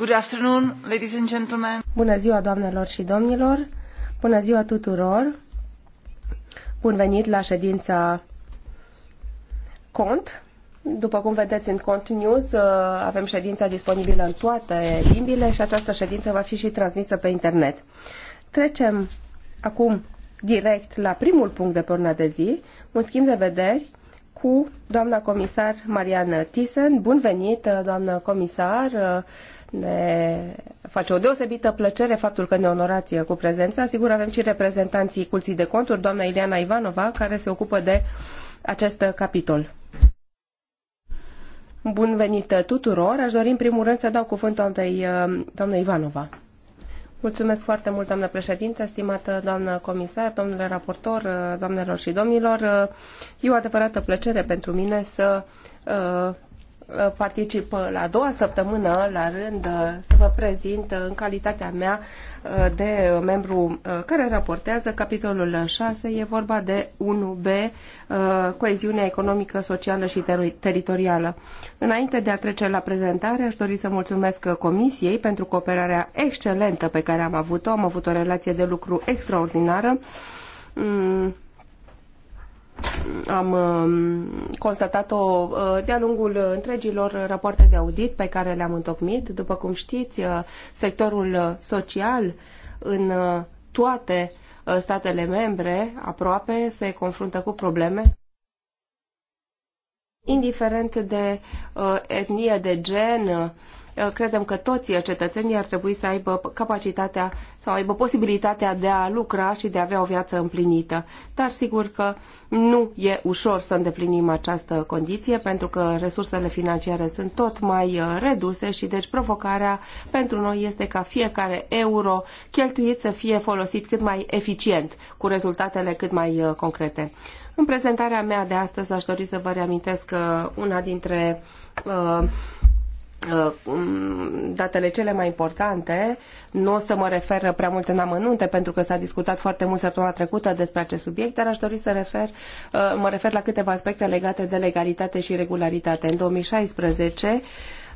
Good afternoon, ladies and gentlemen. Bună ziua, doamnelor și domnilor. Bună ziua tuturor. Bun venit la ședința cont. După cum vedeți în Cont News, uh, avem ședința disponibilă în toate limbile și această ședință va fi și transmisă pe internet. Trecem acum direct la primul punct de pornă de zi, un schimb de vederi cu doamna comisar Mariană Thyssen. Bun venit, uh, doamnă comisar! Uh, ne face o deosebită plăcere faptul că ne onorați cu prezența. Sigur, avem și reprezentanții Curții de Conturi, doamna Ileana Ivanova, care se ocupă de acest capitol. Bun venit tuturor! Aș dori în primul rând să dau cuvântul doamnei, doamnei Ivanova. Mulțumesc foarte mult, doamnă președinte, stimată doamnă comisar, domnule raportor, doamnelor și domnilor. E o adevărată plăcere pentru mine să uh, Uh, particip uh, la a doua săptămână la rând uh, să vă prezint în calitatea mea de membru care raportează capitolul 6. E vorba de 1B, coeziunea economică, socială și ter teritorială. Înainte de a trece la prezentare, aș dori să mulțumesc Comisiei pentru cooperarea excelentă pe care am avut-o. Am avut o relație de lucru extraordinară mm, am um, constatat-o uh, de-a lungul întregilor rapoarte de audit pe care le-am întocmit. După cum știți, uh, sectorul uh, social în toate statele membre aproape se confruntă cu probleme indiferent de etnie, de gen, Eh, credem că toți cetățenii ar trebui să aibă capacitatea sau aibă posibilitatea de a lucra și de a avea o viață împlinită. Dar sigur că nu e ușor să îndeplinim această condiție pentru că resursele financiare sunt tot mai eh, reduse și deci provocarea pentru noi este ca fiecare euro cheltuit să fie folosit cât mai eficient, cu rezultatele cât mai eh, concrete. În prezentarea mea de astăzi aș dori să vă reamintesc una dintre uh, Uh, um, datele cele mai importante. Nu o să mă refer prea mult în amănunte, pentru că s-a discutat foarte mult săptămâna trecută despre acest subiect, dar aș dori să refer, uh, mă refer la câteva aspecte legate de legalitate și regularitate. În 2016,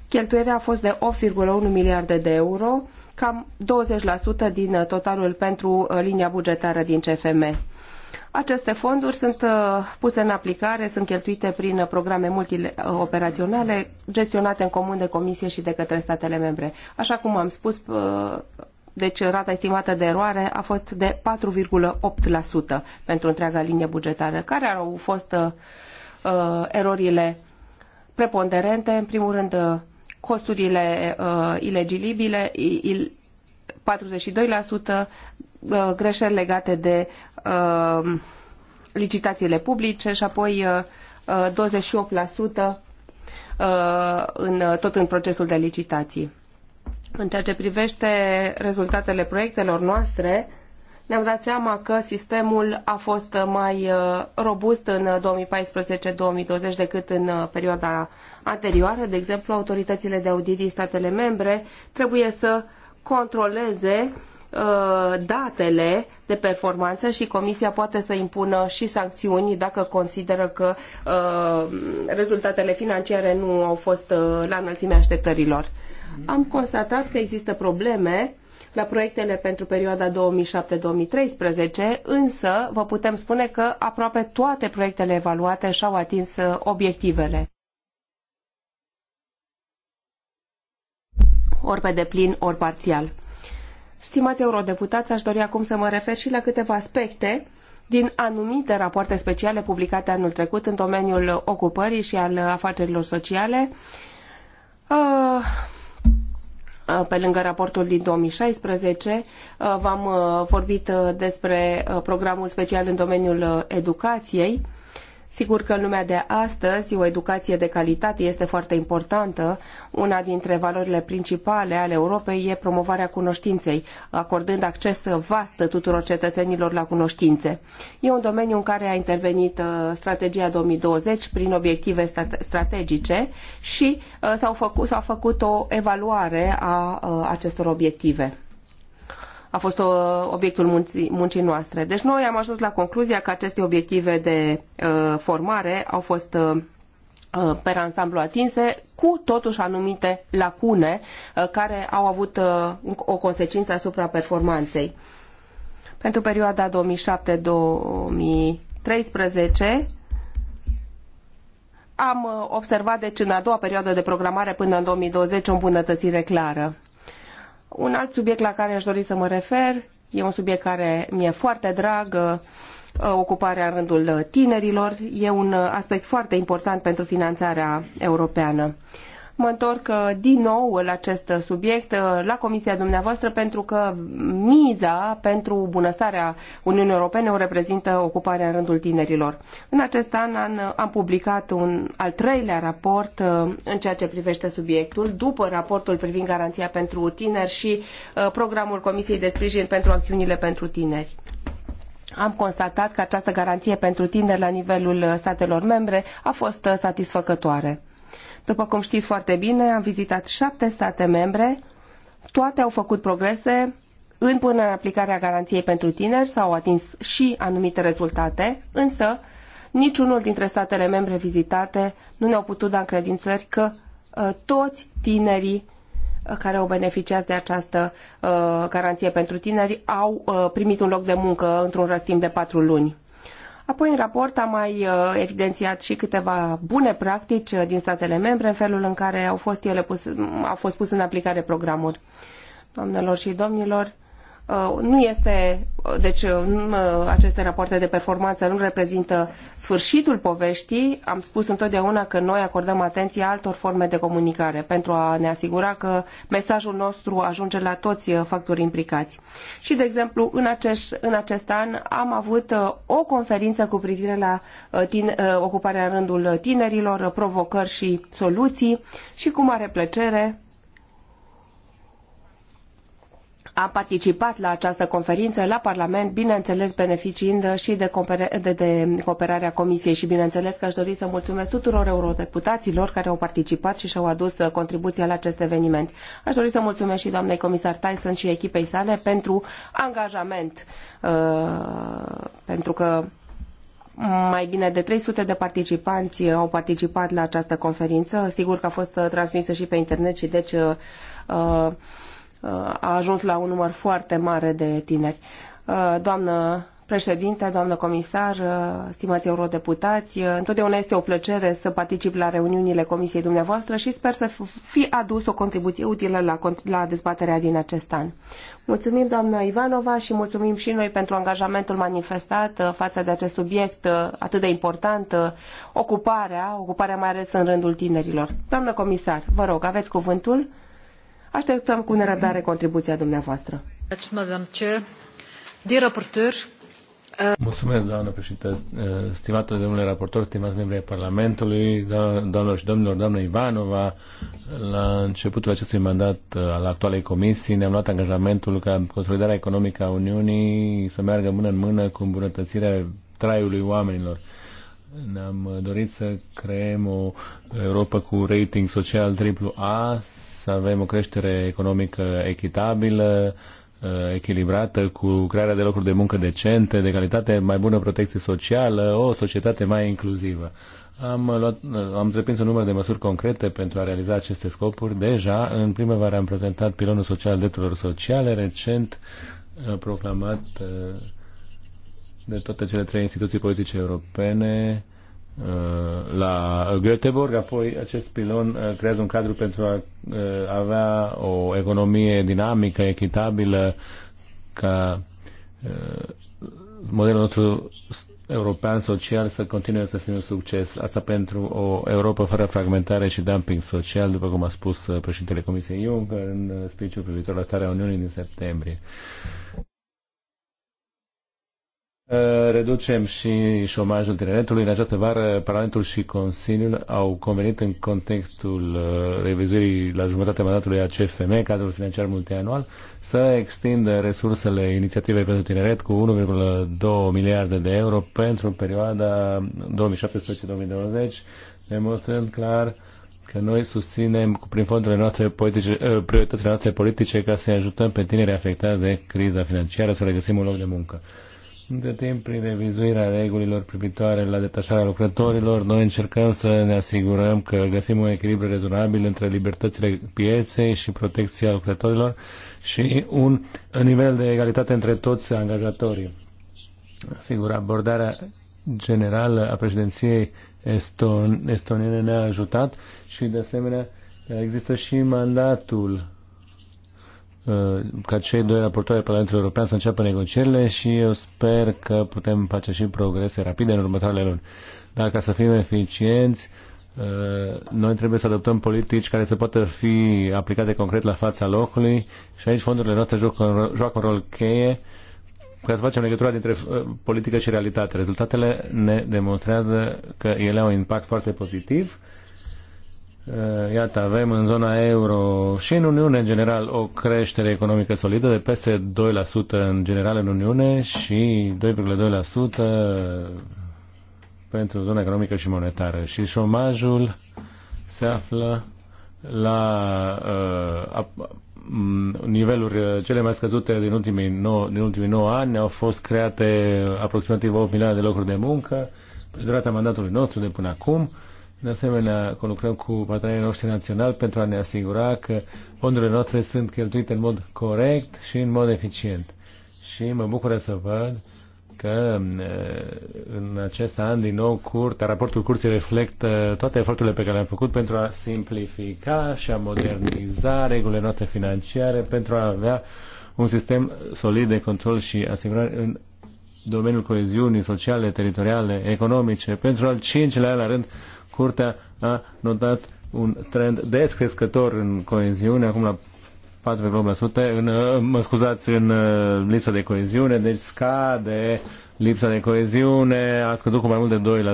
cheltuirea a fost de 8,1 miliarde de euro, cam 20% din totalul pentru uh, linia bugetară din CFM. Aceste fonduri sunt uh, puse în aplicare, sunt cheltuite prin uh, programe multioperaționale gestionate în comun de comisie și de către statele membre. Așa cum am spus, uh, deci rata estimată de eroare a fost de 4,8% pentru întreaga linie bugetară. Care au fost uh, erorile preponderente? În primul rând, costurile uh, ilegibile, il, 42%, uh, greșeli legate de uh, licitațiile publice și apoi uh, 28% uh, uh, în, uh, tot în procesul de licitații. În ceea ce privește rezultatele proiectelor noastre, ne-am dat seama că sistemul a fost mai robust în 2014-2020 decât în perioada anterioară. De exemplu, autoritățile de audit din statele membre trebuie să controleze Uh, datele de performanță și comisia poate să impună și sancțiuni dacă consideră că uh, rezultatele financiare nu au fost uh, la înălțimea așteptărilor. Am constatat că există probleme la proiectele pentru perioada 2007-2013, însă vă putem spune că aproape toate proiectele evaluate și-au atins obiectivele. Ori pe deplin, ori parțial. Stimați eurodeputați, aș dori acum să mă refer și la câteva aspecte din anumite rapoarte speciale publicate anul trecut în domeniul ocupării și al afacerilor sociale, uh, uh, pe lângă raportul din 2016, uh, v-am vorbit despre programul special în domeniul educației, Sigur că în lumea de astăzi o educație de calitate este foarte importantă. Una dintre valorile principale ale Europei e promovarea cunoștinței, acordând acces vast tuturor cetățenilor la cunoștințe. E un domeniu în care a intervenit uh, strategia 2020 prin obiective strategice și uh, s-a făcut, făcut o evaluare a uh, acestor obiective a fost o, uh, obiectul muncii, muncii noastre. Deci noi am ajuns la concluzia că aceste obiective de uh, formare au fost uh, uh per ansamblu atinse, cu totuși anumite lacune uh, care au avut uh, o consecință asupra performanței. Pentru perioada 2007-2013 am uh, observat deci în a doua perioadă de programare până în 2020 o îmbunătățire clară un alt subiect la care aș dori să mă refer, e un subiect care mi-e foarte drag, uh, ocuparea în rândul tinerilor, e un uh, aspect foarte important pentru finanțarea europeană. Mă întorc uh, din nou la acest uh, subiect, uh, la comisia dumneavoastră, pentru că miza pentru bunăstarea Uniunii Europene o reprezintă ocuparea în rândul tinerilor. În acest an am publicat un al treilea raport în ceea ce privește subiectul, după raportul privind garanția pentru tineri și programul Comisiei de Sprijin pentru acțiunile pentru tineri. Am constatat că această garanție pentru tineri la nivelul statelor membre a fost satisfăcătoare. După cum știți foarte bine, am vizitat șapte state membre, toate au făcut progrese în până în aplicarea garanției pentru tineri, s-au atins și anumite rezultate, însă niciunul dintre statele membre vizitate nu ne-au putut da încredințări că uh, toți tinerii uh, care au beneficiat de această uh, garanție pentru tineri au uh, primit un loc de muncă într-un răstim de patru luni. Apoi, în raport am mai uh, evidențiat și câteva bune practici uh, din statele membre în felul în care au fost ele pus, au fost pus în aplicare programul. Doamnelor și domnilor, Uh, nu este, uh, deci uh, aceste rapoarte de performanță nu reprezintă sfârșitul poveștii. Am spus întotdeauna că noi acordăm atenție altor forme de comunicare pentru a ne asigura că mesajul nostru ajunge la toți factorii implicați. Și, de exemplu, în acest, în acest an am avut o conferință cu privire la tine, ocuparea în rândul tinerilor, provocări și soluții și cu mare plăcere a participat la această conferință la Parlament, bineînțeles beneficiind și de, de, de cooperarea Comisiei și bineînțeles că aș dori să mulțumesc tuturor eurodeputaților care au participat și și-au adus contribuția la acest eveniment. Aș dori să mulțumesc și doamnei comisar Tyson și echipei sale pentru angajament, uh, pentru că mai bine de 300 de participanți au participat la această conferință. Sigur că a fost transmisă și pe internet și deci uh, uh a ajuns la un număr foarte mare de tineri. Uh, doamnă președinte, doamnă comisar, uh, stimați eurodeputați, uh, întotdeauna este o plăcere să particip la reuniunile comisiei dumneavoastră și sper să fi adus o contribuție utilă la, la dezbaterea din acest an. Mulțumim, doamnă Ivanova, și mulțumim și noi pentru angajamentul manifestat față de acest subiect atât de important, ocuparea, ocuparea mai ales în rândul tinerilor. Doamnă comisar, vă rog, aveți cuvântul. Așteptăm cu nerăbdare contribuția dumneavoastră. Mulțumesc, uh, doamnă președinte, uh, stimată domnule raportor, stimați membri ai Parlamentului, da, doamnelor și domnilor, doamnă Ivanova, la începutul acestui mandat uh, al actualei comisii ne-am luat angajamentul ca consolidarea economică a Uniunii să meargă mână în mână cu îmbunătățirea traiului oamenilor. Ne-am dorit să creăm o Europa cu rating social AAA, să avem o creștere economică echitabilă, uh, echilibrată, cu crearea de locuri de muncă decente, de calitate, mai bună protecție socială, o societate mai inclusivă. Am, luat, uh, am întreprins un număr de măsuri concrete pentru a realiza aceste scopuri. Deja, în primăvară, am prezentat pilonul social drepturilor sociale, recent uh, proclamat de toate cele trei instituții politice europene Uh, la Göteborg, apoi acest pilon uh, creează un cadru pentru a uh, avea o economie dinamică, echitabilă, ca modelul nostru european social să continue să fie un succes. Asta pentru o Europa fără fragmentare și dumping social, după cum a spus președintele Comisiei Juncker în speech privitor la starea Uniunii din septembrie. Reducem și șomajul tineretului. În această vară, Parlamentul și Consiliul au convenit în contextul uh, revizuirii la jumătatea mandatului a CFM, cadrul financiar multianual, să extindă resursele inițiativei pentru tineret cu 1,2 miliarde de euro pentru perioada 2017-2020, demonstrând clar că noi susținem cu, prin fondurile noastre politice, uh, prioritățile noastre politice ca să-i ajutăm pe tinerii afectați de criza financiară să regăsim un loc de muncă. Între timp, prin revizuirea regulilor privitoare la detașarea lucrătorilor, noi încercăm să ne asigurăm că găsim un echilibru rezonabil între libertățile pieței și protecția lucrătorilor și un nivel de egalitate între toți angajatorii. Sigur, abordarea generală a președinției eston, estoniene ne-a ajutat și, de asemenea, există și mandatul Uh, ca cei doi raportori ai Parlamentului European să înceapă negocierile și eu sper că putem face și progrese rapide în următoarele luni. Dar ca să fim eficienți, uh, noi trebuie să adoptăm politici care să poată fi aplicate concret la fața locului și aici fondurile noastre joacă un, joacă un rol cheie ca să facem legătura dintre uh, politică și realitate. Rezultatele ne demonstrează că ele au un impact foarte pozitiv Eh, iată, avem în zona euro și în Uniune, în general, o creștere economică solidă de peste 2% în general în Uniune și 2,2% pentru zona economică și monetară. Și șomajul se află la uh, niveluri eh, cele mai scăzute din ultimii nou, din ultimii 9 ani. Au fost create aproximativ 8 milioane de locuri de muncă pe durata mandatului nostru de până acum. Uh, de asemenea, conlucrăm cu partenerii noștri național pentru a ne asigura că fondurile noastre sunt cheltuite în mod corect și în mod eficient. Și mă bucură să văd că eh, în acest an, din nou, curtea, raportul curții reflectă toate eforturile pe care le-am făcut pentru a simplifica și a moderniza regulile noastre financiare, pentru a avea un sistem solid de control și asigurare în domeniul coeziunii sociale, teritoriale, economice, pentru al cincilea la rând Curtea a notat un trend descrescător în coeziune, acum la 4,8%, în, uh, mă scuzați, în uh, lipsa de coeziune, deci scade lipsa de coeziune, a scăzut cu mai mult de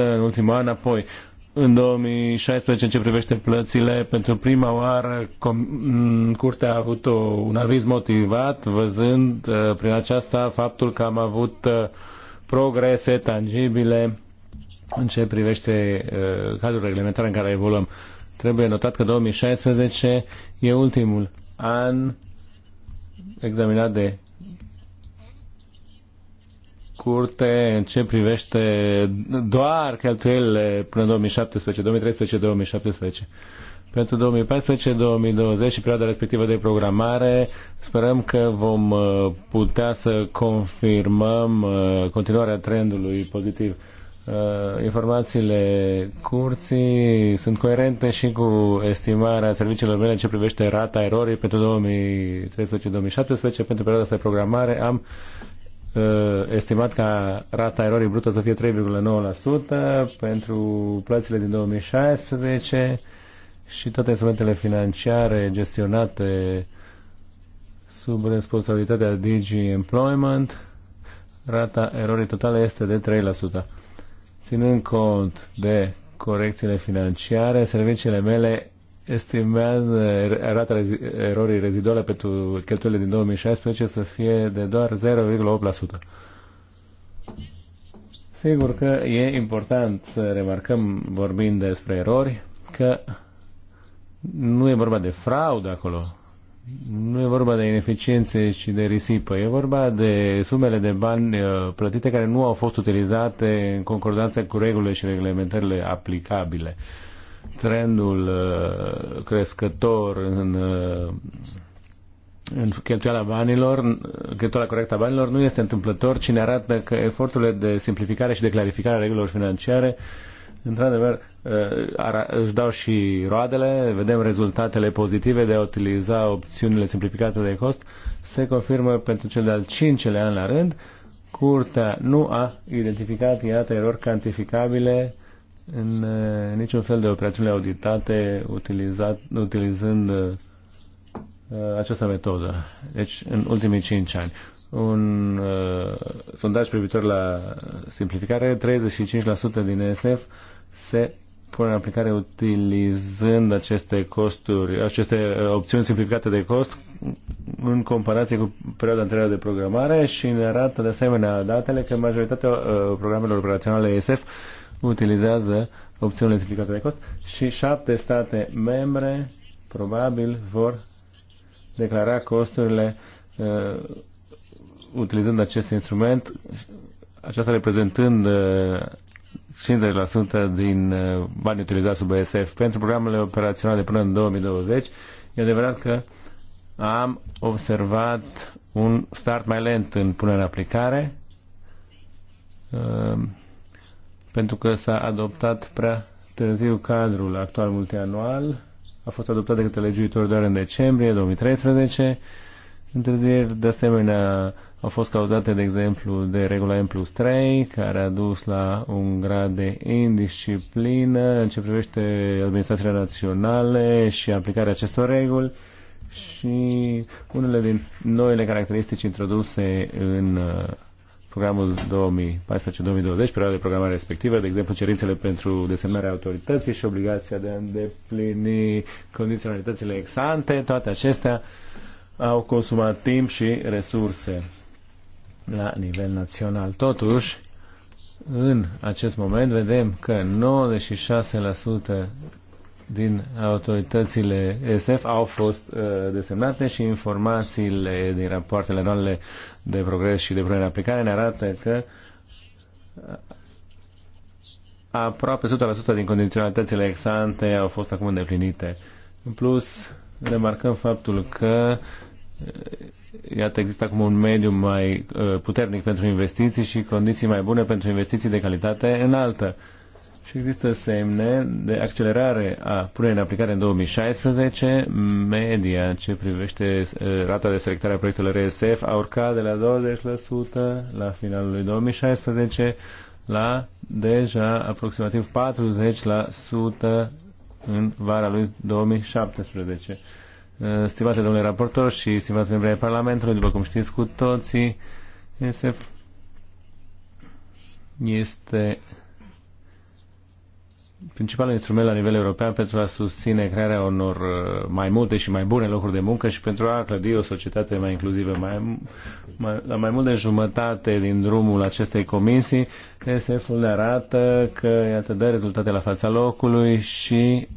2% în ultimul an, apoi în 2016, în ce privește plățile, pentru prima oară mm, Curtea a avut o, un aviz motivat, văzând uh, prin aceasta faptul că am avut uh, progrese tangibile în ce privește uh, cadrul reglementar în care evoluăm, trebuie notat că 2016 e ultimul an examinat de curte în ce privește doar cheltuielile până 2017, 2013, 2017. Pentru 2014-2020 și perioada respectivă de programare sperăm că vom uh, putea să confirmăm uh, continuarea trendului pozitiv Uh, informațiile curții sunt coerente și cu estimarea serviciilor mele ce privește rata erorii pentru 2013-2017 pentru perioada de programare am uh, estimat ca rata erorii brută să fie 3,9% pentru plățile din 2016 și toate instrumentele financiare gestionate sub responsabilitatea Digi Employment rata erorii totale este de 3% Ținând cont de corecțiile financiare, serviciile mele estimează er- rata erorii reziduale pentru cheltuielile din 2016 să fie de doar 0,8%. Sigur că e important să remarcăm, vorbind despre erori, că nu e vorba de fraudă acolo nu e vorba de ineficiențe și de risipă, e vorba de sumele de bani uh, plătite care nu au fost utilizate în concordanță cu regulile și reglementările aplicabile. Trendul uh, crescător în, uh, în cheltuiala banilor, cheltuiala corectă a banilor nu este întâmplător, ci ne arată că eforturile de simplificare și de clarificare a regulilor financiare uh, într-adevăr, uh, își dau și roadele, vedem rezultatele pozitive de a utiliza opțiunile simplificate de cost, se confirmă pentru cel de-al cincelea an la rând, Curtea nu a identificat, iată, erori cantificabile în uh, niciun fel de operațiune auditate utilizat, utilizând uh, această metodă. Deci, în ultimii cinci ani un uh, sondaj privitor la simplificare, 35% din ESF se pune în aplicare utilizând aceste costuri, aceste uh, opțiuni simplificate de cost în comparație cu perioada anterioară de programare și ne arată de asemenea datele că majoritatea uh, programelor operaționale ESF utilizează opțiunile simplificate de cost și șapte state membre probabil vor declara costurile uh, utilizând acest instrument, aceasta reprezentând uh, 50% din uh, banii utilizați sub ESF pentru programele operaționale până în 2020. E adevărat că am observat un start mai lent în punerea în aplicare uh, pentru că s-a adoptat prea târziu cadrul actual multianual. A fost adoptat de către legiuitor doar în decembrie 2013. Întârzieri de asemenea au fost cauzate, de exemplu, de regula M plus 3, care a dus la un grad de indisciplină în ce privește administrațiile naționale și aplicarea acestor reguli și unele din noile caracteristici introduse în uh, programul 2014-2020, perioada de programare respectivă, de exemplu cerințele pentru desemnarea autorității și obligația de a îndeplini condiționalitățile exante, toate acestea au consumat timp și resurse la nivel național. Totuși, în acest moment vedem că 96% din autoritățile SF au fost uh, desemnate și informațiile din rapoartele noale de progres și de punere pe aplicare ne arată că uh, aproape 100% din condiționalitățile exante au fost acum îndeplinite. În plus, remarcăm faptul că uh, iată, există acum un mediu mai uh, puternic pentru investiții și condiții mai bune pentru investiții de calitate înaltă. Și există semne de accelerare a punerii în aplicare în 2016. Media ce privește uh, rata de selectare a proiectelor RSF a urcat de la 20% la finalul lui 2016 la deja aproximativ 40% în vara lui 2017. Eh, stimate domnule raportor și stimați membri ai Parlamentului, după cum știți cu toții, SF este principalul instrument la nivel european pentru a susține crearea unor eh, mai multe și mai bune locuri de muncă și pentru a clădi o societate mai inclusivă. Mai, mai, la mai mult de jumătate din drumul acestei comisii, SF-ul ne arată că, iată, dă rezultate la fața locului și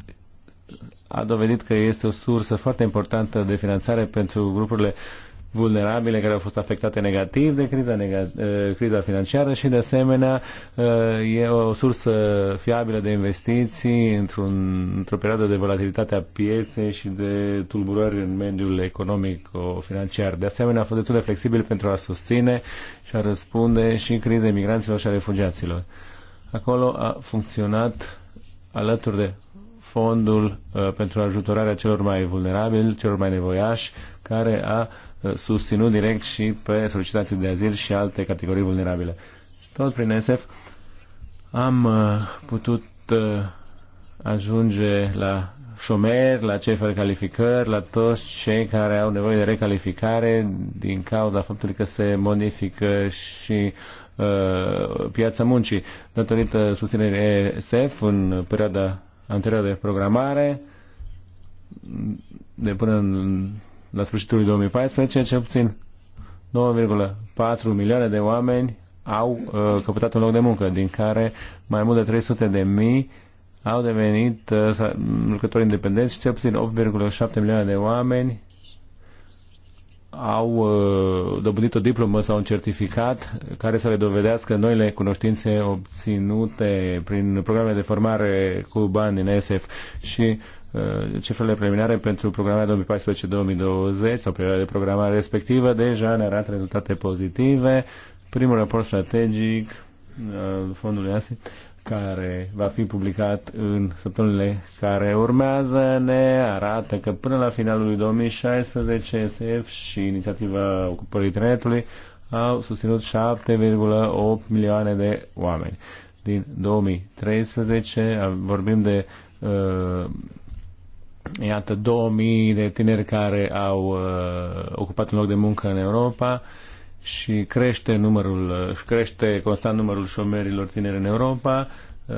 a dovedit că este o sursă foarte importantă de finanțare pentru grupurile vulnerabile care au fost afectate negativ de criza, nega, eh, criza financiară și, de asemenea, eh, e o sursă fiabilă de investiții într-un, într-o perioadă de volatilitate a pieței și de tulburări în mediul economic financiar. De asemenea, a fost destul de flexibil pentru a susține și a răspunde și crizei migranților și a refugiaților. Acolo a funcționat alături de fondul uh, pentru ajutorarea celor mai vulnerabili, celor mai nevoiași, care a uh, susținut direct și pe solicitații de azil și alte categorii vulnerabile. Tot prin SF am uh, putut ajunge la șomeri, la cei fără calificări, la toți cei care au nevoie de recalificare din cauza faptului că se modifică și uh, piața muncii. Datorită susținerii ESF în perioada anterior de programare de până în, la sfârșitul 2014, cel puțin 9,4 milioane de oameni au uh, căpătat un loc de muncă, din care mai mult de 300 de mii au devenit uh, lucrători independenți și cel puțin 8,7 milioane de oameni au uh, dobândit o diplomă sau un certificat care să le dovedească noile cunoștințe obținute prin programele de formare cu bani din ESF și uh, cifrele preliminare pentru programarea 2014-2020 sau perioada de programare respectivă deja ne arată rezultate pozitive. Primul raport strategic al uh, fondului ASI care va fi publicat în săptămânile care urmează ne arată că până la finalul lui 2016 SF și inițiativa ocupării internetului au susținut 7,8 milioane de oameni. Din 2013 vorbim de uh, iată 2000 de tineri care au uh, ocupat un loc de muncă în Europa uh, și crește numărul, crește constant numărul șomerilor tineri în Europa, uh,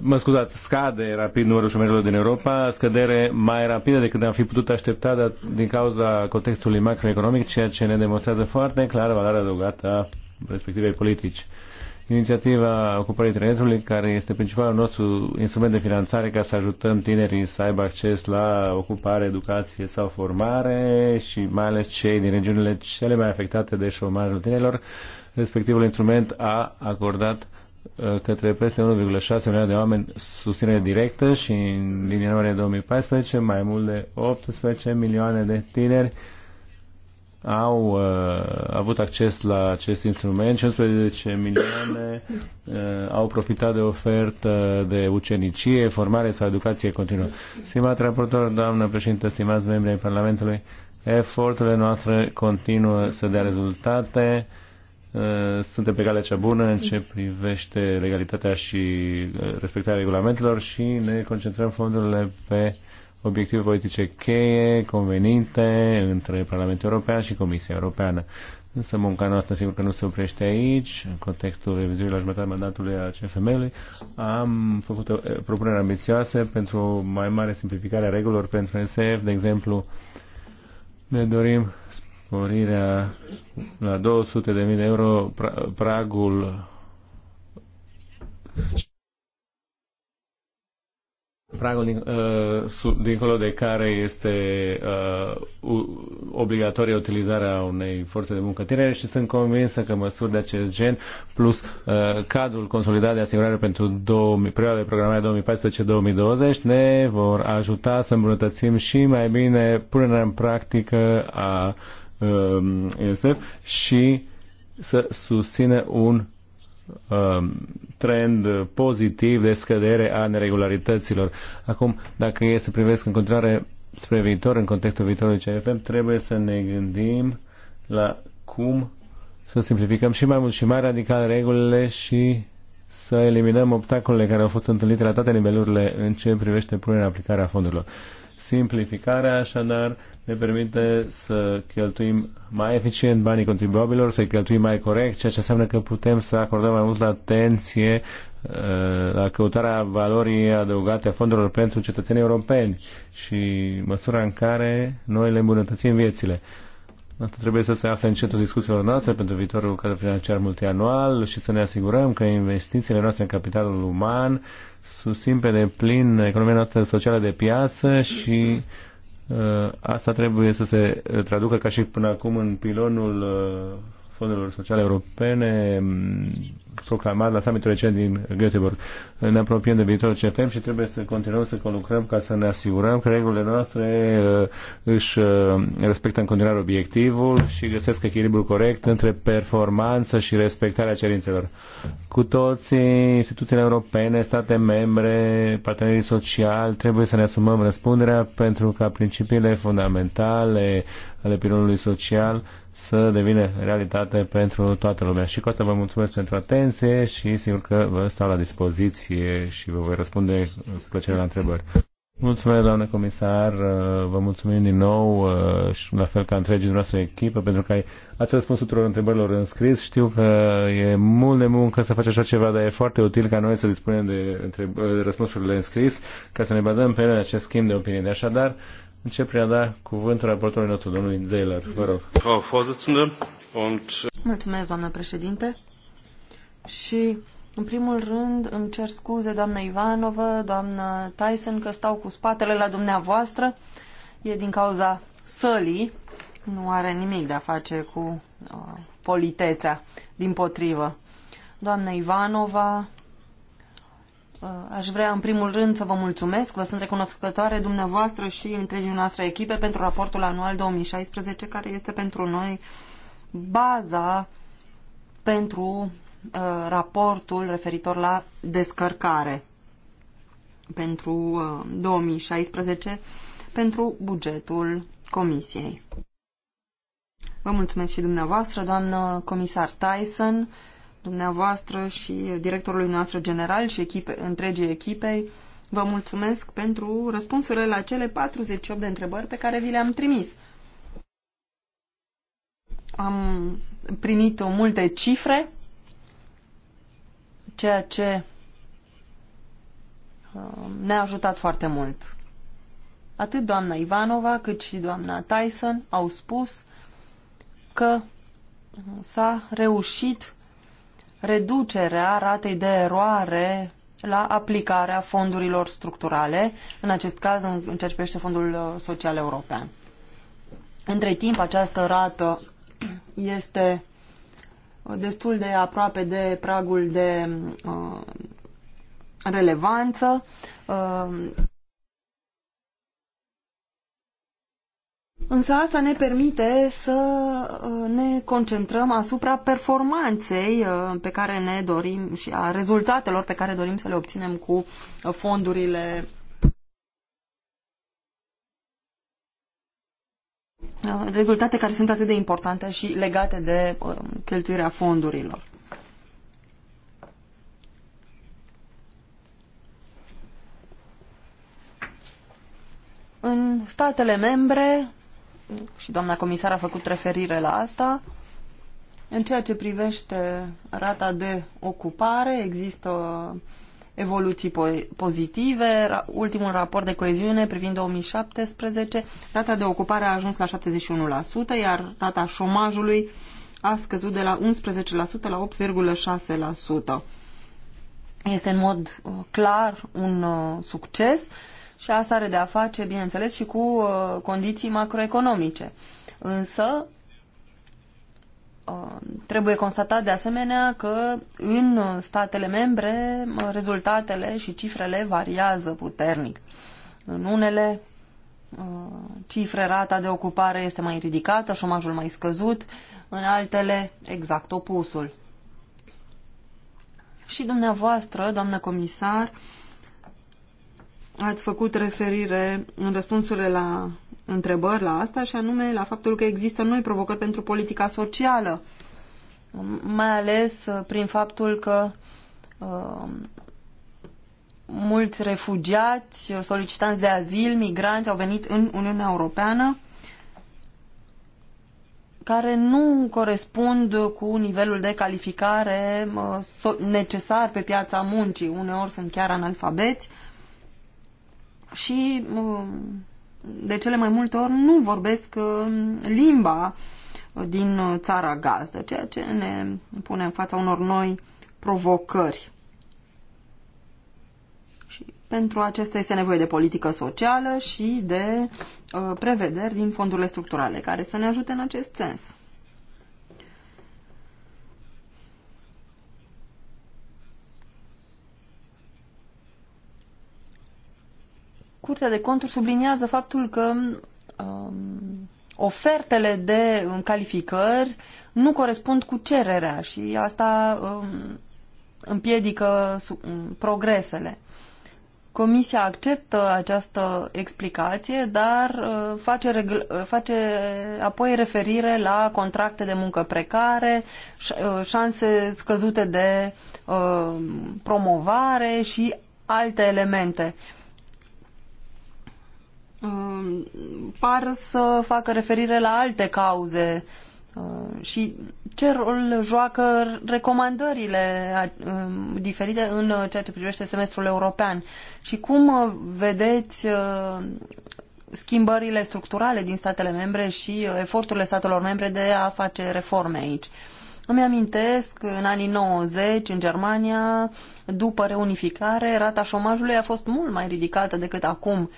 mă scuzați, scade rapid numărul șomerilor din Europa, scădere mai rapidă decât am fi putut aștepta dar din cauza contextului macroeconomic, ceea ce ne demonstrează foarte clar valoarea adăugată a respectivei politici inițiativa Ocupării Trenetului, care este principalul nostru instrument de finanțare ca să ajutăm tinerii să aibă acces la ocupare, educație sau formare și mai ales cei din regiunile cele mai afectate de șomajul tinerilor. Respectivul instrument a acordat uh, către peste 1,6 milioane de oameni susținere directă și din ianuarie 2014 mai mult de 18 milioane de tineri au uh, avut acces la acest instrument, 15 milioane uh, au profitat de ofertă de ucenicie, formare sau educație continuă. Stimat raportor, doamnă președinte, stimați membri ai Parlamentului, eforturile noastre continuă să dea rezultate. Uh, suntem pe calea cea bună în ce privește legalitatea și uh, respectarea regulamentelor și ne concentrăm fondurile pe obiective politice cheie, convenite între Parlamentul European și Comisia Europeană. Însă munca noastră sigur că nu se oprește aici, în contextul revizuirii la jumătatea mandatului a CFM-ului. Am făcut o uh, propunere ambițioasă pentru o mai mare simplificare a regulilor pentru NSF. De exemplu, ne dorim sporirea la 200.000 de euro pragul pragul din, uh, dincolo de care este uh, obligatorie utilizarea unei forțe de muncă tinere și sunt convinsă că măsuri de acest gen plus uh, cadrul consolidat de asigurare pentru 2000, perioada de programare 2014-2020 ne vor ajuta să îmbunătățim și mai bine punerea în practică a uh, um, ESF și să susține un um, trend pozitiv de scădere a neregularităților. Acum, dacă e să privesc în continuare spre viitor, în contextul viitorului CFM, trebuie să ne gândim la cum să simplificăm și mai mult și mai radical regulile și să eliminăm obstacolele care au fost întâlnite la toate nivelurile în ce privește punerea aplicarea fondurilor. Simplificarea, așadar, ne permite să cheltuim mai eficient banii contribuabilor, să cheltuim mai corect, ceea ce înseamnă că putem să acordăm mai multă atenție uh, la căutarea valorii adăugate a fondurilor pentru cetățenii europeni și măsura în care noi le îmbunătățim viețile. Asta trebuie să se afle în centrul discuțiilor noastre pentru viitorul cadru financiar multianual și să ne asigurăm că investițiile noastre în capitalul uman susțin pe deplin economia noastră socială de piață și uh, asta trebuie să se traducă ca și până acum în pilonul uh, fondurilor sociale europene proclamat la summitul recent din Göteborg. Ne apropiem de viitorul CFM și trebuie să continuăm să conlucrăm ca să ne asigurăm că regulile noastre uh, își uh, respectă în continuare obiectivul și găsesc echilibrul corect între performanță și respectarea cerințelor. Cu toți instituțiile europene, state membre, partenerii sociali, trebuie să ne asumăm răspunderea pentru ca principiile fundamentale ale pilonului social să devină realitate pentru toată lumea. Și cu asta vă mulțumesc pentru atenție experiențe și sigur că vă stau la dispoziție și vă voi răspunde cu plăcere la întrebări. Mulțumesc, doamnă comisar, vă mulțumim din nou eh, și la fel ca întregii noastre echipă pentru că ați răspuns tuturor întrebărilor în scris. Știu că e mult de muncă să faci așa ceva, dar e foarte util ca noi să dispunem de întreb- eh, răspunsurile în scris ca să ne bazăm pe ele în acest schimb de opinie. așadar, încep prin a da cuvântul raportorului nostru, domnului Zeiler. Vă rog. Mulțumesc, doamnă președinte. Și, în primul rând, îmi cer scuze, doamna Ivanovă, doamna Tyson, că stau cu spatele la dumneavoastră. E din cauza sălii. Nu are nimic de a face cu uh, politețea, din potrivă. Doamna Ivanova, uh, Aș vrea în primul rând să vă mulțumesc, vă sunt recunoscătoare dumneavoastră și întregii noastre echipe pentru raportul anual 2016, care este pentru noi baza pentru Uh, raportul referitor la descărcare pentru 2016 uh, pentru bugetul Comisiei. Vă mulțumesc și dumneavoastră, doamnă comisar Tyson, dumneavoastră și directorului noastră general și echipe, întregii echipei. Vă mulțumesc pentru răspunsurile la cele 48 de întrebări pe care vi le-am trimis. Am primit multe cifre ceea ce uh, ne-a ajutat foarte mult. Atât doamna Ivanova cât și doamna Tyson au spus că s-a reușit reducerea ratei de eroare la aplicarea fondurilor structurale, în acest caz în ceea ce privește Fondul uh, Social European. Între timp, această rată este destul de aproape de pragul de uh, relevanță. Uh, Însă asta ne permite să uh, ne concentrăm asupra performanței uh, pe care ne dorim și a rezultatelor pe care dorim să le obținem cu uh, fondurile Uh, rezultate care sunt atât de importante și legate de um, cheltuirea fondurilor. În statele membre, și doamna comisar a făcut referire la asta, în ceea ce privește rata de ocupare, există evoluții pozitive. Ultimul raport de coeziune privind 2017, rata de ocupare a ajuns la 71%, iar rata șomajului a scăzut de la 11% la 8,6%. Este în mod uh, clar un uh, succes și asta are de a face, bineînțeles, și cu uh, condiții macroeconomice. Însă, Um, trebuie constatat de asemenea că în statele membre uh, rezultatele și cifrele variază puternic. În unele uh, cifre rata de ocupare este mai ridicată, șomajul mai scăzut, în altele exact opusul. Și dumneavoastră, doamnă comisar, ați făcut referire în răspunsurile la întrebări la asta și anume la faptul că există noi provocări pentru politica socială, mai ales uh, prin faptul că uh, mulți refugiați, uh, solicitanți de azil, migranți au venit în Uniunea Europeană care nu corespund cu nivelul de calificare uh, necesar pe piața muncii. Uneori sunt chiar analfabeți și de cele mai multe ori nu vorbesc uh, limba uh, din uh, țara gazdă, ceea ce ne pune în fața unor noi provocări. Și pentru acesta este nevoie de politică socială și de prevederi din fondurile structurale care să ne ajute în acest sens. Curtea de conturi subliniază faptul că um, ofertele de calificări nu corespund cu cererea și asta um, împiedică um, progresele. Comisia acceptă această explicație, dar uh, face, uh, face apoi referire la contracte de muncă precare, uh, șanse scăzute de uh, promovare și alte elemente. Um, par să facă referire la alte cauze uh, și ce rol joacă recomandările um, diferite în ceea ce privește semestrul european și cum vedeți uh, schimbările structurale din statele membre și eforturile statelor membre de a face reforme aici. Îmi amintesc, în anii 90, în Germania, după reunificare, rata șomajului a fost mult mai ridicată decât acum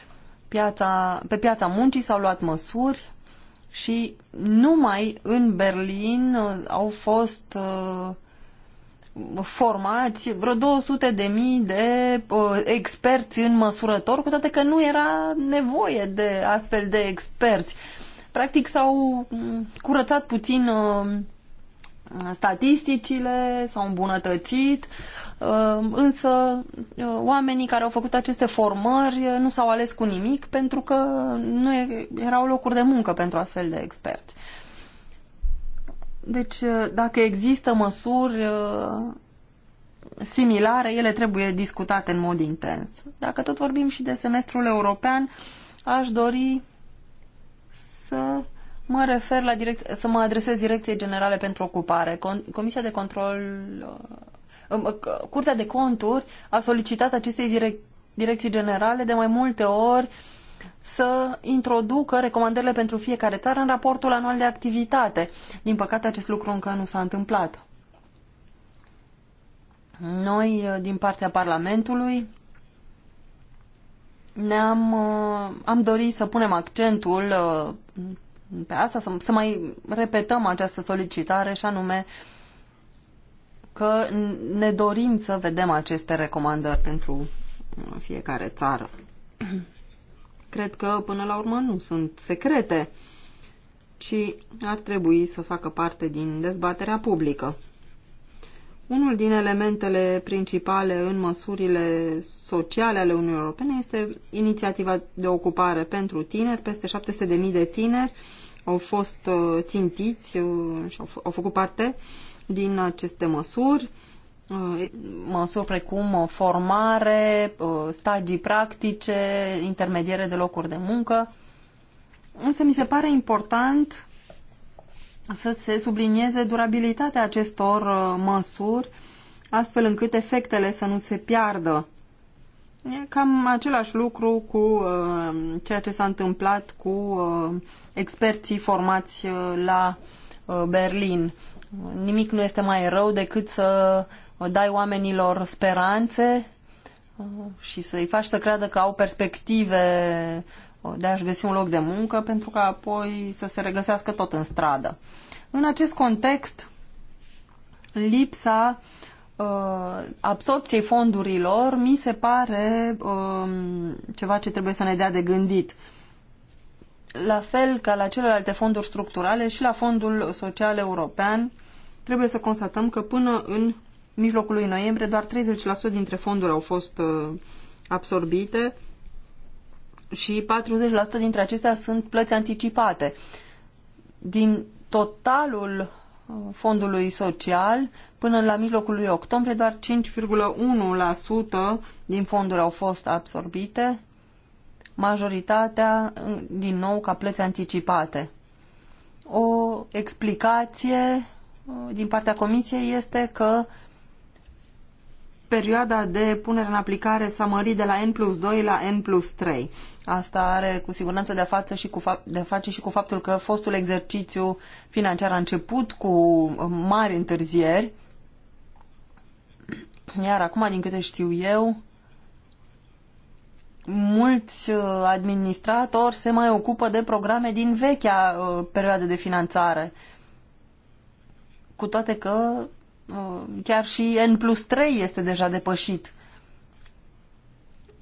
piața, pe piața muncii s-au luat măsuri și numai în Berlin uh, au fost uh, formați vreo 200 de mii de uh, experți în măsurător, cu toate că nu era nevoie de astfel de experți. Practic s-au mm, curățat puțin uh, statisticile s-au îmbunătățit, uh, însă uh, oamenii care au făcut aceste formări uh, nu s-au ales cu nimic pentru că nu erau locuri de muncă pentru astfel de experți. Deci, dacă există măsuri similare, ele trebuie discutate în mod intens. Dacă tot vorbim și de semestrul european, aș dori să Mă refer la direct, să mă adresez Direcției Generale pentru Ocupare. Comisia de Control, uh, um, uh, Curtea de Conturi a solicitat acestei direc, direcții generale de mai multe ori să introducă recomandările pentru fiecare țară în raportul anual de activitate. Din păcate, acest lucru încă nu s-a întâmplat. Noi, uh, din partea Parlamentului, ne-am am dorit să punem accentul pe asta, să, să mai repetăm această solicitare și anume că ne dorim să vedem aceste recomandări pentru fiecare țară. Cred că până la urmă nu sunt secrete, ci ar trebui să facă parte din dezbaterea publică. Unul din elementele principale în măsurile sociale ale Uniunii Europene este inițiativa de ocupare pentru tineri, peste 700.000 de tineri au fost uh, țintiți uh, și au, au făcut parte din aceste măsuri, uh, măsuri precum formare, stagii practice, intermediere de locuri de muncă. Însă mi se pare important să se sublinieze durabilitatea acestor măsuri, astfel încât efectele să nu se piardă E cam același lucru cu uh, ceea ce s-a întâmplat cu uh, experții formați uh, la uh, Berlin. Nimic nu este mai rău decât să dai oamenilor speranțe uh, și să-i faci să creadă că au perspective uh, de a-și găsi un loc de muncă pentru că apoi să se regăsească tot în stradă. În acest context, lipsa uh, Uh, absorpției fondurilor mi se pare um, ceva ce trebuie să ne dea de gândit. La fel ca la celelalte fonduri structurale și la Fondul Social European, trebuie să constatăm că până în mijlocul lui noiembrie doar 30% dintre fonduri au fost uh, absorbite și 40% dintre acestea sunt plăți anticipate. Din totalul fondului social. Până la mijlocul lui octombrie, doar 5,1% din fonduri au fost absorbite, majoritatea, din nou, ca plăți anticipate. O explicație uh, din partea Comisiei este că uh, perioada de punere în aplicare s-a mărit de la N plus 2 la N plus 3. Asta are cu siguranță de, față și cu fapt, de face și cu faptul că fostul exercițiu financiar a început cu mari întârzieri. Iar acum, din câte știu eu, mulți uh, administratori se mai ocupă de programe din vechea uh, perioadă de finanțare. Cu toate că Uh, chiar și N plus 3 este deja depășit.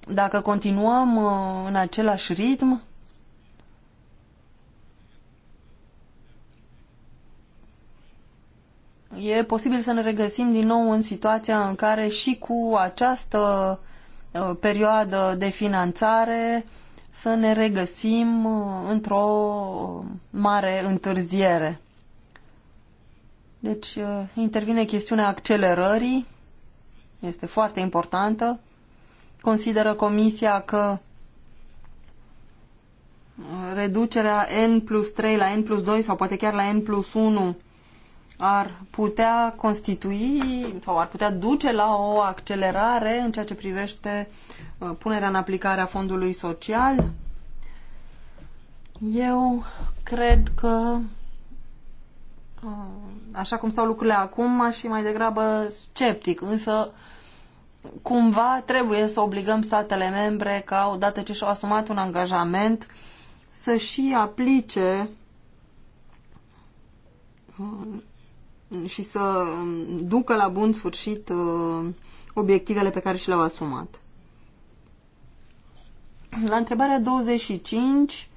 Dacă continuăm uh, în același ritm, e posibil să ne regăsim din nou în situația în care și cu această uh, perioadă de finanțare să ne regăsim într-o mare întârziere. Deci uh, intervine chestiunea accelerării, este foarte importantă. Consideră Comisia că reducerea N plus 3 la N plus 2 sau poate chiar la N plus 1 ar putea constitui sau ar putea duce la o accelerare în ceea ce privește uh, punerea în aplicare a fondului social? Eu cred că uh, așa cum stau lucrurile acum, aș fi mai degrabă sceptic, însă cumva trebuie să obligăm statele membre ca odată ce și-au asumat un angajament să și aplice și să ducă la bun sfârșit uh, obiectivele pe care și le-au asumat. La întrebarea 25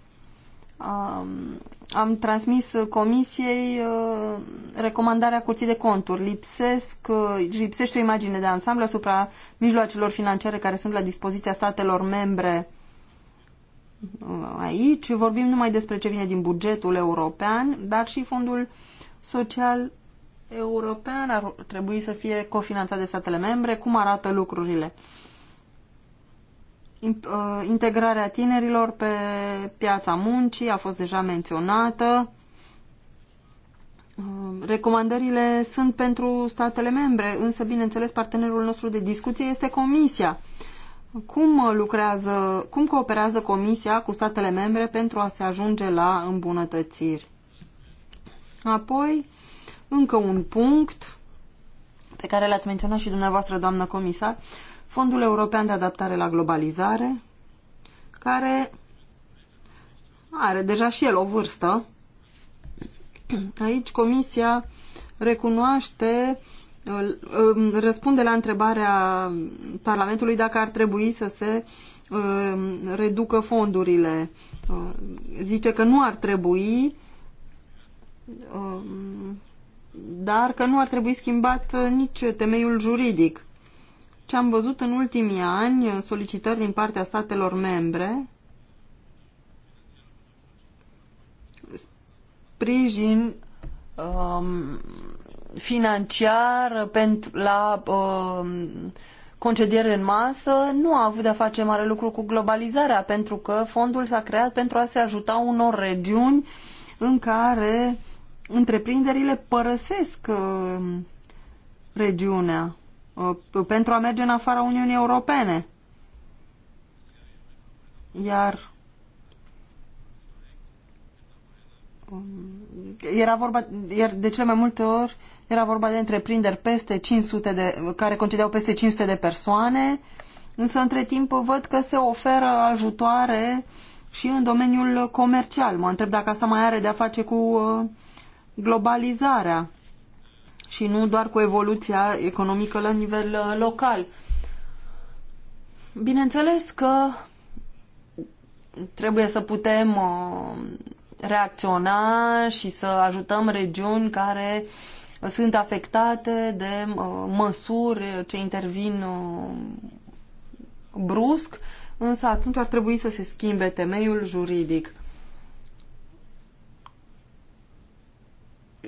am transmis comisiei uh, recomandarea Curții de Conturi. Lipsesc, uh, lipsește o imagine de ansamblu asupra mijloacelor financiare care sunt la dispoziția statelor membre uh, aici. Vorbim numai despre ce vine din bugetul european, dar și fondul social european ar trebui să fie cofinanțat de statele membre. Cum arată lucrurile? Uh, Uh, integrarea tinerilor pe piața muncii a fost deja menționată. Uh, recomandările sunt pentru statele membre, însă, bineînțeles, partenerul nostru de discuție este Comisia. Cum lucrează, cum cooperează Comisia cu statele membre pentru a se ajunge la îmbunătățiri? Apoi, încă un punct pe care l-ați menționat și dumneavoastră, doamnă comisar, Fondul European de Adaptare la Globalizare, care are deja și el o vârstă. Aici Comisia recunoaște, răspunde la întrebarea Parlamentului dacă ar trebui să se reducă fondurile. Zice că nu ar trebui, dar că nu ar trebui schimbat nici temeiul juridic ce am văzut în ultimii ani solicitări din partea statelor membre sprijin um, financiar pentru la um, concediere în masă nu a avut de-a face mare lucru cu globalizarea, pentru că fondul s-a creat pentru a se ajuta unor regiuni în care întreprinderile părăsesc uh, regiunea. Uh, pentru a merge în afara Uniunii Europene. Iar um, era vorba, iar de cele mai multe ori era vorba de întreprinderi peste 500 de, care concedeau peste 500 de persoane, însă între timp văd că se oferă ajutoare și în domeniul comercial. Mă întreb dacă asta mai are de a face cu uh, globalizarea și nu doar cu evoluția economică la nivel uh, local. Bineînțeles că trebuie să putem uh, reacționa și să ajutăm regiuni care sunt afectate de uh, măsuri ce intervin brusc, însă atunci ar trebui să se schimbe temeiul juridic.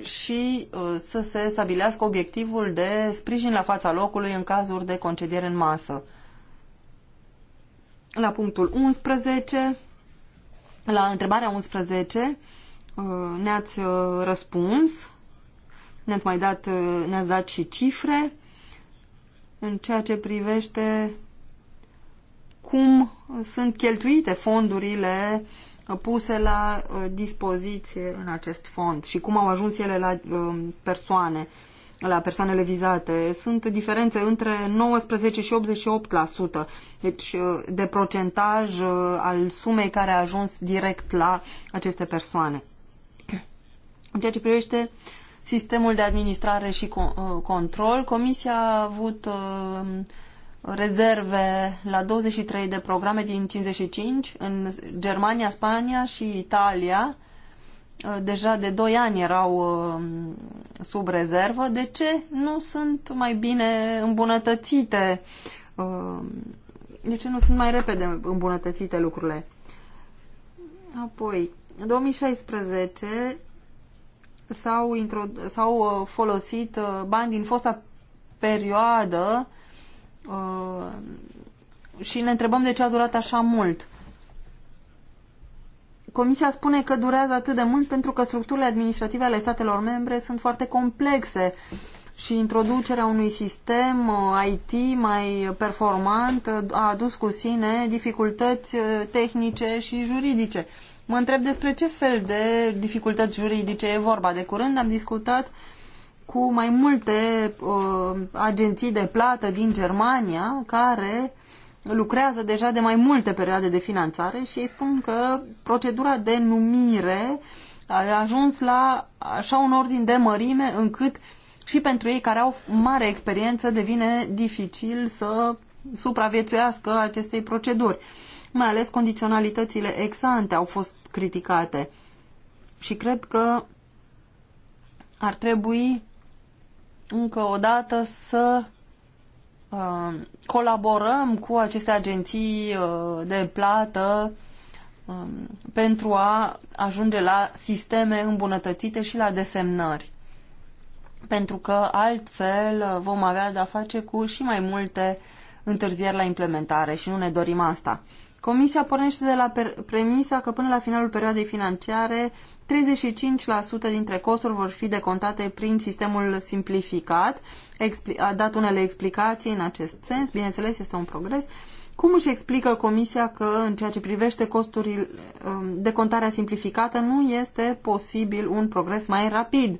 și uh, să se stabilească obiectivul de sprijin la fața locului în cazuri de concediere în masă. La punctul 11, la întrebarea 11, uh, ne-ați uh, răspuns, ne-ați mai dat, ne-ați dat și cifre în ceea ce privește cum sunt cheltuite fondurile puse la uh, dispoziție în acest fond și cum au ajuns ele la um, persoane, la persoanele vizate. Sunt diferențe între 19 și 88%, deci uh, de procentaj uh, al sumei care a ajuns direct la aceste persoane. În ceea ce privește sistemul de administrare și control, Comisia a avut rezerve la 23 de programe din 55 în Germania, Spania și Italia. Uh, deja de 2 ani erau um, sub rezervă. De ce nu sunt mai bine îmbunătățite? Um, de ce nu sunt mai repede îmbunătățite lucrurile? Apoi, în 2016 s-au, s-au uh, folosit uh, bani din fosta perioadă Uh, și ne întrebăm de ce a durat așa mult. Comisia spune că durează atât de mult pentru că structurile administrative ale statelor membre sunt foarte complexe și introducerea unui sistem uh, IT mai performant uh, a adus cu sine dificultăți tehnice și juridice. Mă întreb despre ce fel de dificultăți juridice e vorba. De curând am discutat cu mai multe uh, agenții de plată din Germania care lucrează deja de mai multe perioade de finanțare și ei spun că procedura de numire a ajuns la așa un ordin de mărime încât și pentru ei care au mare experiență devine dificil să supraviețuiască acestei proceduri. Mai ales condiționalitățile exante au fost criticate și cred că ar trebui încă o dată să uh, colaborăm cu aceste agenții uh, de plată uh, pentru a ajunge la sisteme îmbunătățite și la desemnări. Pentru că altfel uh, vom avea de-a face cu și mai multe întârzieri la implementare și nu ne dorim asta. Comisia pornește de la premisa că până la finalul perioadei financiare 35% dintre costuri vor fi decontate prin sistemul simplificat. A dat unele explicații în acest sens, bineînțeles este un progres. Cum își explică Comisia că în ceea ce privește costurile, um, contarea simplificată nu este posibil un progres mai rapid?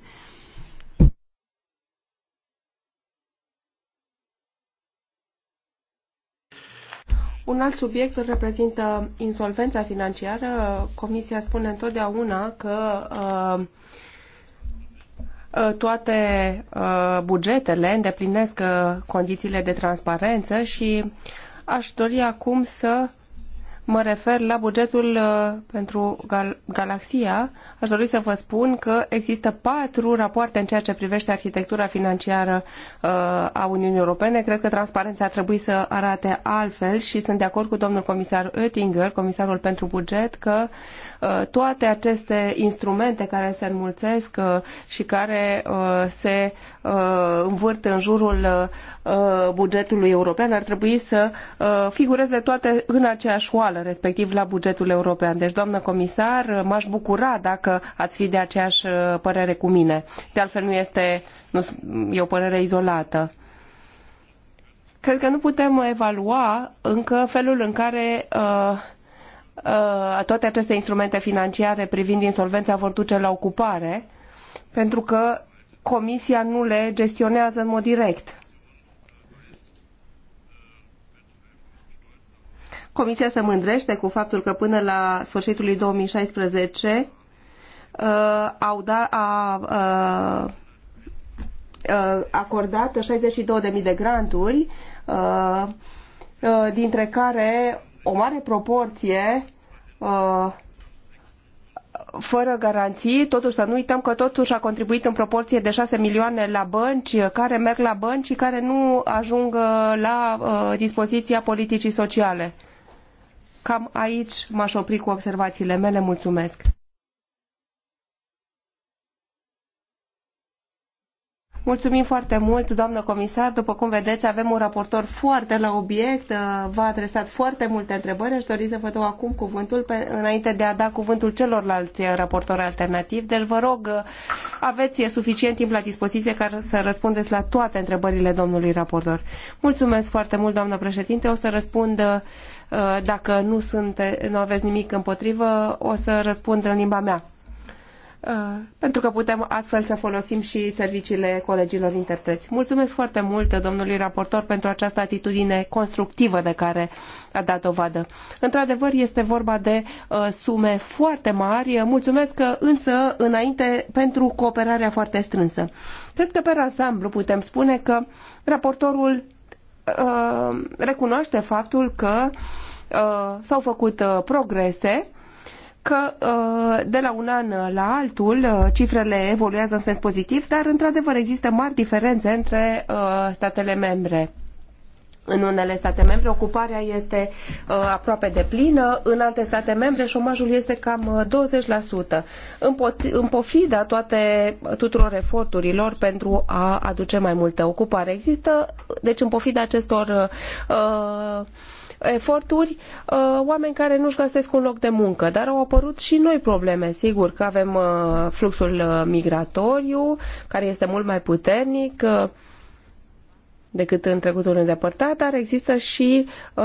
Un alt subiect îl reprezintă insolvența financiară. Comisia spune întotdeauna că uh, uh, toate uh, bugetele îndeplinesc condițiile de transparență și aș dori acum să mă refer la bugetul pentru Galaxia, aș dori să vă spun că există patru rapoarte în ceea ce privește arhitectura financiară uh, a Uniunii Europene. Cred că transparența ar trebui să arate altfel și sunt de acord cu domnul comisar Oettinger, comisarul pentru buget, că uh, toate aceste instrumente care se înmulțesc uh, și care se învârt în jurul bugetului european ar trebui să figureze toate în aceeași oală, respectiv la bugetul european. Deci, doamnă comisar, m-aș bucura dacă dacă ați fi de aceeași uh, părere cu mine. De altfel nu este, nu, e o părere izolată. Cred că nu putem evalua încă felul în care uh, uh, toate aceste instrumente financiare privind insolvența vor duce la ocupare, pentru că Comisia nu le gestionează în mod direct. Comisia se mândrește cu faptul că până la sfârșitul lui 2016 Uh, au da, a, a, uh, a uh, acordat 62.000 de granturi, uh, dintre care o mare proporție fără garanții, totuși să nu uităm că totuși a contribuit în proporție de 6 milioane la bănci, care merg la bănci și care nu ajung la uh, dispoziția politicii sociale. Cam aici m-aș opri cu observațiile mele. Mulțumesc! Mulțumim foarte mult, doamnă comisar. După cum vedeți, avem un raportor foarte la obiect, uh, v-a adresat foarte multe întrebări. Aș dori să vă dau acum cuvântul pe, înainte de a da cuvântul celorlalți raportori alternativi. Deci vă rog, uh, aveți suficient timp la dispoziție ca să răspundeți la toate întrebările domnului raportor. Mulțumesc foarte mult, doamnă președinte. O să răspund uh, dacă nu, sunt, nu aveți nimic împotrivă, o să răspund în limba mea Uh, pentru că putem astfel să folosim și serviciile colegilor interpreți. Mulțumesc foarte mult domnului raportor pentru această atitudine constructivă de care a dat dovadă. Într-adevăr, este vorba de uh, sume foarte mari. Mulțumesc uh, însă înainte pentru cooperarea foarte strânsă. Cred că pe ansamblu putem spune că raportorul recunoaște faptul că s-au făcut progrese că uh, de la un an la altul uh, cifrele evoluează în sens pozitiv, dar într-adevăr există mari diferențe între uh, statele membre. În unele state membre ocuparea este uh, aproape de plină, în alte state membre șomajul este cam 20%. În, pot, în pofida toate, tuturor eforturilor pentru a aduce mai multă ocupare există, deci în pofida acestor uh, eforturi uh, oameni care nu-și găsesc un loc de muncă. Dar au apărut și noi probleme. Sigur că avem uh, fluxul uh, migratoriu, care este mult mai puternic decât în trecutul îndepărtat, dar există și uh,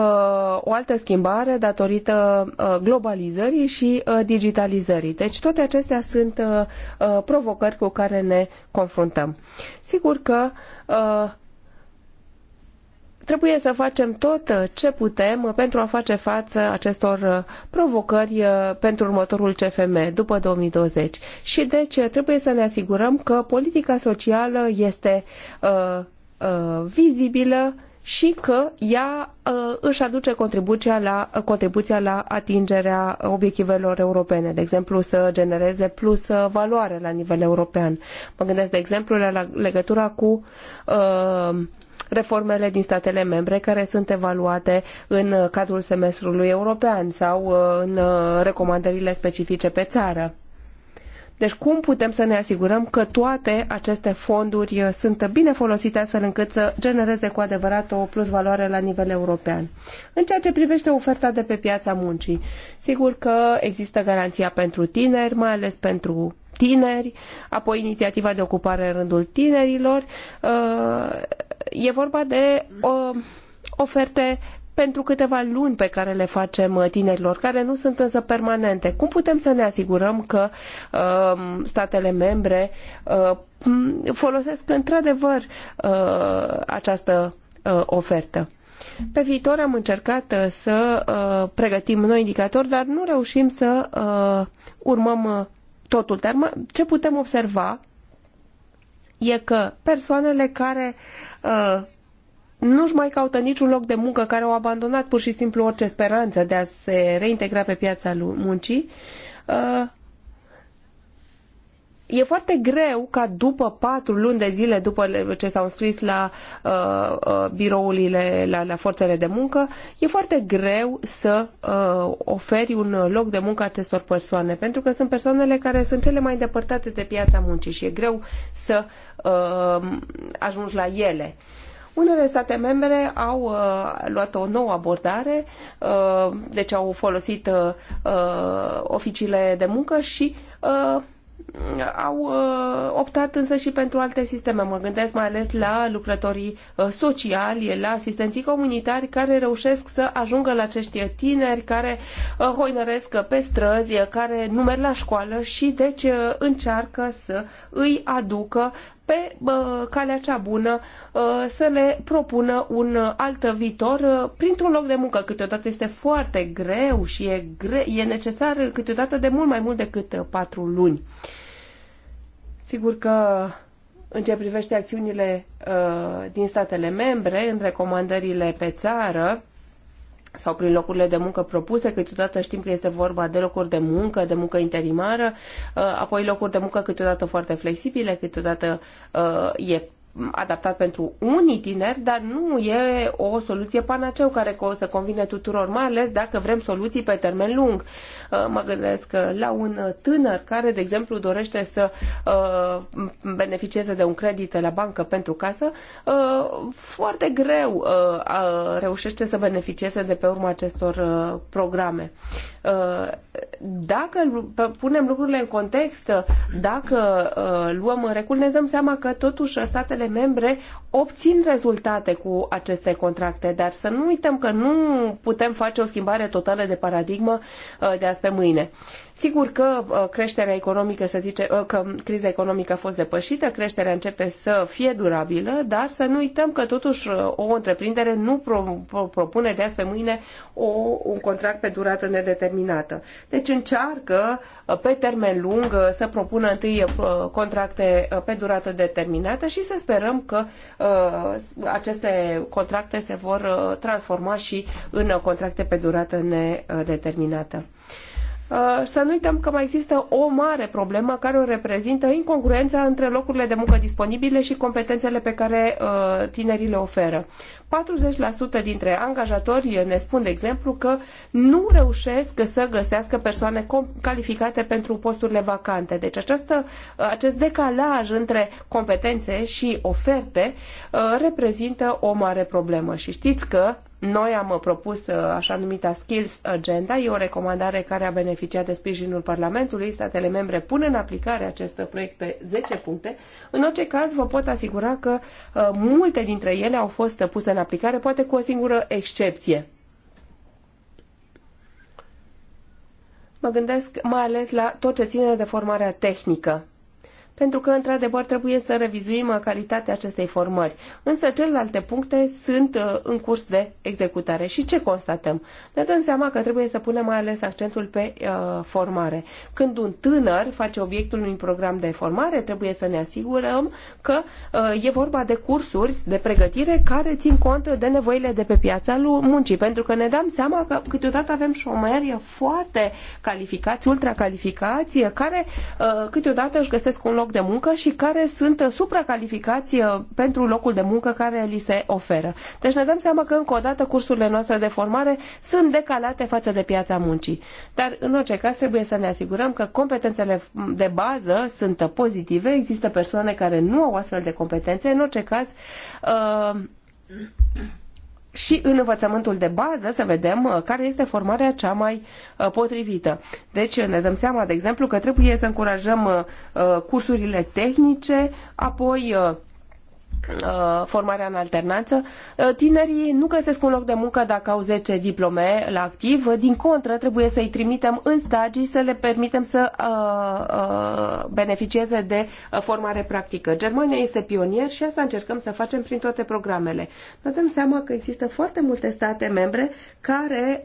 o altă schimbare datorită uh, globalizării și uh, digitalizării. Deci toate acestea sunt uh, provocări cu care ne confruntăm. Sigur că uh, trebuie să facem tot uh, ce putem uh, pentru a face față acestor uh, provocări pentru următorul CFM după 2020. Și deci trebuie să ne asigurăm că politica socială este uh, uh, vizibilă și că ea uh, își aduce contribuția la, contribuția la atingerea obiectivelor europene, de exemplu să genereze plus valoare la nivel european. Mă gândesc, de exemplu, la legătura cu uh, reformele din statele membre care sunt evaluate în cadrul semestrului european sau uh, în uh, recomandările specifice pe țară. Deci cum putem să ne asigurăm că toate aceste fonduri uh, sunt bine folosite astfel încât să genereze cu adevărat o plusvaloare la nivel european? În ceea ce privește oferta de pe piața muncii, sigur că există garanția pentru tineri, mai ales pentru tineri, apoi inițiativa de ocupare în rândul tinerilor, E vorba de oferte pentru câteva luni pe care le facem uh, tinerilor, care nu sunt însă permanente. Cum putem să ne asigurăm că uh, statele membre uh, folosesc într-adevăr uh, această uh, ofertă? Pe viitor am încercat uh, să pregătim noi indicatori, dar nu reușim să urmăm totul. Dar ce putem observa e că persoanele care uh, Uh, nu-și mai caută niciun loc de muncă, care au abandonat pur și simplu orice speranță de a se reintegra pe piața muncii, uh, e foarte greu ca după patru luni de zile după ce s-au înscris la uh, uh, birourile, la, la forțele de muncă, e foarte greu să uh, oferi un loc de muncă acestor persoane, pentru că sunt persoanele care sunt cele mai îndepărtate de piața muncii și e greu să uh, ajungi la ele. Unele state membre au uh, luat o nouă abordare, uh, deci au folosit uh, uh oficiile de muncă și uh, au uh, optat însă și pentru alte sisteme. Mă gândesc mai ales la lucrătorii uh, sociali, la asistenții comunitari care reușesc să ajungă la acești tineri care uh, hoinăresc pe străzi, care nu merg la școală și deci încearcă să îi aducă pe calea cea bună să le propună un alt viitor printr-un loc de muncă. Câteodată este foarte greu și e, gre- e necesar câteodată de mult mai mult decât patru luni. Sigur că în ce privește acțiunile uh, din statele membre, în recomandările pe țară, sau prin locurile de muncă propuse, câteodată știm că este vorba de locuri de muncă, de muncă interimară, uh, apoi locuri de muncă câteodată foarte flexibile, câteodată uh, e adaptat pentru unii tineri, dar nu e o soluție panaceu care o să convine tuturor, mai ales dacă vrem soluții pe termen lung. Uh, mă gândesc uh, la un tânăr care, de exemplu, dorește să uh, beneficieze de un credit la bancă pentru casă, foarte greu reușește să beneficieze de pe urma acestor programe. Dacă punem lucrurile în context, dacă luăm în recul, ne dăm seama că totuși statele statele membre obțin rezultate cu aceste contracte, dar să nu uităm că nu putem face o schimbare totală de paradigmă uh, de azi pe mâine. Sigur că uh, creșterea economică, să zice, uh, că criza economică a fost depășită, creșterea începe să fie durabilă, dar să nu uităm că totuși uh, o întreprindere nu pro, pro, propune de azi pe mâine o, un contract pe durată nedeterminată. Deci încearcă pe termen lung să propună întâi contracte pe durată determinată și să sperăm că uh, aceste contracte se vor transforma și în contracte pe durată nedeterminată. Uh, să nu uităm că mai există o mare problemă care o reprezintă incongruența între locurile de muncă disponibile și competențele pe care uh, tinerii le oferă. 40% dintre angajatori ne spun, de exemplu, că nu reușesc să găsească persoane calificate pentru posturile vacante. Deci această, uh, acest decalaj între competențe și oferte reprezintă o mare problemă. Și știți că noi am propus uh, așa numita Skills Agenda, e o recomandare care a beneficiat de sprijinul Parlamentului. Statele membre pun în aplicare acest proiect pe 10 puncte. În orice caz, vă pot asigura că uh, multe dintre ele au fost puse în aplicare, poate cu o singură excepție. Mă gândesc mai ales la tot ce ține de formarea tehnică pentru că, într-adevăr, trebuie să revizuim uh, calitatea acestei formări. Însă celelalte puncte sunt uh, în curs de executare. Și ce constatăm? Ne dăm seama că trebuie să punem mai ales accentul pe uh, formare. Când un tânăr face obiectul unui program de formare, trebuie să ne asigurăm că uh, e vorba de cursuri de pregătire care țin cont de nevoile de pe piața lui muncii, pentru că ne dăm seama că câteodată avem șomeri foarte calificați, ultracalificați, care uh, câteodată își găsesc un loc loc de muncă și care sunt supracalificați uh, pentru locul de muncă care li se oferă. Deci ne dăm seama că încă o dată cursurile noastre de formare sunt decalate față de piața muncii. Dar în orice caz trebuie să ne asigurăm că competențele de bază sunt pozitive, există persoane care nu au astfel de competențe, în orice caz uh, și în învățământul de bază să vedem uh, care este formarea cea mai uh, potrivită. Deci ne dăm seama, de exemplu, că trebuie să încurajăm uh, cursurile tehnice, apoi Uh, formarea în alternanță. Uh, tinerii nu găsesc un loc de muncă dacă au zece diplome la activ, din contră trebuie să-i trimitem în stagii, să le permitem să uh, beneficieze de formare practică. Germania este pionier și asta încercăm să facem prin toate programele. Ne dăm seama că există foarte multe state membre care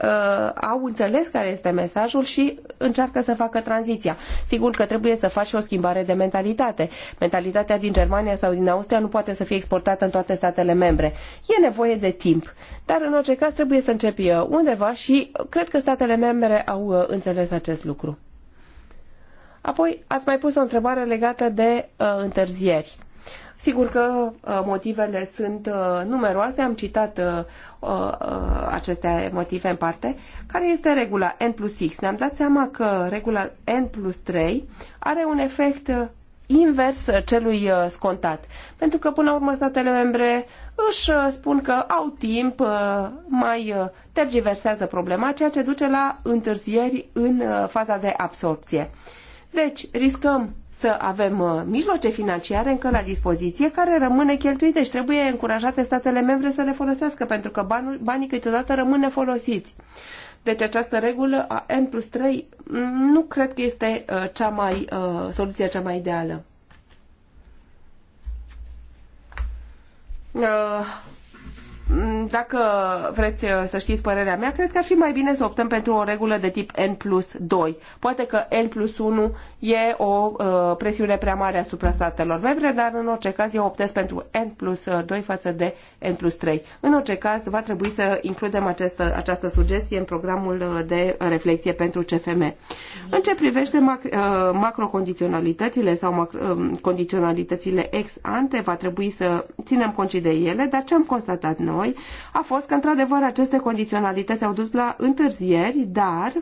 au înțeles care este mesajul și încearcă să facă tranziția. Sigur că trebuie să faci o schimbare de mentalitate. Mentalitatea din Germania sau din Austria nu poate să fie exportată în toate statele membre. E nevoie de timp, dar în orice caz trebuie să începi uh, undeva și uh, cred că statele membre au uh, înțeles acest lucru. Apoi ați mai pus o întrebare legată de uh, întârzieri. Sigur că uh, motivele sunt uh, numeroase, am citat uh, uh, aceste motive în parte. Care este regula N plus X? Ne-am dat seama că regula N plus 3 are un efect invers celui uh, scontat. Pentru că, până la urmă, statele membre își uh, spun că au timp, uh, mai tergiversează problema, ceea ce duce la întârzieri în faza de absorpție. Deci, riscăm să avem mijloace financiare încă la dispoziție care rămâne cheltuite și trebuie încurajate statele membre să le folosească pentru că banii câteodată rămân nefolosiți. Deci această regulă a N plus 3 nu cred că este uh, cea mai, uh, soluția cea mai ideală. Uh, Mm, dacă vreți uh, să știți părerea mea, cred că ar fi mai bine să optăm pentru o regulă de tip N plus 2. Poate că N plus 1 e o uh, presiune prea mare asupra statelor membre, dar în orice caz eu optez pentru N plus 2 uh, față de N plus 3. În orice caz va trebui să includem această, această sugestie în programul de reflexie pentru CFM. În ce privește mac- macrocondiționalitățile sau macro- condiționalitățile ex ante, va trebui să ținem cont și de ele, dar ce am constatat noi noi a fost că, într-adevăr, aceste condiționalități au dus la întârzieri, dar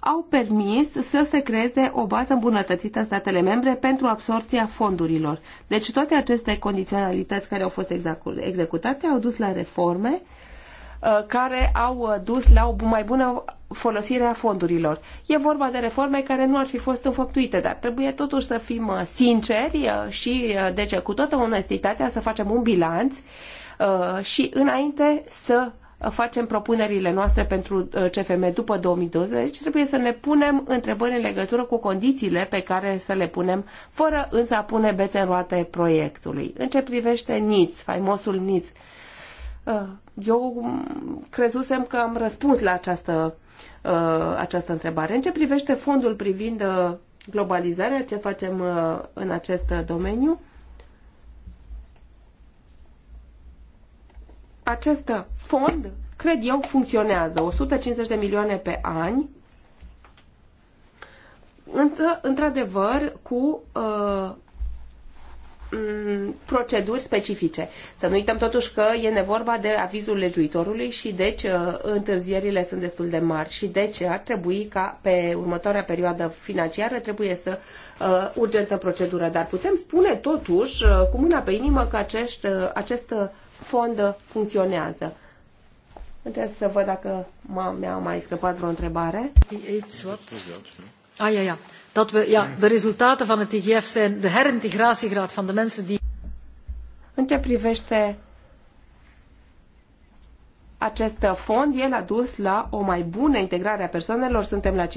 au permis să se creeze o bază îmbunătățită în statele membre pentru absorția fondurilor. Deci toate aceste condiționalități care au fost executate au dus la reforme uh, care au uh, dus la o mai bună folosire a fondurilor. E vorba de reforme care nu ar fi fost înfăptuite, dar trebuie totuși să fim uh, sinceri și, deci, cu toată onestitatea să facem un bilanț Uh, și înainte să facem propunerile noastre pentru uh, CFM după 2020, trebuie să ne punem întrebări în legătură cu condițiile pe care să le punem, fără însă a pune bețe în roate proiectului. În ce privește NITS, faimosul NITS, uh, eu crezusem că am răspuns la această, această întrebare. În ce privește fondul privind globalizarea, ce facem în acest domeniu? acest fond, cred eu, funcționează. 150 de milioane pe ani într-adevăr, cu uh, proceduri specifice. Să nu uităm totuși că e nevorba de avizul legiuitorului și deci uh, întârzierile sunt destul de mari și deci ar trebui ca pe următoarea perioadă financiară trebuie să uh, urgentă procedura. Dar putem spune totuși uh, cu mâna pe inimă că acești, uh, acest, uh, fondă funcționează. Încerc să văd dacă mi-a mai scăpat vreo întrebare. Ah, ja, ja. Dat we, ja, de rezultaten van het IGF zijn de herintegratiegraad van de mensen die... În ce privește acest fond, el a dus la o mai bună integrare a persoanelor, suntem la 58%,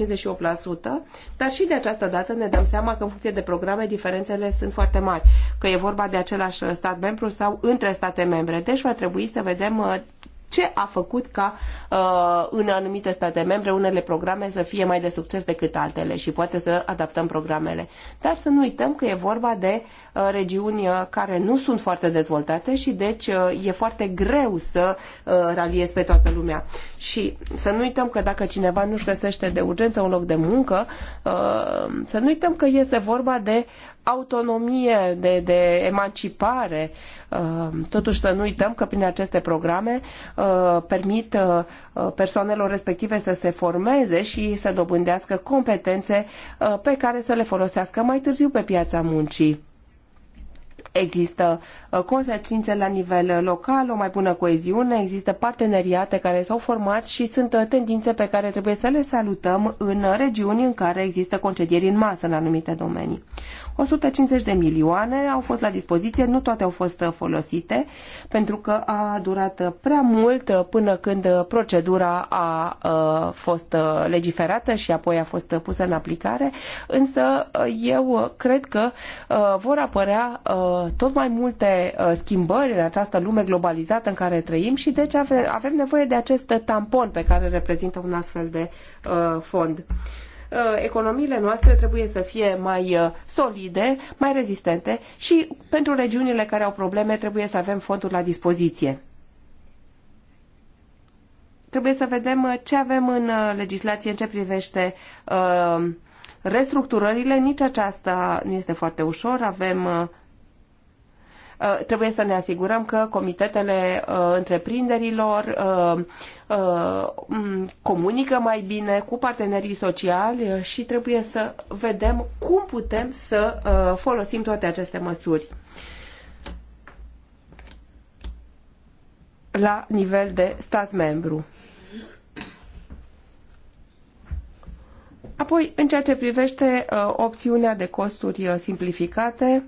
dar și de această dată ne dăm seama că în funcție de programe diferențele sunt foarte mari, că e vorba de același stat membru sau între state membre. Deci va trebui să vedem uh, ce a făcut ca uh, în anumite state membre unele programe să fie mai de succes decât altele și poate să adaptăm programele. Dar să nu uităm că e vorba de uh, regiuni uh, care nu sunt foarte dezvoltate și deci uh, e foarte greu să uh, raliezi pe toată lumea. Și să nu uităm că dacă cineva nu-și găsește de urgență un loc de muncă, uh, să nu uităm că este vorba de uh, autonomie, de, de emancipare. Uh, totuși să nu uităm că prin aceste programe uh, permit uh, persoanelor respective să se formeze și să dobândească competențe pe care să le folosească mai târziu pe piața muncii există consecințe la nivel local, o mai bună coeziune, există parteneriate care s-au format și sunt tendințe pe care trebuie să le salutăm în regiuni în care există concedieri în masă în anumite domenii. 150 de milioane au fost la dispoziție, nu toate au fost uh, folosite, pentru că a durat uh, prea mult uh, până când procedura a fost legiferată și apoi a fost pusă în aplicare, însă eu cred că vor apărea tot mai multe schimbări în această lume globalizată în care trăim și deci avem nevoie de acest tampon pe care reprezintă un astfel de fond. Uh, economiile noastre trebuie să fie mai uh, solide, mai rezistente și pentru regiunile care au probleme trebuie să avem fonduri la dispoziție. Trebuie să vedem uh, ce avem în legislație în ce privește restructurările. Nici aceasta nu este foarte ușor. Avem Uh, trebuie să ne asigurăm că comitetele uh, întreprinderilor uh, um, comunică mai bine cu partenerii sociali și trebuie să vedem cum putem să folosim toate aceste măsuri la nivel de stat membru. Apoi, în ceea ce privește uh, opțiunea de costuri uh, simplificate,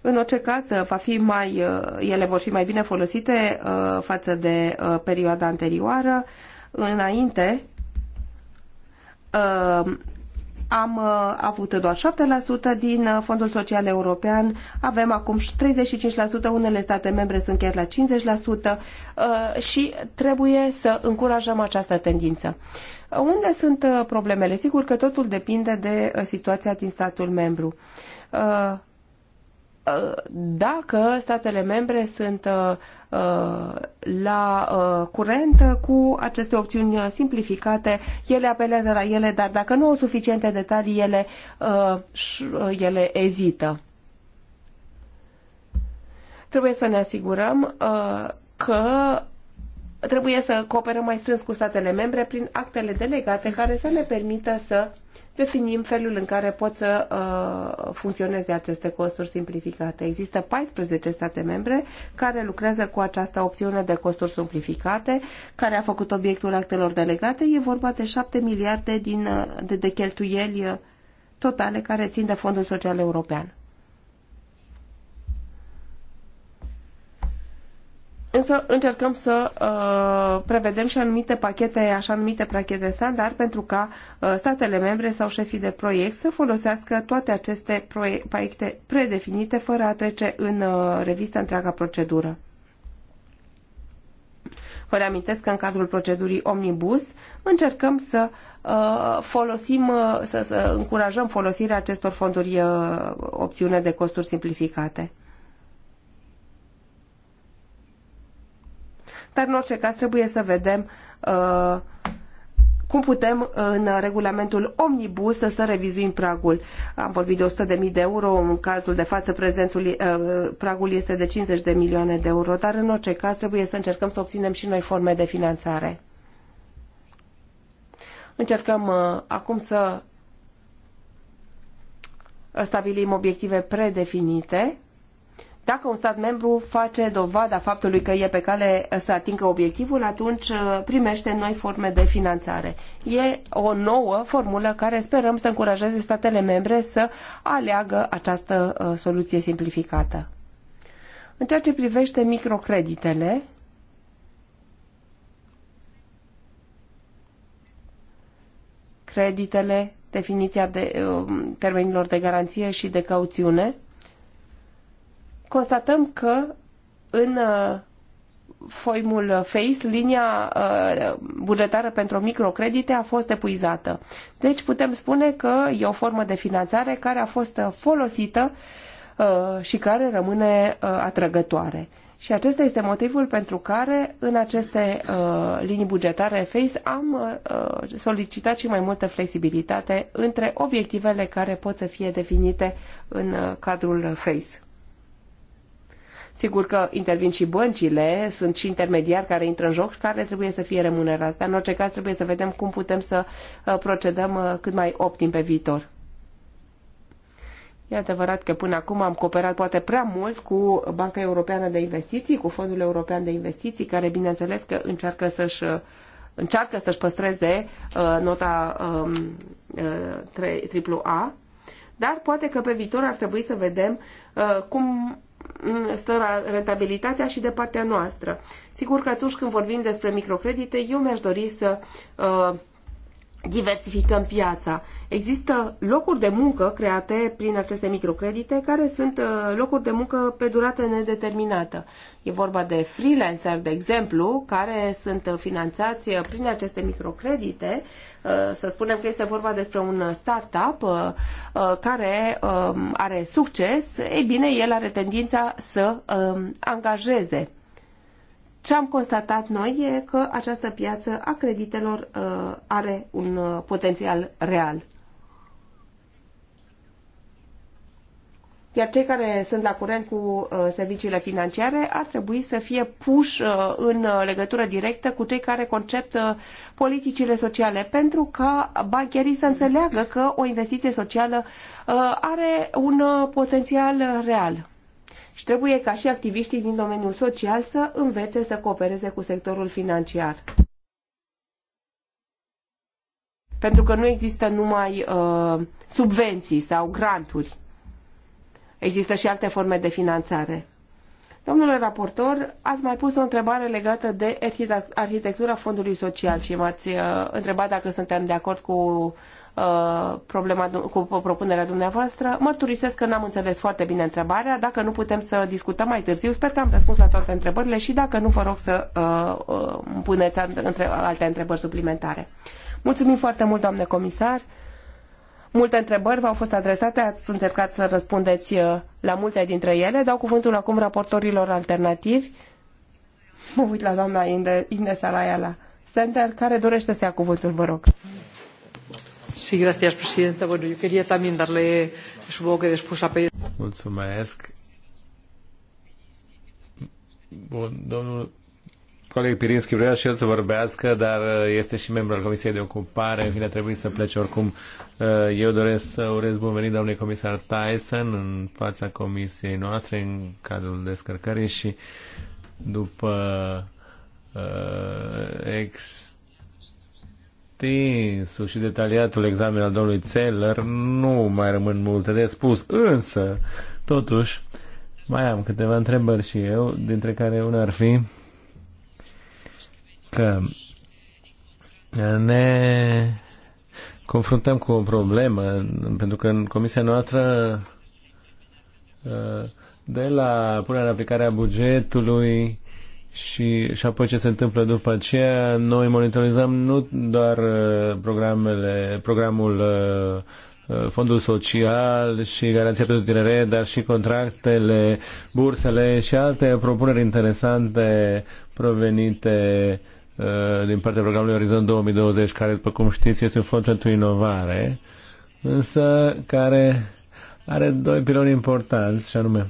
În orice caz, uh, va fi mai, uh, ele vor fi mai bine folosite uh, față de perioada anterioară. Înainte, am avut doar 7% din Fondul Social European, avem acum 35%, unele state membre sunt chiar la 50% și trebuie să încurajăm această tendință. Unde sunt problemele? Sigur că totul depinde de situația din statul membru dacă statele membre sunt uh, la uh, curent cu aceste opțiuni simplificate, ele apelează la ele, dar dacă nu au suficiente detalii, ele, uh, ele ezită. Trebuie să ne asigurăm că trebuie să cooperăm mai strâns cu statele membre prin actele delegate care să ne permită să definim felul în care pot să uh, funcționeze aceste costuri simplificate. Există 14 state membre care lucrează cu această opțiune de costuri simplificate, care a făcut obiectul actelor delegate. E vorba de 7 miliarde din, uh, de, de cheltuieli uh, totale care țin de Fondul Social European. Însă încercăm să uh, prevedem și anumite pachete, așa numite pachete standard, pentru ca uh, statele membre sau șefii de proiect să folosească toate aceste proiecte predefinite fără a trece în uh, revistă întreaga procedură. Vă reamintesc că în cadrul procedurii Omnibus încercăm să uh, folosim, uh, să, să încurajăm folosirea acestor fonduri uh, opțiune de costuri simplificate. dar în orice caz trebuie să vedem uh, cum putem în regulamentul omnibus să, revizuim pragul. Am vorbit de 100.000 de euro, în cazul de față prezențul, uh, pragul este de 50 de milioane de euro, dar în orice caz trebuie să încercăm să obținem și noi forme de finanțare. Încercăm uh, acum să stabilim obiective predefinite dacă un stat membru face dovada faptului că e pe cale să atingă obiectivul, atunci uh, primește noi forme de finanțare. E o nouă formulă care sperăm să încurajeze statele membre să aleagă această uh, soluție simplificată. În ceea ce privește microcreditele, creditele, definiția de, uh, termenilor de garanție și de cauțiune, constatăm că în uh, foimul FACE, linia uh, bugetară pentru microcredite a fost epuizată. Deci putem spune că e o formă de finanțare care a fost uh, folosită și care rămâne atrăgătoare. Și acesta este motivul pentru care în aceste linii bugetare FACE am solicitat și mai multă flexibilitate între obiectivele care pot să fie definite în cadrul FACE. Sigur că intervin și băncile, sunt și intermediari care intră în joc și care trebuie să fie remunerați. Dar în orice caz trebuie să vedem cum putem să uh, procedăm uh, cât mai optim pe viitor. E adevărat că până acum am cooperat poate prea mult cu Banca Europeană de Investiții, cu Fondul European de Investiții, care bineînțeles că încearcă să-și uh, încearcă să-și păstreze uh, nota um, uh, AAA, dar poate că pe viitor ar trebui să vedem uh, cum stă rentabilitatea și de partea noastră. Sigur că atunci când vorbim despre microcredite, eu mi-aș dori să uh, diversificăm piața. Există locuri de muncă create prin aceste microcredite care sunt uh, locuri de muncă pe durată nedeterminată. E vorba de freelancer, de exemplu, care sunt uh, finanțați prin aceste microcredite Eh, să spunem că este vorba despre un startup eh, eh, care are succes, ei bine, el are tendința să angajeze. Ce am constatat noi e că această piață a creditelor are un potențial real. Iar cei care sunt la curent cu uh, serviciile financiare ar trebui să fie puși uh, în uh, legătură directă cu cei care concep politicile sociale, pentru ca bancherii să înțeleagă că o investiție socială are un potențial real. Și trebuie ca și activiștii din domeniul social să învețe să coopereze cu sectorul financiar pentru că nu există numai uh, subvenții sau granturi. Există și alte forme de finanțare. Domnule raportor, ați mai pus o întrebare legată de arhitectura fondului social și m-ați uh, întrebat dacă suntem de acord cu uh, problema cu propunerea dumneavoastră. Mărturisesc că n-am înțeles foarte bine întrebarea. Dacă nu putem să discutăm mai târziu, sper că am răspuns la toate întrebările și dacă nu, vă rog să uh, uh puneți alte întrebări suplimentare. Mulțumim foarte mult, doamne comisar. Multe întrebări v-au fost adresate, ați încercat să răspundeți uh, la multe dintre ele. Dau cuvântul acum raportorilor alternativi. Mă uit la doamna Inde, Inde Salaiala Center, care dorește să ia cuvântul, vă rog. Sí, gracias, presidenta. Bueno, yo quería también darle, supongo que después a pedir... Mulțumesc. Bun, domnul coleg Pirinski vrea și el să vorbească, dar uh, este și membru al Comisiei de Ocupare, în fine trebuie să plece oricum. Uh, eu doresc să urez bun venit domnului comisar Tyson în fața comisiei noastre în cadrul descărcării și după uh, extinsul și detaliatul examen al domnului Zeller nu mai rămân multe de spus, însă totuși mai am câteva întrebări și eu, dintre care una ar fi că ne confruntăm cu o problemă, pentru că în comisia noastră uh, de la punerea în aplicare a bugetului și, și apoi ce se întâmplă după aceea, noi monitorizăm nu doar uh, programele, programul uh, fondul social și garanția pentru Tinere, dar și contractele, bursele și alte propuneri interesante provenite Uh, din partea programului Orizont 2020, care, după cum știți, este un fond pentru inovare, însă care are doi piloni importanți, și anume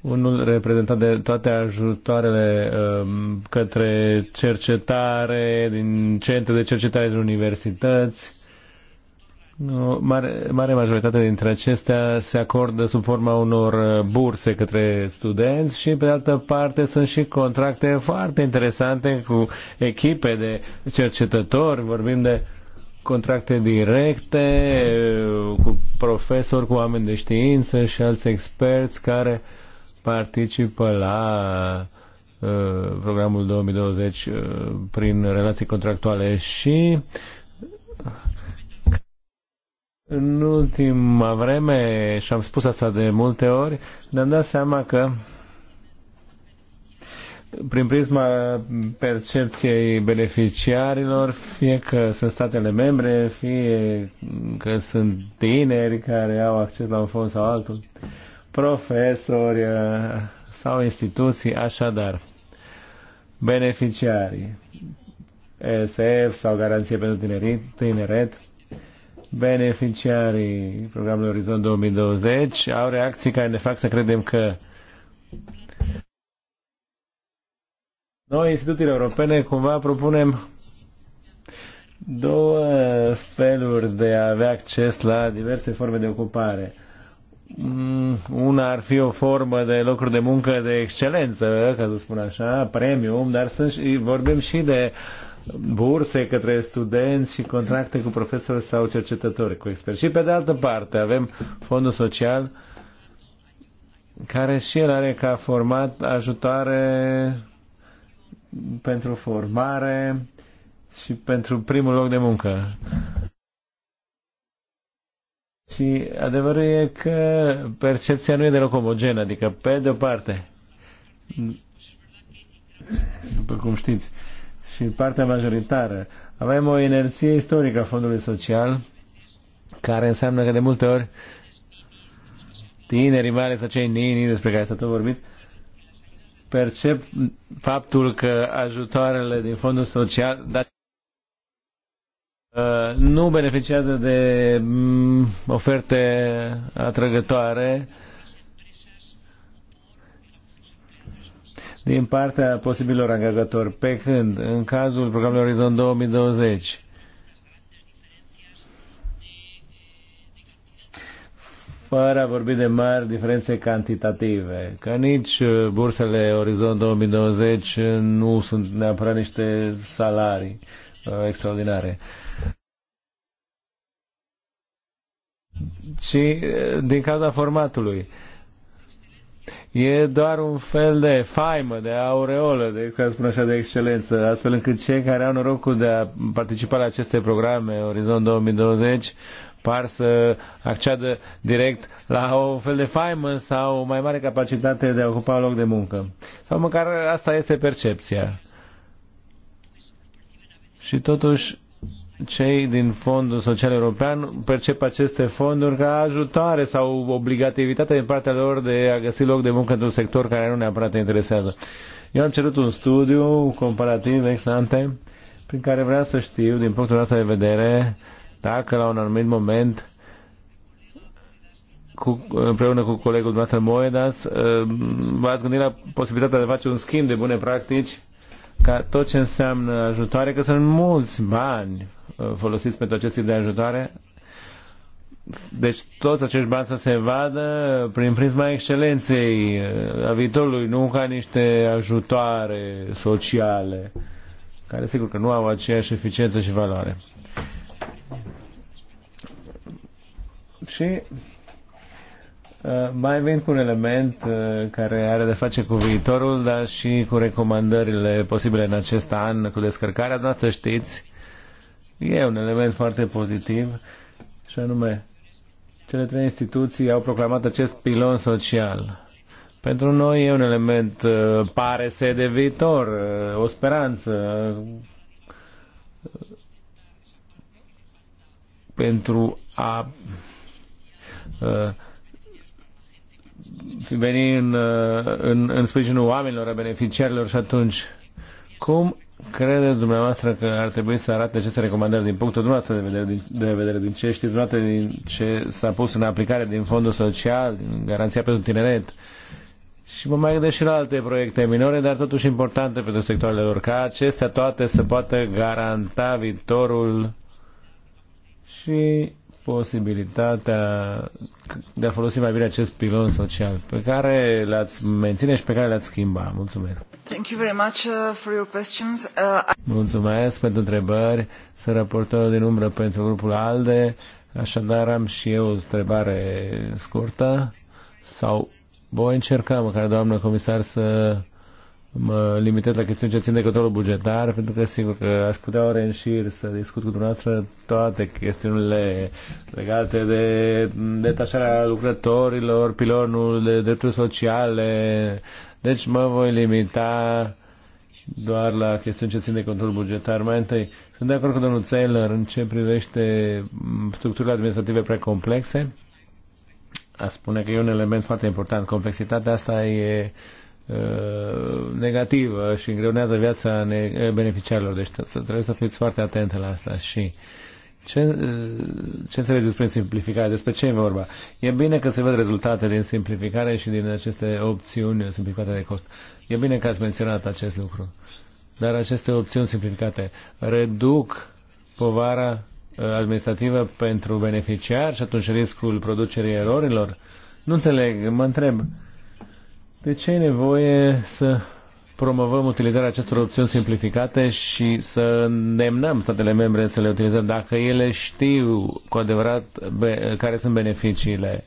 unul reprezentat de toate ajutoarele um, către cercetare din centre de cercetare din universități, o mare, mare majoritate dintre acestea se acordă sub forma unor burse către studenți și, pe de altă parte, sunt și contracte foarte interesante cu echipe de cercetători. Vorbim de contracte directe cu profesori, cu oameni de știință și alți experți care participă la uh, programul 2020 uh, prin relații contractuale și în ultima vreme, și am spus asta de multe ori, ne-am dat seama că prin prisma percepției beneficiarilor, fie că sunt statele membre, fie că sunt tineri care au acces la un fond sau altul, profesori uh, sau instituții, așadar, beneficiarii, ESF sau Garanție pentru tineri, Tineret, beneficiarii programului Orizont 2020 au reacții care ne fac să credem că noi, instituțiile europene, cumva propunem două feluri de a avea acces la diverse forme de ocupare. Mm, una ar fi o formă de locuri de muncă de excelență, ca să spun așa, premium, dar sunt, vorbim și de uh, burse către studenți și contracte cu profesori sau cercetători, cu experți. Și pe de altă parte avem fondul social care și el are ca format ajutoare pentru formare și pentru primul loc de muncă. Și adevărul e că percepția nu e deloc omogenă, adică pe de-o parte, după cum știți, și partea majoritară. Avem o inerție istorică a fondului social, care înseamnă că de multe ori tinerii, mai ales acei nini despre care s-a tot vorbit, percep faptul că ajutoarele din fondul social dar, uh, nu beneficiază de mm, oferte atrăgătoare din partea posibilor angajatori, pe când în cazul programului Orizont 2020 fără a vorbi de mari diferențe cantitative, că nici uh, bursele Orizont 2020 uh, nu sunt neapărat niște salarii uh, extraordinare. Și din cauza formatului. E doar un fel de faimă, de aureolă, de, ca spun așa, de excelență, astfel încât cei care au norocul de a participa la aceste programe Orizont 2020 par să acceadă direct la o fel de faimă sau o mai mare capacitate de a ocupa loc de muncă. Sau măcar asta este percepția. Și totuși, cei din Fondul Social European percep aceste fonduri ca ajutoare sau obligativitate din partea lor de a găsi loc de muncă într-un sector care nu neapărat te interesează. Eu am cerut un studiu comparativ ex ante prin care vreau să știu, din punctul ăsta de vedere, dacă la un anumit moment cu, împreună cu colegul dumneavoastră Moedas, uh, v-ați gândit la posibilitatea de a face un schimb de bune practici ca tot ce înseamnă ajutoare, că sunt mulți bani uh, folosiți pentru acest tip de ajutoare, deci toți acești bani să se vadă prin prisma excelenței uh, a viitorului, nu ca niște ajutoare sociale, care sigur că nu au aceeași eficiență și valoare. Și Uh, mai vin cu un element uh, care are de face cu viitorul, dar și cu recomandările posibile în acest an cu descărcarea. Doar să știți, e un element foarte pozitiv și anume cele trei instituții au proclamat acest pilon social. Pentru noi e un element, uh, pare să de viitor, o speranță. Pentru a veni în, uh, în, în sprijinul oamenilor, a beneficiarilor și atunci cum credeți dumneavoastră că ar trebui să arate aceste recomandări din punctul dumneavoastră de vedere, din, de vedere, din ce știți dumneavoastră, din ce s-a pus în aplicare din fondul social, din garanția pentru tineret? Și mă mai gândesc și la alte proiecte minore, dar totuși importante pentru sectoarele lor, ca acestea toate să poată garanta viitorul și posibilitatea de a folosi mai bine acest pilon social pe care l-ați menține și pe care l-ați schimba. Mulțumesc. Thank you very much uh, for your questions. Uh, Mulțumesc pentru întrebări. Sunt raportor din umbră pentru grupul ALDE, așadar am și eu o întrebare scurtă sau voi încerca, măcar doamnă comisar, să mă limitez la chestiuni ce țin de cătorul bugetar, pentru că sigur că aș putea ore în șir să discut cu dumneavoastră toate chestiunile legate de detașarea lucrătorilor, pilonul de drepturi sociale. Deci mă voi limita doar la chestiuni ce țin de control bugetar. Mai întâi, sunt de acord cu domnul Taylor în ce privește structurile administrative prea complexe. A spune că e un element foarte important. Complexitatea asta e uh, Uh, negativă și îngreunează viața beneficiarilor. Deci trebuie să fiți foarte atente la asta și ce, uh, ce înțelegeți prin simplificare? Despre ce e vorba? E bine că se văd rezultate din simplificare și din aceste opțiuni simplificate de cost. E bine că ați menționat acest lucru. Dar aceste opțiuni simplificate reduc povara uh, administrativă pentru beneficiar și atunci riscul producerii erorilor? Nu înțeleg, mă întreb. Uh, de ce e nevoie să promovăm utilizarea acestor opțiuni simplificate și să îndemnăm statele membre să le utilizăm dacă ele știu cu adevărat care sunt beneficiile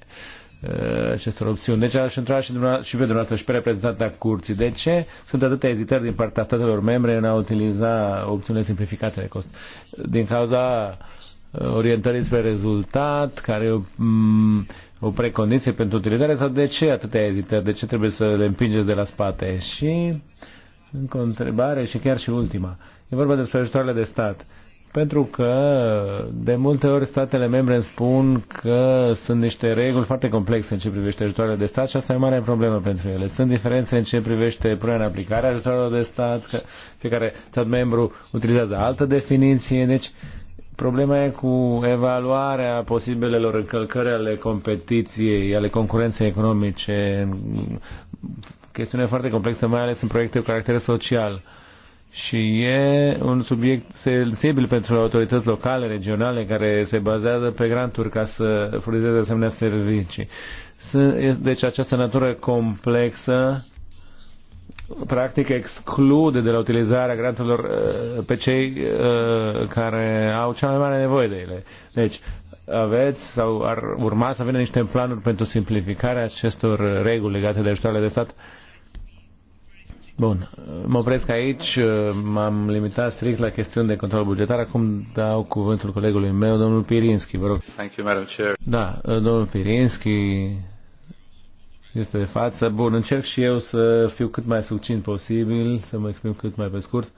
uh, acestor opțiuni. Deci aș întreba și, și pe dumneavoastră și pe reprezentanta curții. De ce sunt atâtea ezitări din partea statelor membre în a utiliza opțiunile simplificate de cost? Din cauza uh, Uh, orientării spre rezultat, care e o, mm, o precondiție pentru utilizare sau de ce atâtea ezitări, de ce trebuie să le împingeți de la spate? Și încă o întrebare și chiar și ultima. E vorba despre ajutoarele de stat. Pentru că de multe ori statele membre îmi spun că sunt niște reguli foarte complexe în ce privește ajutoarele de stat și asta e o mare problemă pentru ele. Sunt diferențe în ce privește punerea în aplicare a ajutoarelor de stat, că fiecare stat membru utilizează altă definiție, deci Problema e cu evaluarea posibilelor încălcări ale competiției, ale concurenței economice. Chestiune foarte complexă, mai ales în proiecte cu caracter social. Și e un subiect sensibil pentru autorități locale, regionale, care se bazează pe granturi ca să furnizeze asemenea servicii. Deci această natură complexă practic exclude de la utilizarea granturilor uh, pe cei uh, care au cea mai mare nevoie de ele. Deci, aveți sau ar urma să vină niște planuri pentru simplificarea acestor reguli legate de ajutoarele de stat? Bun, mă opresc aici, m-am limitat strict la chestiuni de control bugetar, acum dau cuvântul colegului meu, domnul Pirinski, vă rog. Thank you, Madam Chair. Da, domnul Pirinski, este de față. Bun, încerc și eu să fiu cât mai succint posibil, să mă exprim cât mai pe scurt.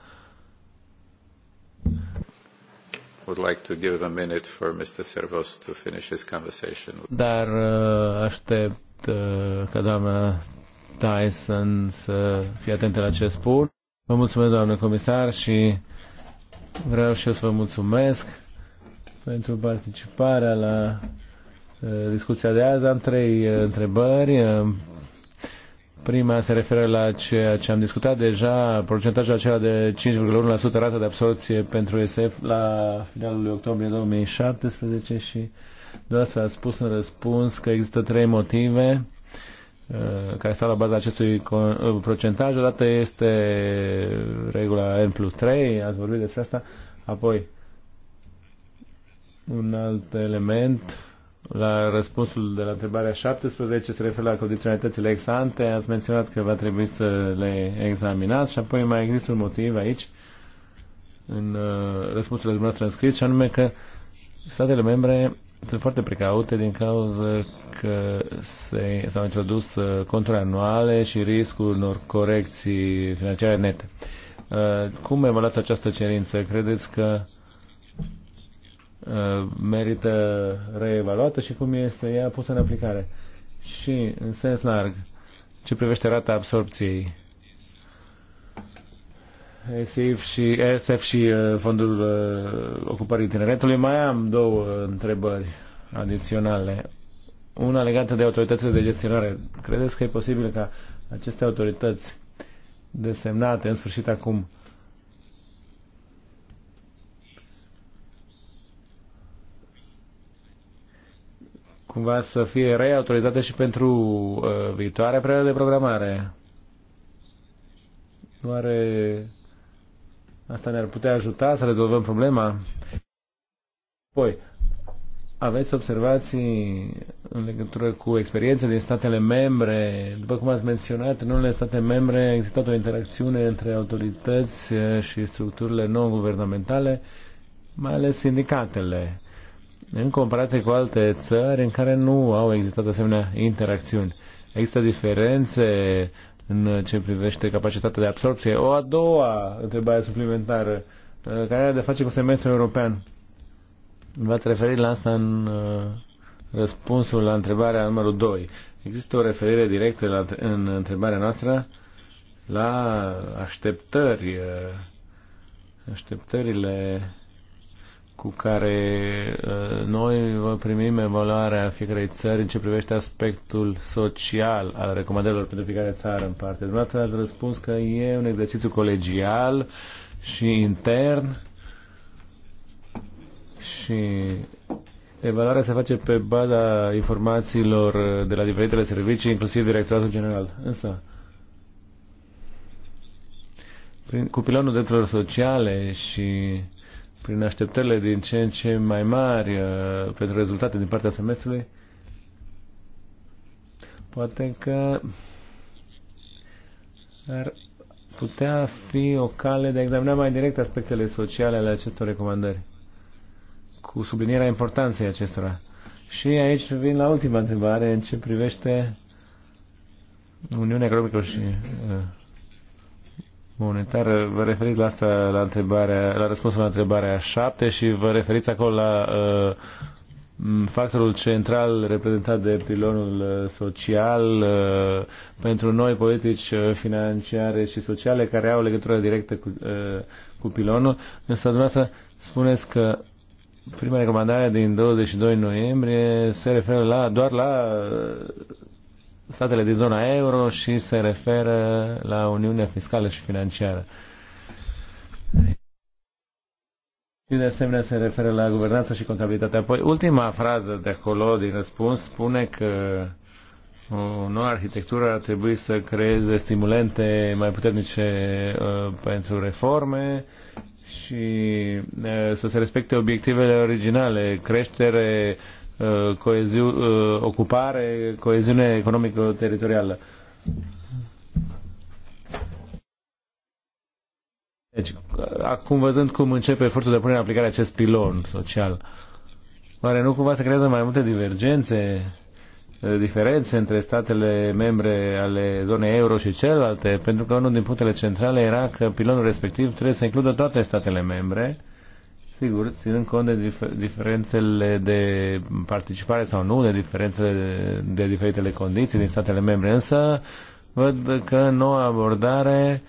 Would like to give a minute for Mr. Servos to finish his conversation. Dar uh, aștept uh, ca doamna Tyson să fie atentă la ce spun. Vă mulțumesc, doamnă comisar, și vreau și eu să vă mulțumesc pentru participarea la Eh, discuția de azi. Am trei eh, întrebări. Eh, prima se referă la ceea ce am discutat deja, procentajul acela de 5,1% rată de absorpție pentru SF la finalul octombrie 2017 și dumneavoastră a spus în răspuns că există trei motive care stau la baza acestui procentaj. Odată este regula N plus 3, ați vorbit despre asta, apoi un alt element la răspunsul de la întrebarea 17 se referă la condiționalitățile ex ante. Ați menționat că va trebui să le examinați și apoi mai există un motiv aici în uh, răspunsul dumneavoastră înscris și anume că statele membre sunt foarte precaute din cauza că se, s-au introdus uh, conturi anuale și riscul unor corecții financiare nete. Uh, cum evaluați această cerință? Credeți că uh, Uh, merită reevaluată și cum este ea pusă în aplicare. Și, în sens larg, ce privește rata absorpției, SF și, SF și uh, Fondul uh, Ocupării Tineretului, mai am două întrebări adiționale. Una legată de autoritățile de gestionare. Credeți că e posibil ca aceste autorități desemnate în sfârșit acum cumva să fie reautorizate și pentru uh, viitoarea perioadă de programare. Oare asta ne-ar putea ajuta să rezolvăm problema? Poi, aveți observații în legătură cu experiența din statele membre? După cum ați menționat, în unele state membre a existat o interacțiune între autorități și structurile non-guvernamentale, mai ales sindicatele în comparație cu alte țări în care nu au existat asemenea interacțiuni. Există diferențe în ce privește capacitatea de absorpție. O a doua întrebare suplimentară, uh, care are de face cu semestrul european. V-ați referit la asta în uh, răspunsul la întrebarea numărul 2. Există o referire directă la, în întrebarea noastră la așteptări, uh, așteptările cu care ă, noi primim evaluarea fiecarei țări în ce privește aspectul social al recomandărilor pentru fiecare țară în parte. Dumneavoastră ați răspuns că e un exercițiu colegial și intern și evaluarea se face pe baza informațiilor de la diferitele servicii, inclusiv Directoratul General. Însă, prin, cu pilonul drepturilor sociale și prin așteptările din ce în ce mai mari uh, pentru rezultate din partea semestrului, poate că ar putea fi o cale de a examina mai direct aspectele sociale ale acestor recomandări, cu sublinierea importanței acestora. Și aici vin la ultima întrebare, în ce privește Uniunea Economică și uh, monetară, vă referiți la asta, la, întrebarea, la răspunsul la întrebarea 7 și vă referiți acolo la uh, factorul central reprezentat de pilonul uh, social uh, pentru noi politici uh, financiare și sociale care au legătură directă cu, cu pilonul. Însă dumneavoastră spuneți că prima recomandare din 22 noiembrie se referă la, doar la statele din zona euro și se referă la Uniunea Fiscală și Financiară. Și de asemenea se referă la guvernanță și contabilitate. Apoi, ultima frază de acolo din răspuns spune că o nouă arhitectură ar trebui să creeze stimulente mai puternice uh, pentru reforme și uh, să se respecte obiectivele originale, creștere, uh, Uh, coeziune, uh, ocupare, coeziune economică-teritorială. Deci, acum văzând cum începe efortul de punere în aplicare acest pilon social, oare nu cumva se creează mai multe divergențe, uh, diferențe între statele membre ale zonei euro și celelalte? Pentru că unul din punctele centrale era că pilonul respectiv trebuie să includă toate statele membre, Sigur, ținând cont de diferențele de participare sau nu, de diferențele de, de diferitele condiții din statele membre, însă văd că noua abordare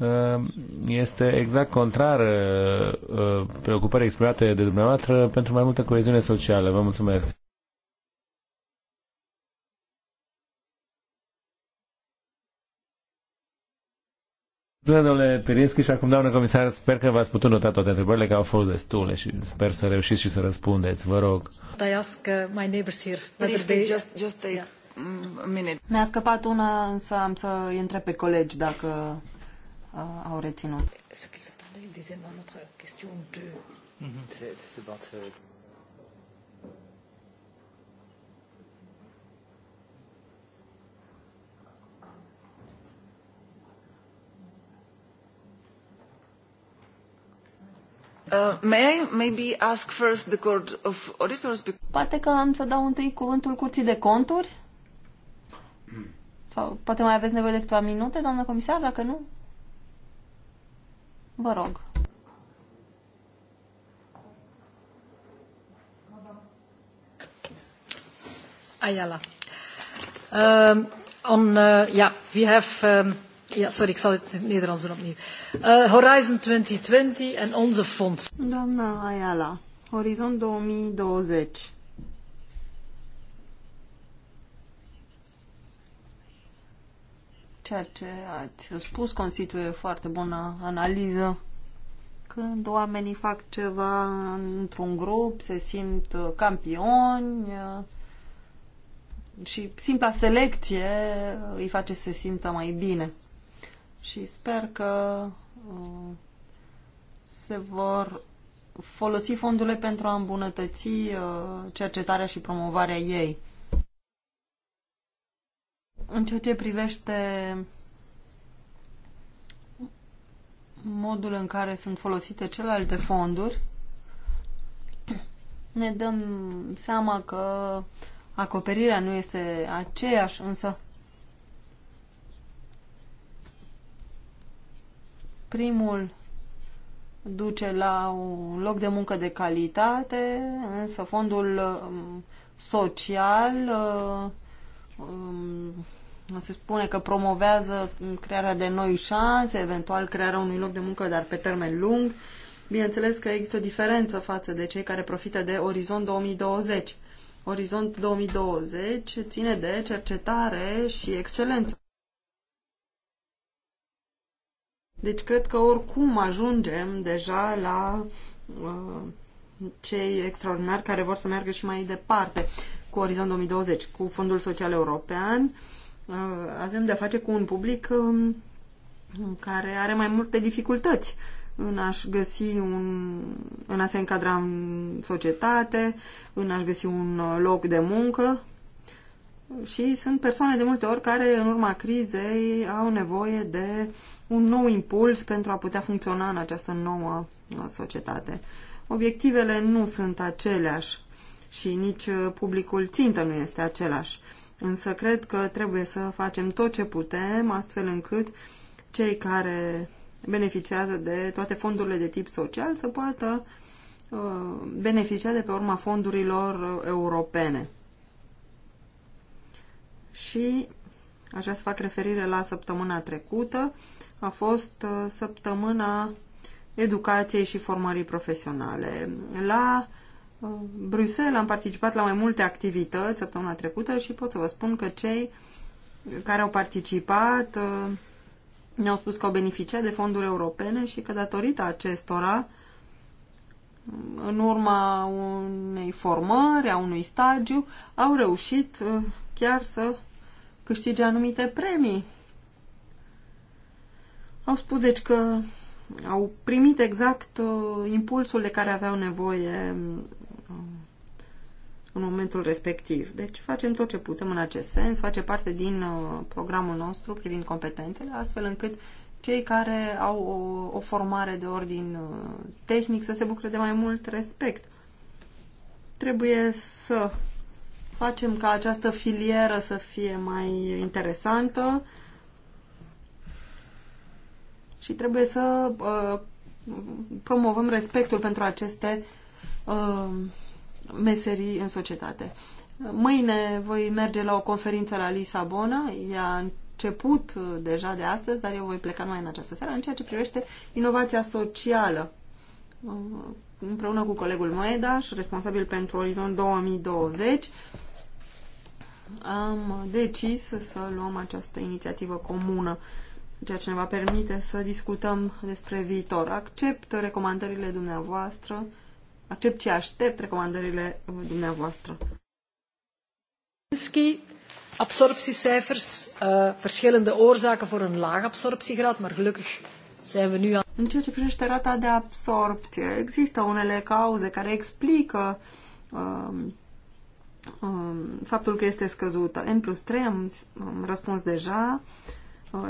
uh, este exact contrar uh, preocupării exprimate de dumneavoastră pentru mai multă coeziune socială. Vă mulțumesc! Domnule Pirinski și acum, doamnă comisar, sper că v-ați putut nota toate întrebările, că au fost destule și sper să reușiți și să răspundeți. Vă rog. I ask uh, my neighbors here. Please, please, just, just take yeah. a minute. Mi-a scăpat una, însă am să intre pe colegi dacă uh, au reținut. Ce qu'ils attendaient, ils disaient, notre question Mm-hmm. C'est, Poate că am să dau întâi cuvântul curții de conturi? Sau poate mai aveți nevoie de câteva minute, doamnă comisar, dacă nu? Vă rog. Ayala. Um, on, uh, yeah, we have um, doamnă sorry, ik zal het in 2020 eh, Ayala, Horizon 2020. Ceea ce ați spus constituie o foarte bună analiză. Când oamenii fac ceva într-un grup, se simt uh, campioni, uh, și simpla selecție îi face să se simtă mai bine și sper că uh, se vor folosi fondurile pentru a îmbunătăți uh, cercetarea și promovarea ei. În ceea ce privește modul în care sunt folosite celelalte fonduri, ne dăm seama că acoperirea nu este aceeași, însă Primul duce la un loc de muncă de calitate, însă fondul um, social um, um, se spune că promovează crearea de noi șanse, eventual crearea unui loc de muncă, dar pe termen lung. Bineînțeles că există o diferență față de cei care profită de Orizont 2020. Orizont 2020 ține de cercetare și excelență. Deci cred că oricum ajungem deja la uh, cei extraordinari care vor să meargă și mai departe cu Orizont 2020, cu Fondul Social European. Uh, avem de-a face cu un public um, care are mai multe dificultăți în a găsi un, în a se încadra în societate, în a-și găsi un uh, loc de muncă și sunt persoane de multe ori care în urma crizei au nevoie de uh, un nou impuls pentru a putea funcționa în această nouă uh, societate. Obiectivele nu sunt aceleași și nici uh, publicul țintă nu este același. Însă cred că trebuie să facem tot ce putem, astfel încât cei care beneficiază de toate fondurile de tip social să poată uh, beneficia de pe urma fondurilor europene. Și Aș vrea să fac referire la săptămâna trecută. A fost uh, săptămâna educației și formării profesionale. La uh, Bruxelles am participat la mai multe activități săptămâna trecută și pot să vă spun că cei care au participat uh, ne-au spus că au beneficiat de fonduri europene și că datorită acestora, în urma unei formări, a unui stagiu, au reușit chiar să câștige anumite premii. Au spus deci că au primit exact uh, impulsul de care aveau nevoie uh, în momentul respectiv. Deci facem tot ce putem în acest sens, face parte din uh, programul nostru privind competențele, astfel încât cei care au o, o formare de ordin uh, tehnic să se bucure de mai mult respect. Trebuie să facem ca această filieră să fie mai interesantă și trebuie să uh, promovăm respectul pentru aceste uh, meserii în societate. Mâine voi merge la o conferință la Lisabona, ea a început uh, deja de astăzi, dar eu voi pleca mai în această seară, în ceea ce privește inovația socială. Uh, împreună cu colegul Moedaș, responsabil pentru Orizont 2020, am decis să luăm această inițiativă comună, ceea deci, ce ne va permite să discutăm despre viitor. Accept recomandările dumneavoastră, accept și aștept recomandările uh, dumneavoastră. Absorptiecijfers, uh, verschillende oorzaken voor een laag absorptiegraad, maar gelukkig zijn we nu aan. În ceea ce privește rata de absorpție, există unele cauze care explică uh, Um, faptul că este scăzută. N plus 3 am, am răspuns deja. Uh,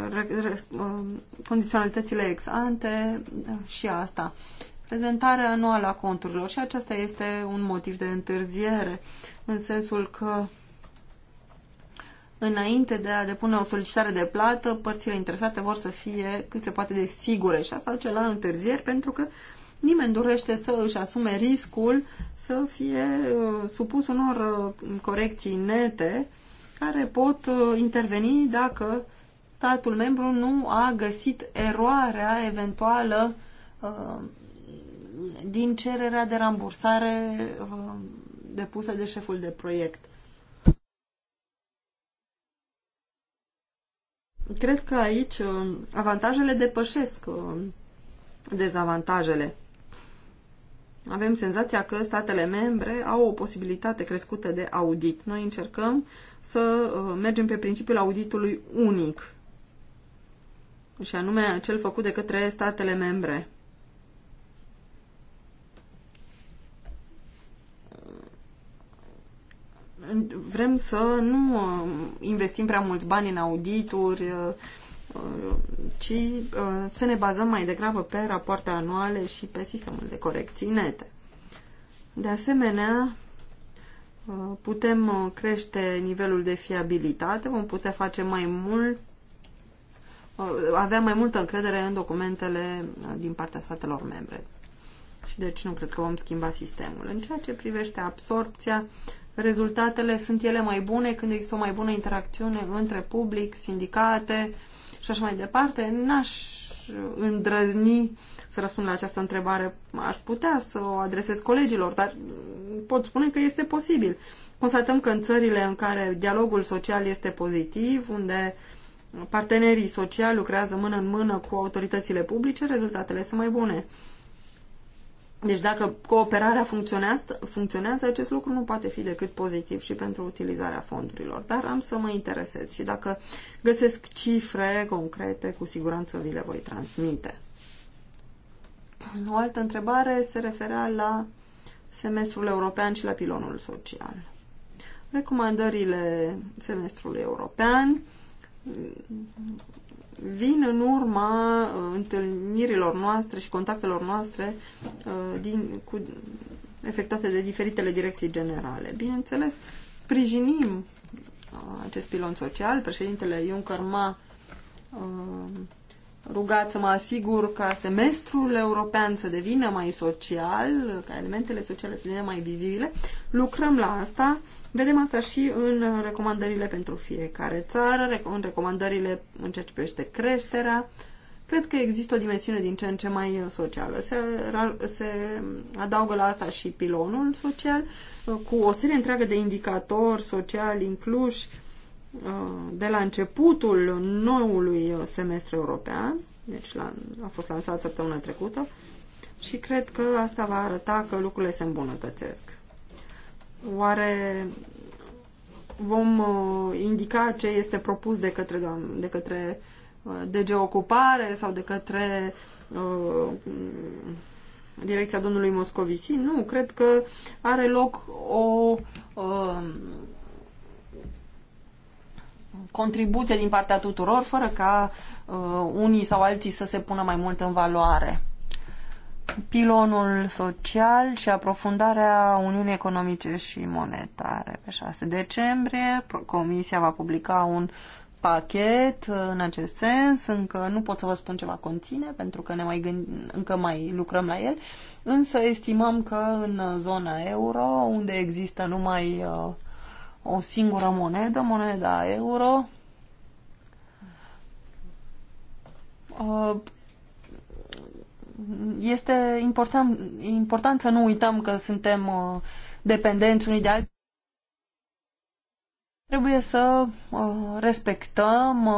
um, condiționalitățile ex ante uh, și asta. Prezentarea anuală a conturilor și aceasta este un motiv de întârziere în sensul că înainte de a depune o solicitare de plată, părțile interesate vor să fie cât se poate de sigure și asta duce la întârzieri pentru că uh, Nimeni dorește să își asume riscul să fie uh, supus unor uh, corecții nete care pot uh, interveni dacă statul membru nu a găsit eroarea eventuală din cererea de rambursare depusă de șeful de proiect. Cred că aici avantajele depășesc dezavantajele avem senzația că statele membre au o posibilitate crescută de audit. Noi încercăm să uh, mergem pe principiul auditului unic, și anume cel făcut de către statele membre. Vrem să nu uh, investim prea mulți bani în audituri, uh, ci uh, să ne bazăm mai degrabă pe rapoarte anuale și pe sistemul de corecții nete. De asemenea, uh, putem uh, crește nivelul de fiabilitate, vom putea face mai mult avea mai multă încredere în documentele din partea statelor membre. Și deci nu cred că vom schimba sistemul. În ceea ce privește absorpția, rezultatele sunt ele mai bune când există o mai bună interacțiune între public, sindicate, așa mai departe, n-aș îndrăzni să răspund la această întrebare. Aș putea să o adresez colegilor, dar pot spune că este posibil. Constatăm că în țările în care dialogul social este pozitiv, unde partenerii sociali lucrează mână în mână cu autoritățile publice, rezultatele sunt mai bune. Deci dacă cooperarea funcționează, funcționează, acest lucru nu poate fi decât pozitiv și pentru utilizarea fondurilor. Dar am să mă interesez și dacă găsesc cifre concrete, cu siguranță vi le voi transmite. O altă întrebare se referea la semestrul european și la pilonul social. Recomandările semestrului european vin în urma uh, întâlnirilor noastre și contactelor noastre uh, din, cu, efectuate de diferitele direcții generale. Bineînțeles, sprijinim uh, acest pilon social. Președintele Juncker m-a rugat să mă asigur ca semestrul european să devină mai social, ca elementele sociale să devină mai vizibile. Lucrăm la asta. Vedem asta și în recomandările pentru fiecare țară, în recomandările în ceea ce privește creșterea. Cred că există o dimensiune din ce în ce mai socială. Se, se adaugă la asta și pilonul social, cu o serie întreagă de indicatori sociali incluși, Uh, de la începutul noului uh, semestru european, deci la, a fost lansat săptămâna trecută, și cred că asta va arăta că lucrurile se îmbunătățesc. Oare vom uh, indica ce este propus de către, de către uh, DG Ocupare sau de către direcția domnului Moscovici? Nu, cred că are loc o contribuție din partea tuturor, fără ca uh, unii sau alții să se pună mai mult în valoare. Pilonul social și aprofundarea Uniunii Economice și Monetare. Pe 6 decembrie, Comisia va publica un pachet în acest sens, încă nu pot să vă spun ce va conține, pentru că ne mai gând, încă mai lucrăm la el, însă estimăm că în zona euro, unde există numai uh, o singură monedă, moneda euro. Uh, este important, important să nu uităm că suntem uh, dependenți unii de alții. Trebuie să uh, respectăm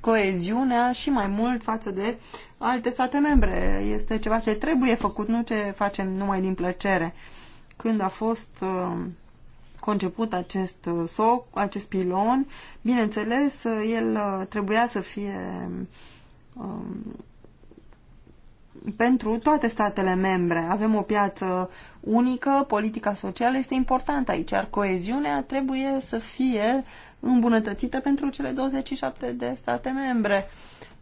coeziunea și mai mult față de alte state membre. Este ceva ce trebuie făcut, nu ce facem numai din plăcere. Când a fost uh, conceput acest uh, soc, acest pilon. Bineînțeles, uh, el uh, trebuia să fie um, pentru toate statele membre. Avem o piață unică, politica socială este importantă aici, iar coeziunea trebuie să fie îmbunătățită pentru cele 27 de state membre.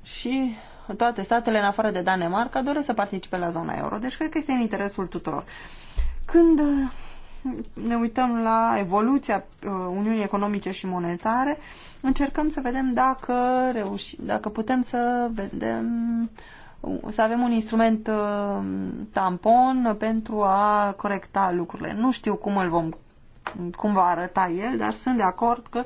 Și toate statele, în afară de Danemarca, doresc să participe la zona euro. Deci cred că este în interesul tuturor. Când ne uităm la evoluția uh, Uniunii Economice și Monetare, încercăm să vedem dacă, reușim, dacă putem să vedem uh, să avem un instrument uh, tampon pentru a corecta lucrurile. Nu știu cum îl vom cum va arăta el, dar sunt de acord că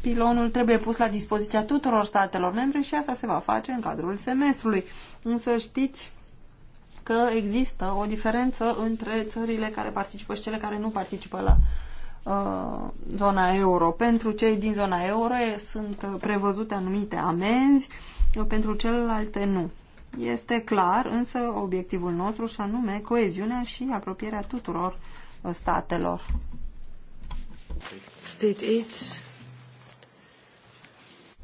pilonul trebuie pus la dispoziția tuturor statelor membre și asta se va face în cadrul semestrului. Însă știți că există o diferență între țările care participă și cele care nu participă la uh, zona euro. Pentru cei din zona euro sunt prevăzute anumite amenzi, pentru celelalte nu. Este clar, însă, obiectivul nostru și anume coeziunea și apropierea tuturor uh, statelor. State aids.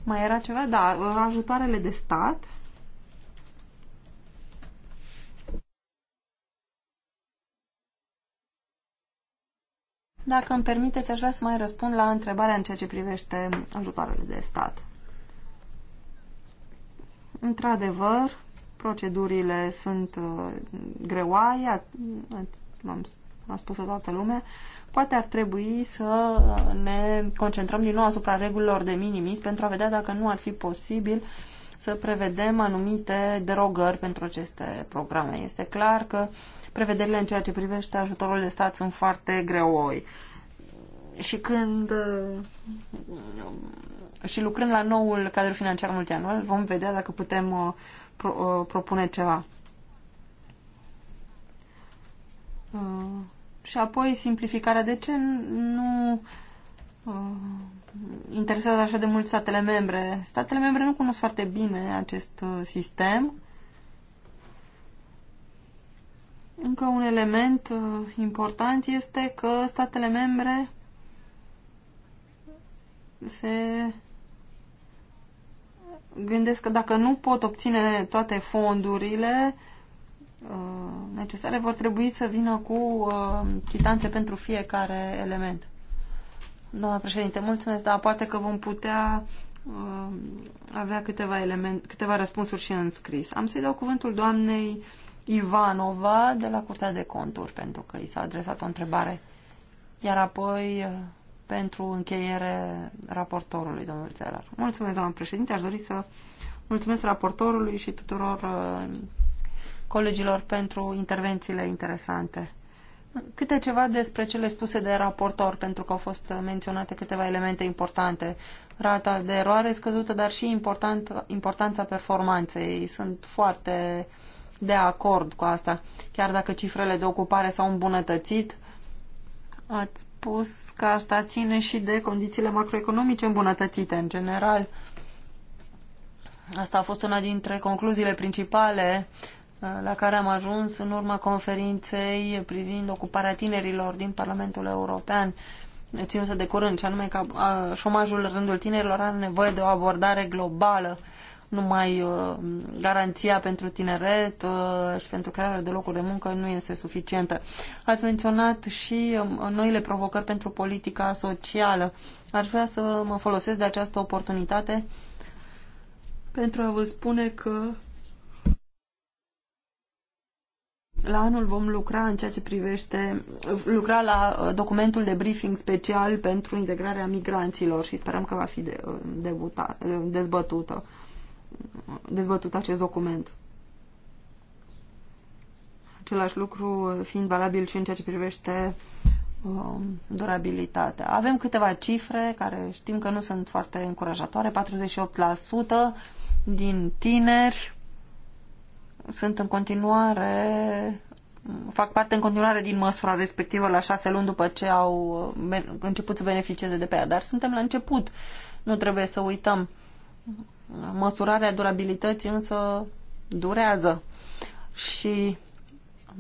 Mai era ceva? Da, uh, ajutoarele de stat. Dacă îmi permiteți, aș vrea să mai răspund la întrebarea în ceea ce privește ajutoarele de stat. Într-adevăr, procedurile sunt uh, greoaie, am, am spus-o toată lumea, poate ar trebui să ne concentrăm din nou asupra regulilor de minimis pentru a vedea dacă nu ar fi posibil să prevedem anumite derogări pentru aceste programe. Este clar că uh, prevederile în ceea ce privește ajutorul de stat sunt foarte greoi. Și când uh, și lucrând la noul cadru financiar multianual, vom vedea dacă putem uh, pro, uh, propune ceva. Și apoi simplificarea. De ce nu interesează așa de mult statele membre? Statele membre nu cunosc foarte bine acest sistem Încă un element uh, important este că statele membre se gândesc că dacă nu pot obține toate fondurile uh, necesare, vor trebui să vină cu uh, chitanțe pentru fiecare element. Doamna președinte, mulțumesc, dar poate că vom putea avea câteva, element, câteva răspunsuri și în scris. Am să-i dau cuvântul doamnei Ivanova de la Curtea de Conturi, pentru că i s-a adresat o întrebare. Iar apoi, uh, pentru încheiere, raportorului, domnul Țelar. Mulțumesc, doamnă președinte. Aș dori să mulțumesc raportorului și tuturor uh, colegilor pentru intervențiile interesante. Câte ceva despre cele spuse de raportor, pentru că au fost menționate câteva elemente importante. Rata de eroare scăzută, dar și important, importanța performanței. Sunt foarte uh, de acord cu asta. Chiar dacă cifrele de ocupare s-au îmbunătățit, ați spus că asta ține și de condițiile macroeconomice îmbunătățite în general. Asta a fost una dintre concluziile principale uh, la care am ajuns în urma conferinței privind ocuparea tinerilor din Parlamentul European ținută de curând, și anume că uh, șomajul în rândul tinerilor are nevoie de o abordare globală numai uh, garanția pentru tineret uh, și pentru crearea de locuri de muncă nu este suficientă. Ați menționat și um, noile provocări pentru politica socială. Aș vrea să mă folosesc de această oportunitate pentru a vă spune că la anul vom lucra în ceea ce privește lucra la uh, documentul de briefing special pentru integrarea migranților și sperăm că va fi de, debuta, dezbătută dezbătut acest document. Același lucru fiind valabil și în ceea ce privește um, durabilitatea. Avem câteva cifre care știm că nu sunt foarte încurajatoare. 48% din tineri sunt în continuare fac parte în continuare din măsura respectivă la șase luni după ce au început să beneficieze de pe ea. Dar suntem la început. Nu trebuie să uităm măsurarea durabilității însă durează și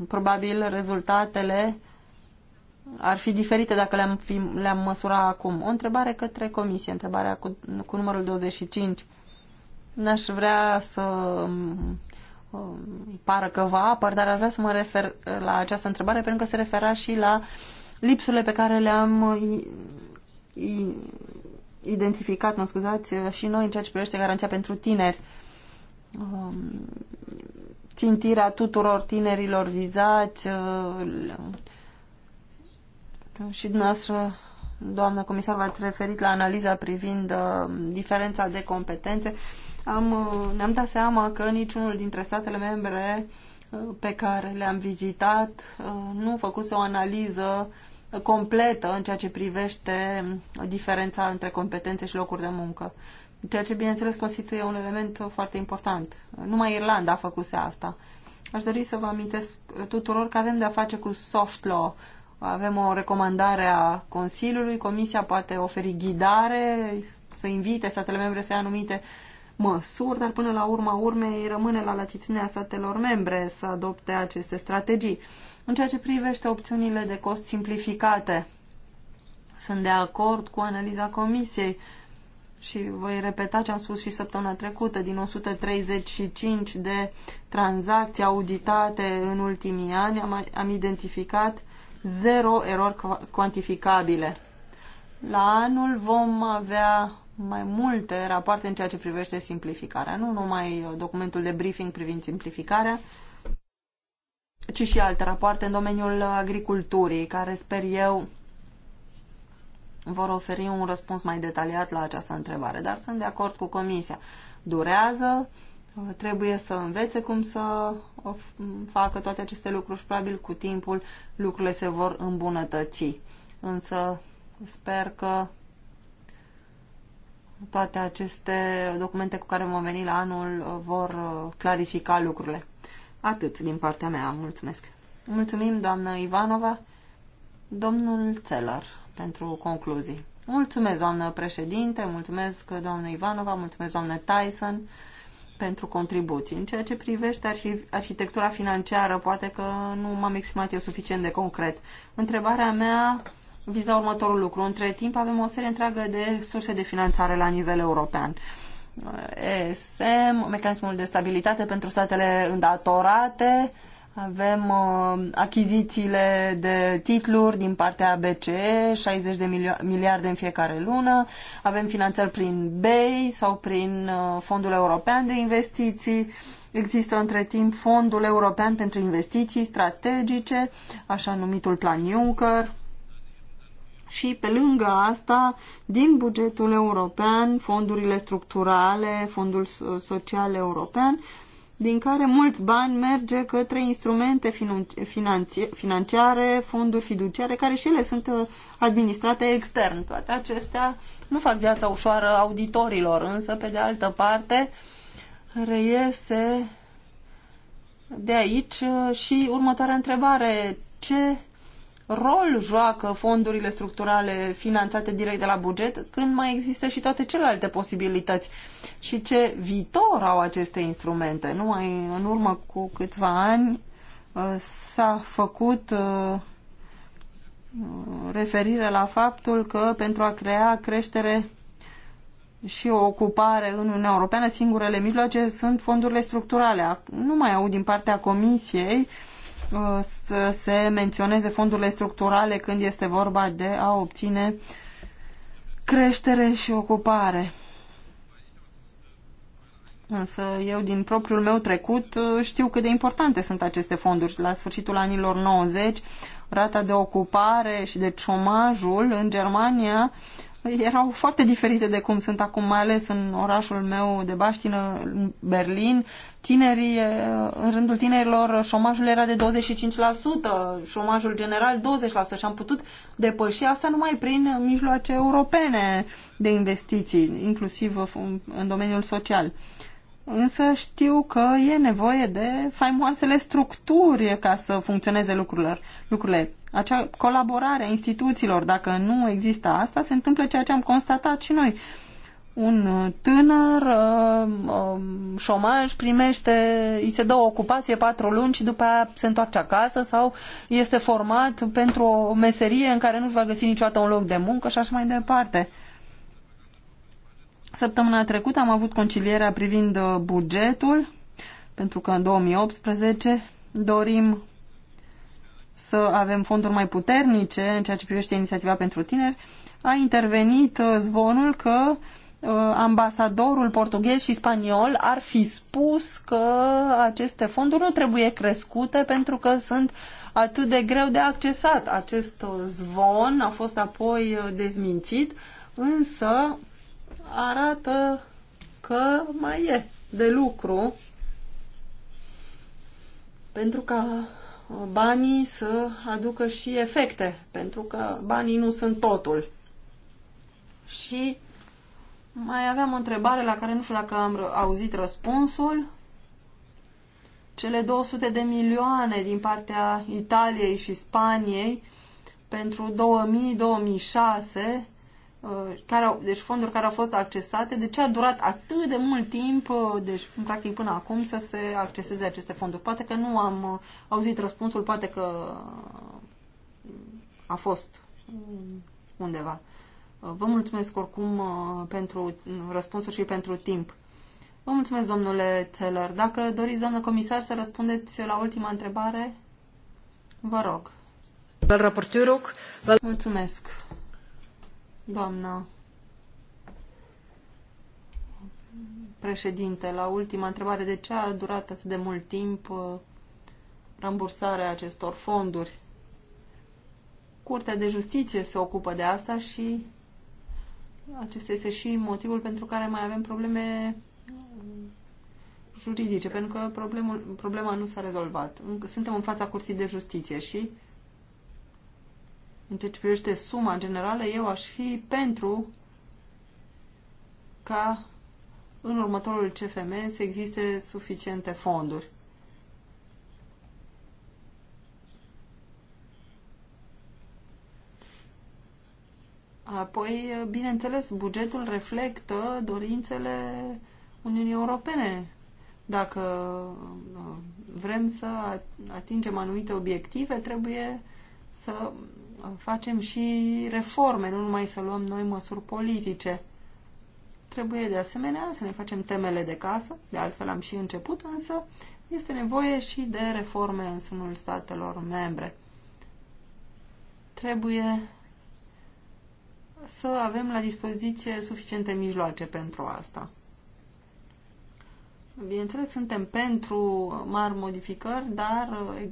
probabil rezultatele ar fi diferite dacă le-am, le-am măsura acum. O întrebare către comisie, întrebarea cu, cu numărul 25. N-aș vrea să um, um, pară că vă apăr, dar aș vrea să mă refer la această întrebare pentru că se refera și la lipsurile pe care le-am identificat, mă scuzați, și noi în ceea ce privește garanția pentru tineri. Um, țintirea tuturor tinerilor vizați uh, și dumneavoastră, doamnă comisar, v-ați referit la analiza privind uh, diferența de competențe. Am, uh, ne-am dat seama că niciunul dintre statele membre pe care le-am vizitat nu făcuse o analiză completă în ceea ce privește diferența între competențe și locuri de muncă. Ceea ce, bineînțeles, constituie un element foarte important. Numai Irlanda a făcut asta. Aș dori să vă amintesc tuturor că avem de-a face cu soft law. Avem o recomandare a Consiliului, Comisia poate oferi ghidare, să invite statele membre să ia anumite măsuri, dar până la urma urmei rămâne la latitudinea statelor membre să adopte aceste strategii. În ceea ce privește opțiunile de cost simplificate, sunt de acord cu analiza comisiei și voi repeta ce am spus și săptămâna trecută, din 135 de tranzacții auditate în ultimii ani am, am identificat zero erori cuantificabile. La anul vom avea mai multe rapoarte în ceea ce privește simplificarea, nu numai documentul de briefing privind simplificarea, ci și alte rapoarte în domeniul agriculturii, care sper eu vor oferi un răspuns mai detaliat la această întrebare. Dar sunt de acord cu Comisia. Durează, trebuie să învețe cum să facă toate aceste lucruri și probabil cu timpul lucrurile se vor îmbunătăți. Însă sper că toate aceste documente cu care vom veni la anul vor clarifica lucrurile. Atât din partea mea, mulțumesc. Mulțumim, doamnă Ivanova. Domnul Țelăr, pentru concluzii. Mulțumesc, doamnă președinte, mulțumesc, doamnă Ivanova, mulțumesc, doamnă Tyson, pentru contribuții. În ceea ce privește arhi- arhitectura financiară, poate că nu m-am exprimat eu suficient de concret. Întrebarea mea viza următorul lucru. Între timp avem o serie întreagă de surse de finanțare la nivel european. ESM, mecanismul de stabilitate pentru statele îndatorate, avem uh, achizițiile de titluri din partea BCE, 60 de miliarde în fiecare lună, avem finanțări prin BEI sau prin uh, Fondul European de Investiții, există între timp Fondul European pentru Investiții Strategice, așa numitul Plan Juncker, și pe lângă asta, din bugetul european, fondurile structurale, fondul social european, din care mulți bani merge către instrumente financiare, fonduri fiduciare, care și ele sunt uh, administrate extern. Toate acestea nu fac viața ușoară auditorilor, însă, pe de altă parte, reiese de aici uh, și următoarea întrebare. Ce rol joacă fondurile structurale finanțate direct de la buget când mai există și toate celelalte posibilități și ce viitor au aceste instrumente. Numai în urmă cu câțiva ani uh, s-a făcut uh, uh, referire la faptul că pentru a crea creștere și o ocupare în Uniunea Europeană, singurele mijloace sunt fondurile structurale. Nu mai aud din partea Comisiei uh, Uh, să se menționeze fondurile structurale când este vorba de a obține creștere și ocupare. Însă eu din propriul meu trecut uh, știu cât de importante sunt aceste fonduri. La sfârșitul anilor 90, rata de ocupare și de șomajul în Germania erau foarte diferite de cum sunt acum, mai ales în orașul meu de Baștină, în Berlin. Tinerii, în rândul tinerilor, șomajul era de 25%, șomajul general 20% și am putut depăși asta numai prin mijloace europene de investiții, inclusiv în domeniul social. Însă știu că e nevoie de faimoasele structuri ca să funcționeze lucrurile. lucrurile. Acea colaborare a instituțiilor, dacă nu există asta, se întâmplă ceea ce am constatat și noi. Un tânăr uh, um, șomaj primește, îi se dă o ocupație patru luni și după aia se întoarce acasă sau este format pentru o meserie în care nu-și va găsi niciodată un loc de muncă și așa mai departe Săptămâna trecută am avut concilierea privind uh, bugetul, pentru că în 2018 dorim să avem fonduri mai puternice în ceea ce privește inițiativa pentru tineri. A intervenit uh, zvonul că uh, ambasadorul portughez și spaniol ar fi spus că aceste fonduri nu trebuie crescute pentru că sunt atât de greu de accesat. Acest zvon a fost apoi dezmințit, însă arată că mai e de lucru pentru ca banii să aducă și efecte, pentru că banii nu sunt totul. Și mai aveam o întrebare la care nu știu dacă am auzit răspunsul. Cele 200 de milioane din partea Italiei și Spaniei pentru 2000-2006 Uh, care au, deci fonduri care au fost accesate, de ce a durat atât de mult timp, uh, deci practic până acum, să se acceseze aceste fonduri? Poate că nu am uh, auzit răspunsul, poate că a fost undeva. Vă mulțumesc oricum pentru răspunsuri și pentru timp. Vă mulțumesc, domnule Țelăr. Dacă doriți, doamnă comisar, să răspundeți la ultima întrebare, vă rog. Mulțumesc. Doamna președinte, la ultima întrebare, de ce a durat atât de mult timp uh, rambursarea acestor fonduri? Curtea de Justiție se ocupă de asta și acesta este și motivul pentru care mai avem probleme uh, juridice, pentru că problemul, problema nu s-a rezolvat. Suntem în fața Curții de Justiție și în ceea ce privește suma generală, eu aș fi pentru ca în următorul CFM să existe suficiente fonduri. Apoi, bineînțeles, bugetul reflectă dorințele Uniunii Europene. Dacă uh, vrem să atingem anumite obiective, trebuie să facem și reforme, nu numai să luăm noi măsuri politice. Trebuie de asemenea să ne facem temele de casă, de altfel am și început, însă este nevoie și de reforme în sânul statelor membre. Trebuie să avem la dispoziție suficiente mijloace pentru asta. Bineînțeles, suntem pentru mari modificări, dar eh,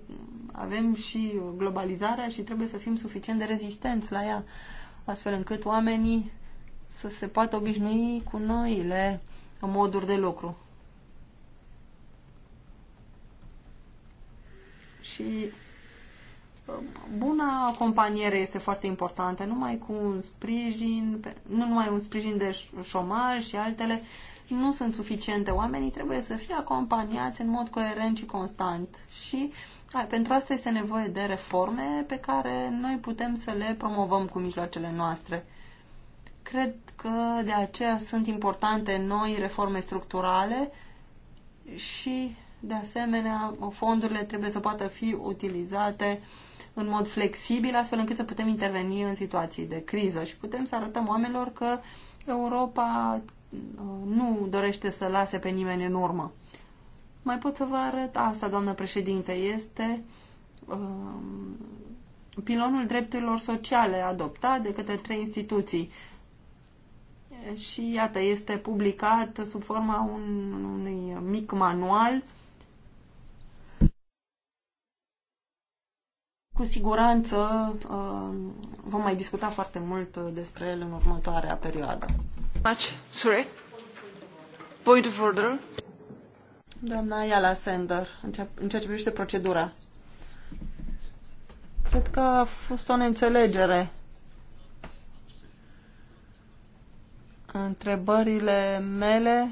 avem și globalizarea și trebuie să fim suficient de rezistenți la ea, astfel încât oamenii să se poată obișnui cu noile moduri de lucru. Și eh, buna companiere este foarte importantă, numai cu un sprijin, nu numai un sprijin de șomaj și altele, nu sunt suficiente. Oamenii trebuie să fie acompaniați în mod coerent și constant și a, pentru asta este nevoie de reforme pe care noi putem să le promovăm cu mijloacele noastre. Cred că de aceea sunt importante noi reforme structurale și, de asemenea, fondurile trebuie să poată fi utilizate în mod flexibil, astfel încât să putem interveni în situații de criză și putem să arătăm oamenilor că Europa Uh, nu dorește să lase pe nimeni în urmă. Mai pot să vă arăt asta, doamnă președinte, este um, pilonul drepturilor sociale adoptat de către trei instituții. Și iată, este publicat sub forma un, unui mic manual cu siguranță uh, vom mai discuta foarte mult despre el în următoarea perioadă. Much. Sorry. Point of order. Doamna Iala Sender, în ceea ce privește procedura. Cred că a fost o neînțelegere. Întrebările mele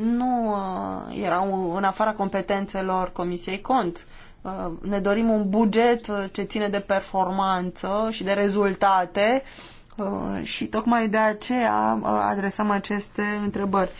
nu uh, erau în afara competențelor Comisiei Cont. Uh, ne dorim un buget uh, ce ține de performanță și de rezultate uh, Uh, și tocmai de aceea uh, adresăm aceste întrebări.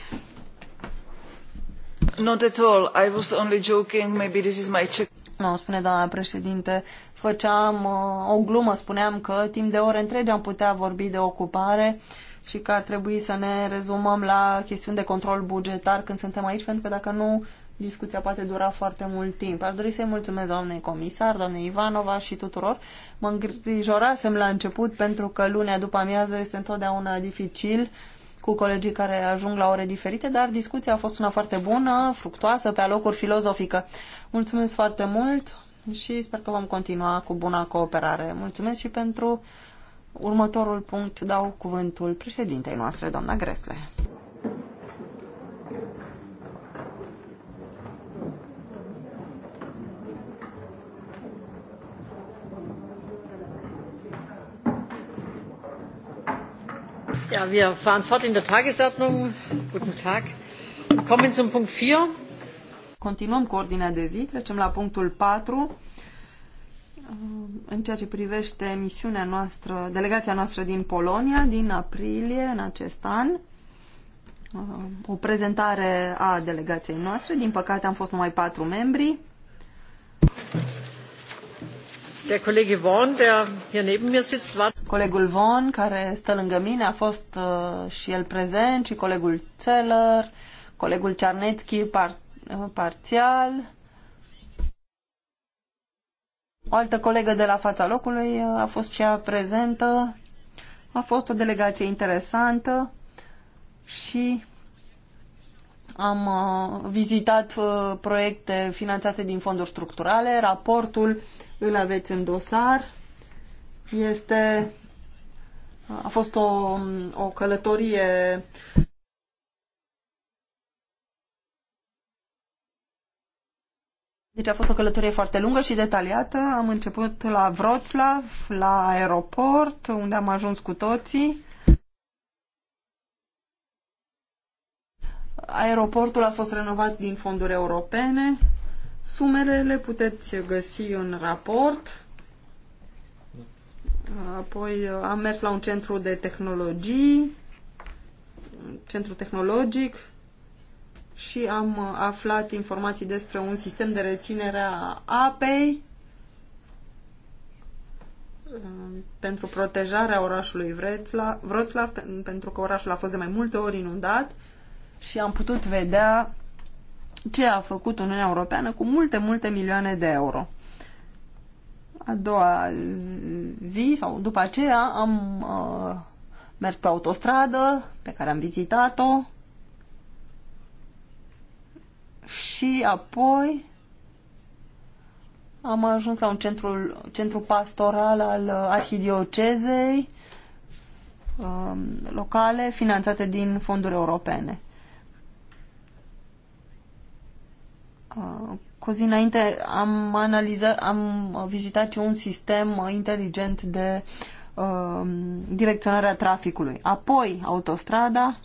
Not at all. I was only joking. Maybe this is my check. Nu, spune doamna președinte, făceam uh, o glumă, spuneam că timp de ore întregi am putea vorbi de ocupare și că ar trebui să ne rezumăm la chestiuni de control bugetar când suntem aici, pentru că dacă nu discuția poate dura foarte mult timp. Ar dori să-i mulțumesc doamnei comisar, doamnei Ivanova și tuturor. Mă îngrijorasem la început pentru că lunea după amiază este întotdeauna dificil cu colegii care ajung la ore diferite, dar discuția a fost una foarte bună, fructoasă, pe alocuri filozofică. Mulțumesc foarte mult și sper că vom continua cu buna cooperare. Mulțumesc și pentru următorul punct. Dau cuvântul președintei noastre, doamna Gresle. Ja, wir fahren fort in der Tagesordnung. Guten Tag. Kommen zum Punkt 4. Continuăm cu ordinea de zi, trecem la punctul 4. În ceea ce privește misiunea noastră, delegația noastră din Polonia, din aprilie în acest an, o prezentare a delegației noastre. Din păcate am fost numai patru membri. Colegul Vaughan, care stă lângă mine, a fost uh, și el prezent, și colegul Zeller, colegul Cernețchi par, uh, parțial. O altă colegă de la fața locului uh, a fost cea ea prezentă. A fost o delegație interesantă și am uh, vizitat uh, proiecte finanțate din fonduri structurale. Raportul îl aveți în dosar. Este a fost o, o călătorie Deci a fost o călătorie foarte lungă și detaliată. Am început la Wroclaw, la aeroport, unde am ajuns cu toții. aeroportul a fost renovat din fonduri europene. Sumele le puteți găsi în raport. Apoi uh, am mers la un centru de tehnologii, centru tehnologic și am uh, aflat informații despre un sistem de reținere a apei uh, pentru protejarea orașului Wroclaw, pentru că orașul a fost de mai multe ori inundat și am putut vedea ce a făcut Uniunea Europeană cu multe, multe milioane de euro. A doua zi sau după aceea am uh, mers pe autostradă pe care am vizitat-o și apoi am ajuns la un centru, centru pastoral al arhidiocezei uh, locale finanțate din fonduri europene. Uh, cu zi înainte am, analizat, am vizitat și un sistem inteligent de direcționarea uh, direcționare a traficului. Apoi autostrada,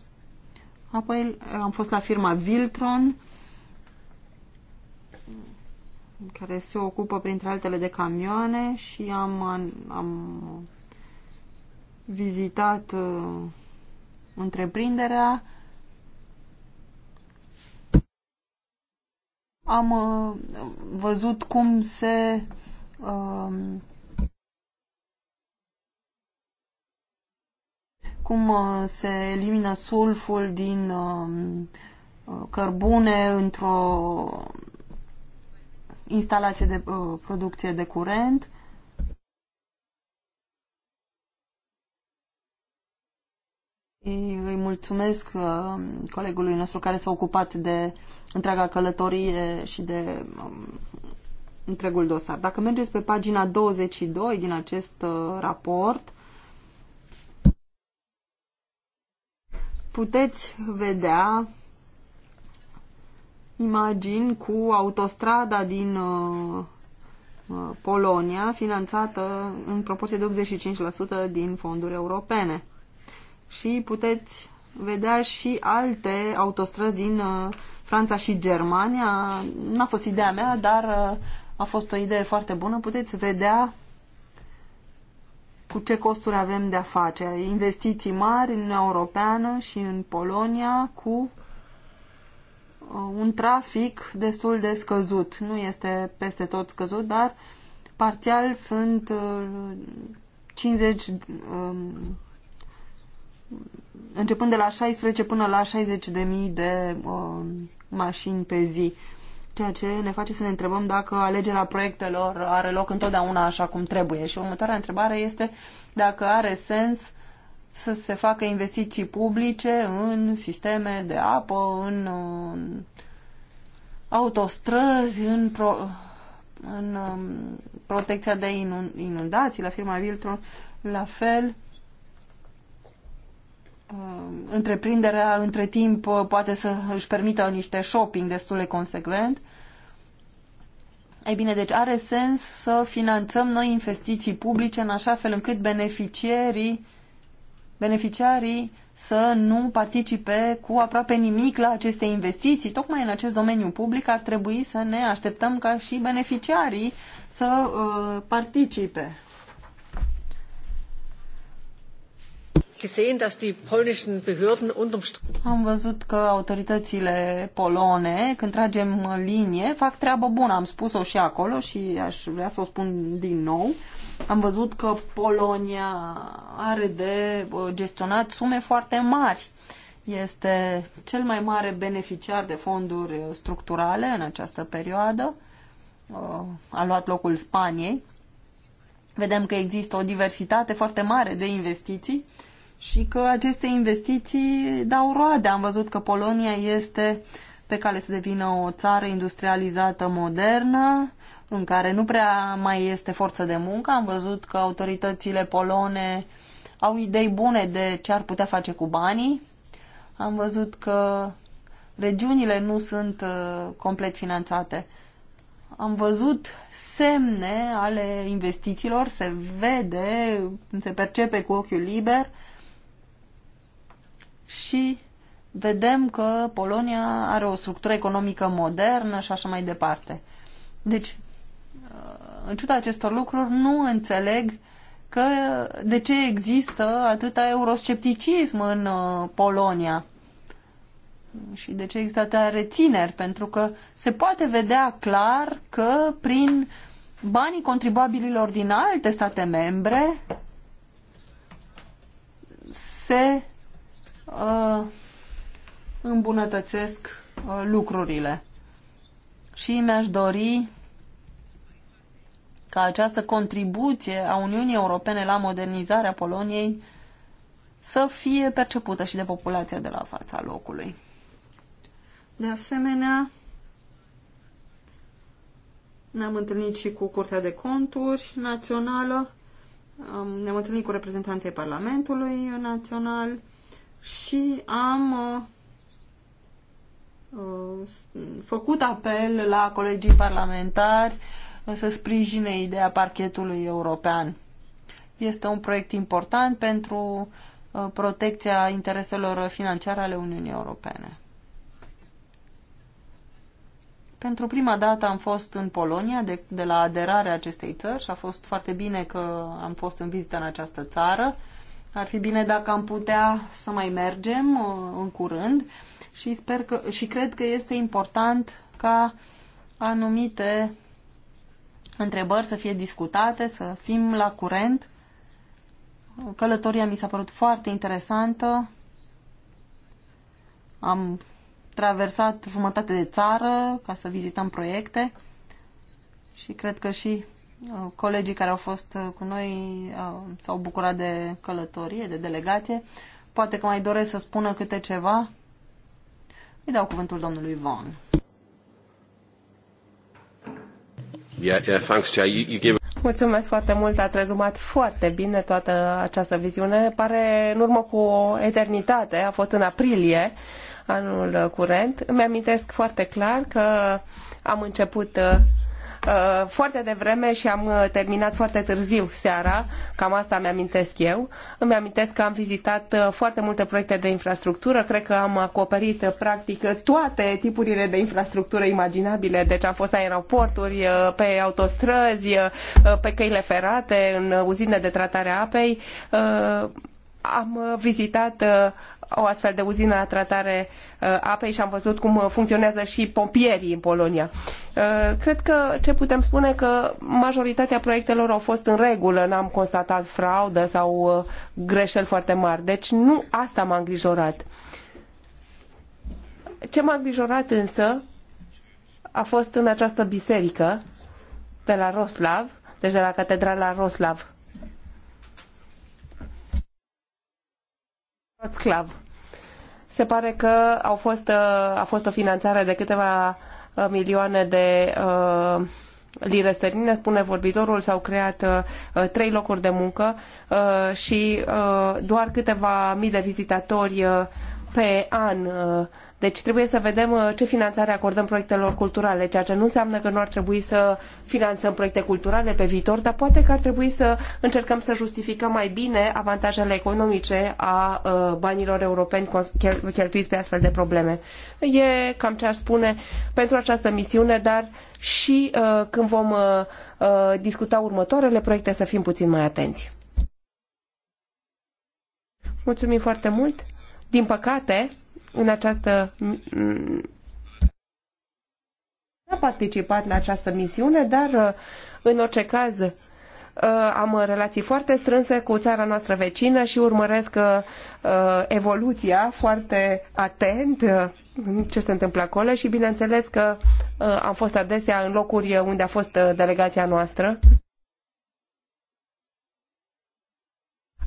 apoi am fost la firma Viltron, care se ocupă printre altele de camioane și am, am vizitat uh, întreprinderea Am uh, văzut cum se um, cum uh, se elimină sulful din um, uh, cărbune într-o instalație de producție de curent. Îi mulțumesc colegului nostru care s-a ocupat de întreaga călătorie și de um, întregul dosar. Dacă mergeți pe pagina 22 din acest uh, raport, puteți vedea imagini cu autostrada din uh, uh Polonia, finanțată în proporție de 85% din fonduri europene. Și puteți vedea și alte autostrăzi din uh, Franța și Germania. N-a fost ideea mea, dar uh, a fost o idee foarte bună. Puteți vedea cu ce costuri avem de-a face. Investiții mari în Europeană și în Polonia cu uh, un trafic destul de scăzut. Nu este peste tot scăzut, dar parțial sunt 50 uh, um, începând de la 16 până la 60 de mii de mașini pe zi, ceea ce ne face să ne întrebăm dacă alegerea proiectelor are loc întotdeauna așa cum trebuie. Și următoarea întrebare este dacă are sens să se facă investiții publice în sisteme de apă, în, în autostrăzi, în, pro, în um, protecția de inundații la firma Viltron, la fel Uh, întreprinderea între timp uh, poate să își permită niște shopping destul de consecvent. Ei bine, deci are sens să finanțăm noi investiții publice în așa fel încât beneficiarii, beneficiarii să nu participe cu aproape nimic la aceste investiții. Tocmai în acest domeniu public ar trebui să ne așteptăm ca și beneficiarii să uh, participe. gesehen, dass die polnischen Behörden unterm Am văzut că autoritățile polone, când tragem linie, fac treabă bună. Am spus-o și acolo și aș vrea să o spun din nou. Am văzut că Polonia are de uh, gestionat sume foarte mari. Este cel mai mare beneficiar de fonduri structurale în această perioadă. Uh, a luat locul Spaniei. Vedem că există o diversitate foarte mare de investiții și că aceste investiții dau roade. Am văzut că Polonia este pe cale să devină o țară industrializată modernă, în care nu prea mai este forță de muncă. Am văzut că autoritățile polone au idei bune de ce ar putea face cu banii. Am văzut că regiunile nu sunt uh, complet finanțate. Am văzut semne ale investițiilor, se vede, se percepe cu ochiul liber și vedem că Polonia are o structură economică modernă și așa mai departe. Deci, uh, în ciuda acestor lucruri, nu înțeleg că de ce există atâta euroscepticism în uh, Polonia și de ce există atâta rețineri, pentru că se poate vedea clar că prin banii contribuabililor din alte state membre se uh, îmbunătățesc uh, lucrurile. Și mi-aș dori ca această contribuție a Uniunii Europene la modernizarea Poloniei să fie percepută și de populația de la fața locului. De asemenea, ne-am întâlnit și cu Curtea de Conturi Națională, ne-am întâlnit cu reprezentanții Parlamentului Național, și am uh, făcut apel la colegii parlamentari uh, să sprijine ideea parchetului european. Este un proiect important pentru uh, protecția intereselor financiare ale Uniunii Europene. Pentru prima dată am fost în Polonia de, de la aderarea acestei țări și a fost foarte bine că am fost în vizită în această țară. Ar fi bine dacă am putea să mai mergem uh, în curând și, sper că, și cred că este important ca anumite întrebări să fie discutate, să fim la curent. Călătoria mi s-a părut foarte interesantă. Am traversat jumătate de țară ca să vizităm proiecte și cred că și Uh, colegii care au fost uh, cu noi uh, s-au bucurat de călătorie, de delegație. Poate că mai doresc să spună câte ceva. Îi dau cuvântul domnului Vaughan. Mulțumesc foarte mult, ați rezumat foarte bine toată această viziune. Pare în urmă cu o eternitate, a fost în aprilie anul curent. Îmi amintesc foarte clar că am început Uh, foarte devreme și am uh, terminat foarte târziu seara, cam asta mi-amintesc eu. Îmi amintesc că am vizitat uh, foarte multe proiecte de infrastructură, cred că am acoperit practic toate tipurile de infrastructură imaginabile, deci am fost aeroporturi, pe autostrăzi, pe căile ferate, în uzine de tratare a apei am vizitat o astfel de uzină la tratare uh, apei și am văzut cum uh, funcționează și pompierii în Polonia. Uh, cred că ce putem spune că majoritatea proiectelor au fost în regulă, n-am constatat fraudă sau greșeli foarte mari. Deci nu asta m-a îngrijorat. Ce m-a îngrijorat însă a fost în această biserică de la Roslav, deci de la Catedrala Roslav, sclav. Se pare că au fost, uh, a fost o finanțare de câteva uh, milioane de uh, lire sterline, spune vorbitorul, s-au creat trei locuri de muncă și doar câteva mii de vizitatori pe an deci trebuie să vedem uh, ce finanțare acordăm proiectelor culturale, ceea ce nu înseamnă că nu ar trebui să finanțăm proiecte culturale pe viitor, dar poate că ar trebui să încercăm să justificăm mai bine avantajele economice a uh, banilor europeni cheltuiți pe astfel de probleme. E cam ce aș spune pentru această misiune, dar și uh, când vom discuta următoarele proiecte să fim puțin mai atenți. Mulțumim foarte mult! Din păcate, în această a participat la această misiune, dar uh, în orice caz uh, am relații foarte strânse cu țara noastră vecină și urmăresc uh, evoluția foarte atent ce se întâmplă acolo și bineînțeles că am fost adesea în locuri unde a fost delegația noastră.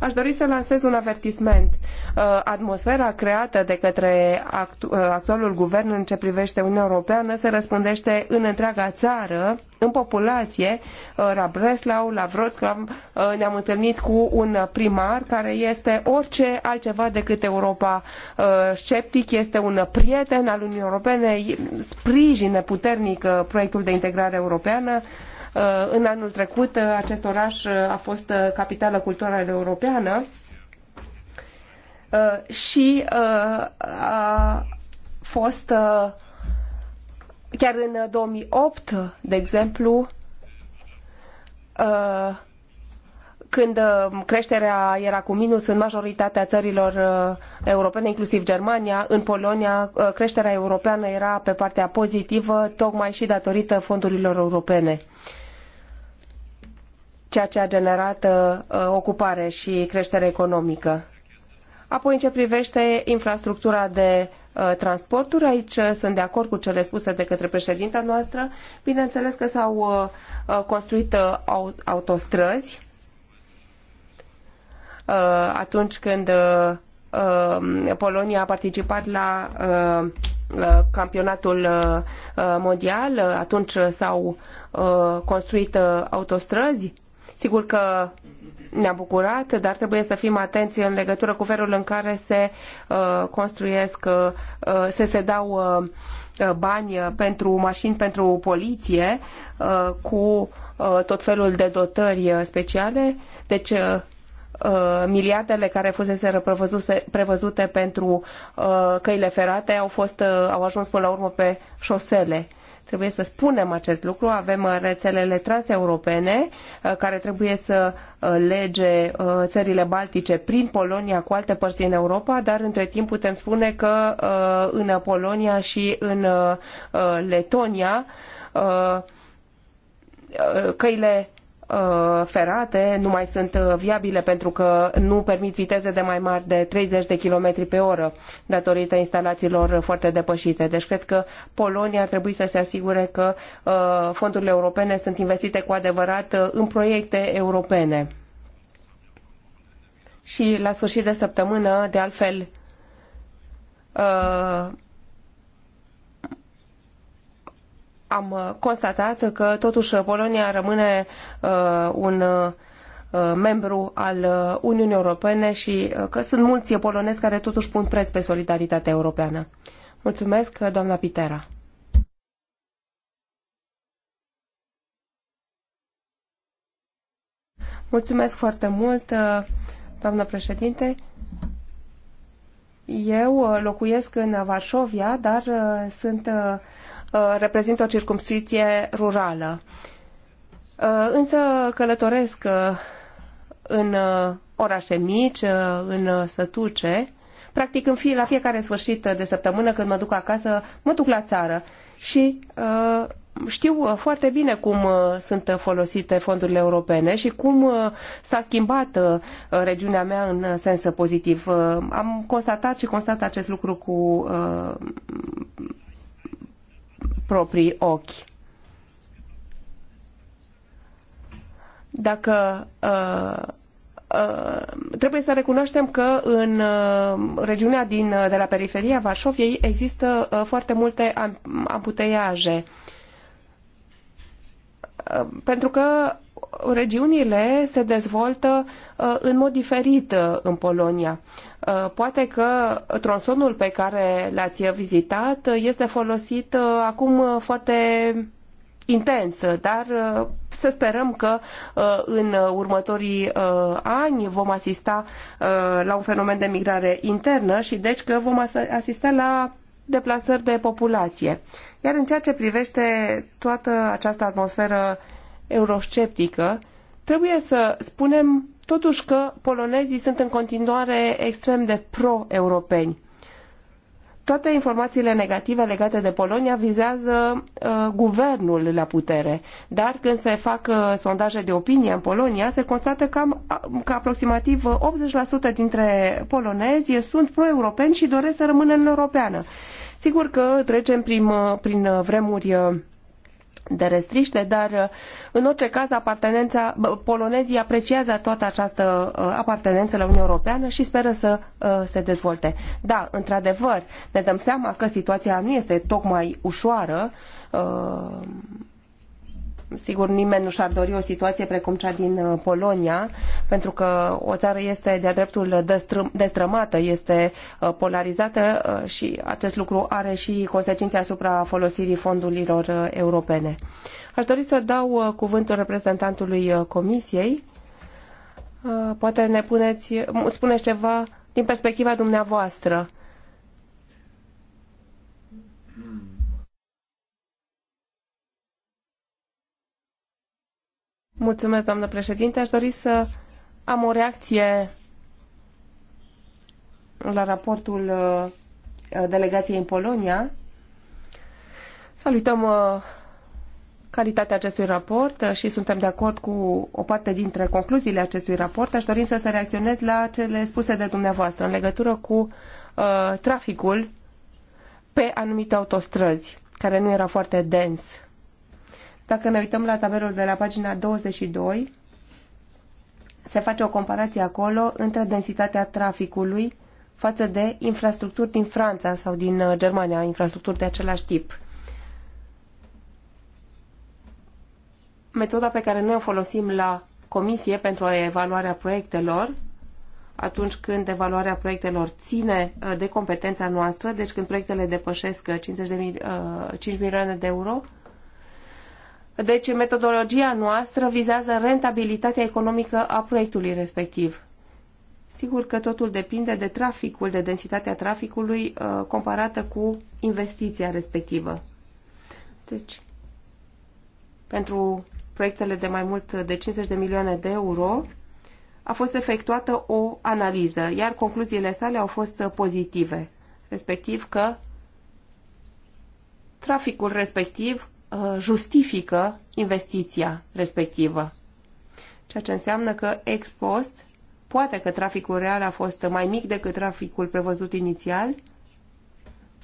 Aș dori să lansez un avertisment. Uh, atmosfera creată de către uh, actualul guvern în ce privește Uniunea Europeană se răspândește în întreaga țară, în populație, uh, la Breslau, la Wrocław, Ne-am întâlnit cu un primar care este orice altceva decât Europa sceptic, este un prieten al Uniunii Europene, sprijină puternic proiectul de integrare europeană. În anul trecut, acest oraș a fost capitală culturală europeană uh, și uh, a fost uh, chiar în 2008, de exemplu, când creșterea era cu minus în majoritatea țărilor europene, inclusiv Germania, în Polonia creșterea europeană era pe partea pozitivă, tocmai și datorită fondurilor europene. Uh, ceea ce a generat uh, uh, ocupare și creștere economică. Apoi, în ce privește infrastructura de uh, transporturi. Aici sunt de acord cu cele spuse de către președinta noastră. Bineînțeles că s-au construit autostrăzi atunci când um, Polonia a participat la campionatul mondial, atunci s-au construit autostrăzi Sigur că ne-a bucurat, dar trebuie să fim atenți în legătură cu felul în care se uh, construiesc, uh, uh se se dau uh, uh, bani pentru mașini, pentru poliție, uh, cu uh, tot felul de dotări uh, speciale. Deci, uh, miliardele care fusese prevăzute pentru uh, căile ferate au, fost, uh, au ajuns până la urmă pe șosele. Trebuie să spunem acest lucru. Avem uh, rețelele transeuropene uh, care trebuie să uh, lege țările baltice prin Polonia cu alte părți din Europa, dar între timp putem spune că în Polonia și în Letonia căile Uh, ferate nu mai sunt uh, viabile pentru că nu permit viteze de mai mari de 30 de km pe oră datorită instalațiilor foarte depășite. Deci cred că Polonia ar trebui să se asigure că uh, fondurile europene sunt investite cu adevărat în proiecte europene. Și la sfârșit de săptămână, de altfel, am uh, constatat că totuși Polonia rămâne uh, un uh, membru al Uniunii Europene și că sunt mulți polonezi care totuși pun preț pe solidaritatea europeană. Mulțumesc, doamna Pitera. Mulțumesc foarte mult, doamnă președinte. Eu locuiesc în Varșovia, dar sunt Uh, reprezintă o circumscripție rurală. Uh, însă călătoresc uh, în orașe mici, în sătuce. Practic, în fie, la fiecare sfârșit de săptămână, când mă duc acasă, mă duc la țară. Și știu foarte bine cum sunt folosite fondurile europene și cum s-a schimbat regiunea mea în sens pozitiv. Am constatat și constat acest lucru cu proprii ochi. Dacă uh, uh, trebuie să recunoaștem că în uh, regiunea din, uh, de la periferia Varșoviei există foarte multe amputeriaje. Uh, pentru că regiunile se dezvoltă uh, în mod diferit uh, în Polonia. Uh, poate că tronsonul pe care l-ați vizitat este folosit acum foarte intens, dar să sperăm că în următorii ani vom asista la un fenomen de migrare internă și deci că vom asista la deplasări de populație. Iar în ceea ce privește toată această atmosferă eurosceptică, trebuie să spunem totuși că polonezii sunt în continuare extrem de pro-europeni toate informațiile negative legate de Polonia vizează uh, guvernul la putere. Dar când se fac uh, sondaje de opinie în Polonia, se constată că, am, că aproximativ 80% uh, dintre polonezi sunt pro-europeni și doresc să rămână în Europeană. Sigur că trecem prin, uh, prin uh, vremuri de restriște, dar uh, în orice caz apartenența, polonezii apreciază toată această uh, apartenență la Uniunea Europeană și speră să uh, se dezvolte. Da, într-adevăr, ne dăm seama că situația nu este tocmai ușoară Sigur, nimeni nu și-ar dori o situație precum cea din uh, Polonia, pentru că o țară este de-a dreptul destrămată, este uh, polarizată uh, și acest lucru are și consecințe asupra folosirii fondurilor europene. Aș dori să dau cuvântul reprezentantului Comisiei. Poate ne puneți, spuneți ceva din perspectiva dumneavoastră Mulțumesc, doamnă președinte. Aș dori să am o reacție la raportul uh, delegației în Polonia. Salutăm uh, calitatea acestui raport uh, și suntem de acord cu o parte dintre concluziile acestui raport. Aș dori să să reacționez la cele spuse de dumneavoastră în legătură cu traficul pe anumite autostrăzi care nu era foarte dens dacă ne uităm la tabelul de la pagina 22, se face o comparație acolo între densitatea traficului față de infrastructuri din Franța sau din uh, Germania, infrastructuri de același tip. Metoda pe care noi o folosim la comisie pentru evaluarea proiectelor, atunci când evaluarea proiectelor ține uh, de competența noastră, deci când proiectele depășesc 50 uh, de mil, 5 milioane de euro, deci metodologia noastră vizează rentabilitatea economică a proiectului respectiv. Sigur că totul depinde de traficul, de densitatea traficului uh, comparată cu investiția respectivă. Deci, pentru proiectele de mai mult de 50 de milioane de euro, a fost efectuată o analiză, iar concluziile sale au fost pozitive, respectiv că traficul respectiv Uh, justifică investiția respectivă. Ceea ce înseamnă că ex post, poate că traficul real a fost mai mic decât traficul prevăzut inițial,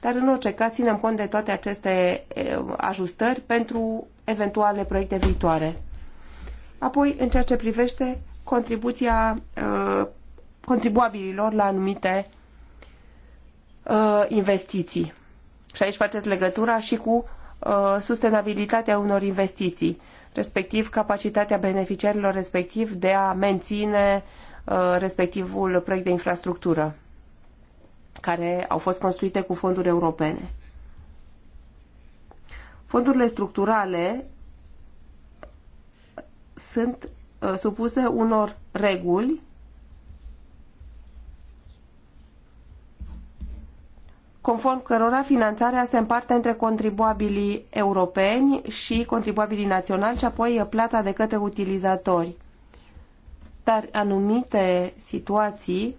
dar în orice caz ținem cont de toate aceste eh, ajustări pentru eventuale proiecte viitoare. Apoi, în ceea ce privește contribuția eh, contribuabililor la anumite eh, investiții. Și aici faceți legătura și cu Uh, sustenabilitatea unor investiții, respectiv capacitatea beneficiarilor respectiv de a menține uh, respectivul proiect de infrastructură care au fost construite cu fonduri europene. Fondurile structurale sunt uh, supuse unor reguli conform cărora finanțarea se împarte între contribuabilii europeni și contribuabilii naționali și apoi plata de către utilizatori. Dar anumite situații,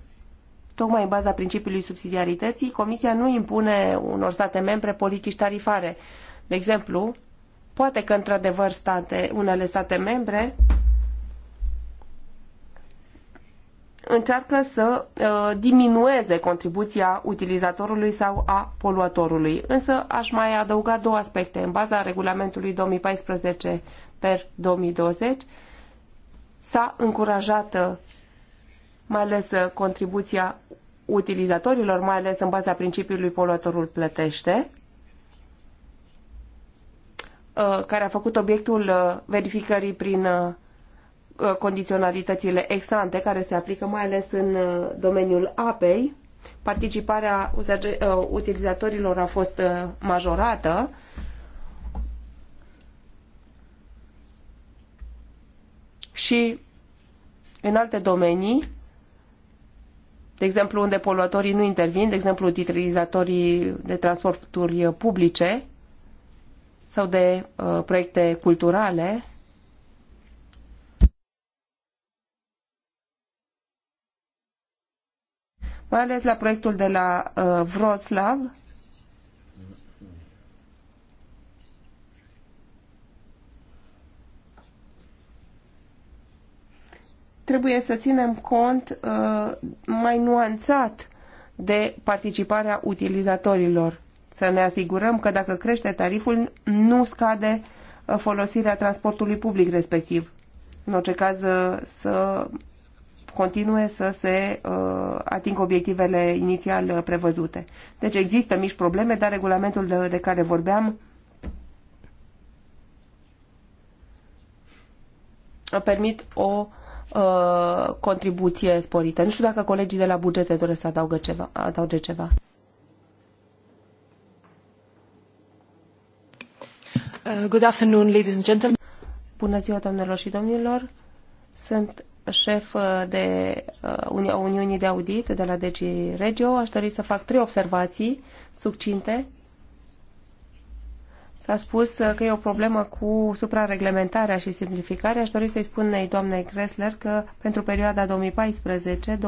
tocmai în baza principiului subsidiarității, Comisia nu impune unor state membre politici tarifare. De exemplu, poate că într-adevăr state, unele state membre încearcă să uh, diminueze contribuția utilizatorului sau a poluatorului. Însă aș mai adăuga două aspecte. În baza regulamentului 2014 per 2020 s-a încurajat uh, mai ales uh, contribuția utilizatorilor, mai ales în baza principiului poluatorul plătește, care a făcut obiectul verificării prin Uh, condiționalitățile ex-ante care se aplică mai ales în uh, domeniul apei. Participarea uh, utilizatorilor a fost majorată. Și în alte domenii, de exemplu unde poluatorii nu intervin, de exemplu utilizatorii de transporturi publice sau de uh, proiecte culturale, mai ales la proiectul de la uh, Wroclaw. Trebuie să ținem cont uh, mai nuanțat de participarea utilizatorilor. Să ne asigurăm că dacă crește tariful, nu scade uh, folosirea transportului public respectiv. În orice caz, uh, să continue să se uh, atingă obiectivele inițial uh, prevăzute. Deci există mici probleme, dar regulamentul de, de care vorbeam permit o uh, contribuție sporită. Nu știu dacă colegii de la bugete doresc să adaugă ceva, adauge ceva. Uh, good afternoon, ladies and gentlemen. Bună ziua, doamnelor și domnilor. Sunt șef de uh, Uni- Uniunii de Audit de la DG Regio, aș dori să fac trei observații succinte. S-a spus că e o problemă cu suprareglementarea și simplificarea. Aș dori să-i spun doamnei Gressler că pentru perioada 2014-2020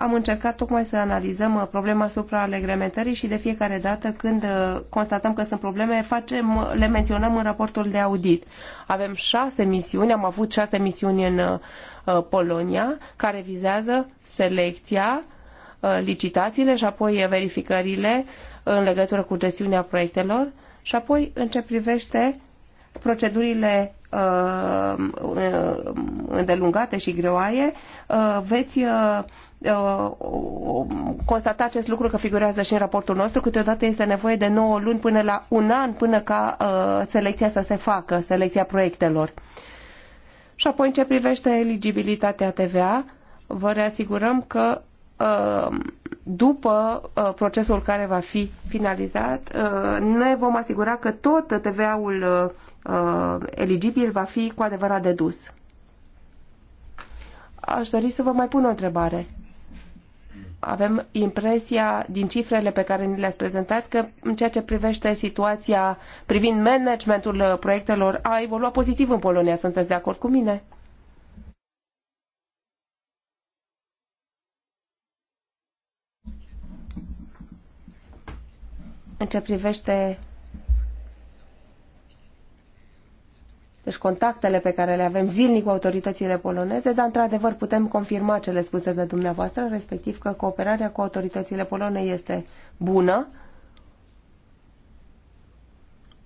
am încercat tocmai să analizăm uh, problema suprareglementării și de fiecare dată când uh, constatăm că sunt probleme, facem, le menționăm în raportul de audit. Avem șase misiuni, am avut șase misiuni în uh, Polonia, care vizează selecția, licitațiile și apoi verificările în legătură cu gestiunea proiectelor și apoi în ce privește procedurile îndelungate și greoaie, veți Uh, um, constata acest lucru că figurează și în raportul nostru. Câteodată este nevoie de 9 luni până la un an până ca uh, selecția să se facă, selecția proiectelor. Și apoi în ce privește eligibilitatea TVA, vă reasigurăm că uh, după uh, procesul care va fi finalizat, ne vom asigura că tot TVA-ul eligibil va fi cu adevărat dedus. Aș dori să vă mai pun o întrebare avem impresia din cifrele pe care ni le-ați prezentat că în ceea ce privește situația privind managementul uh, proiectelor a evoluat pozitiv în Polonia. Sunteți de acord cu mine? În ce privește deci contactele pe care le avem zilnic cu autoritățile poloneze, dar într-adevăr putem confirma cele spuse de dumneavoastră, respectiv că cooperarea cu autoritățile polone este bună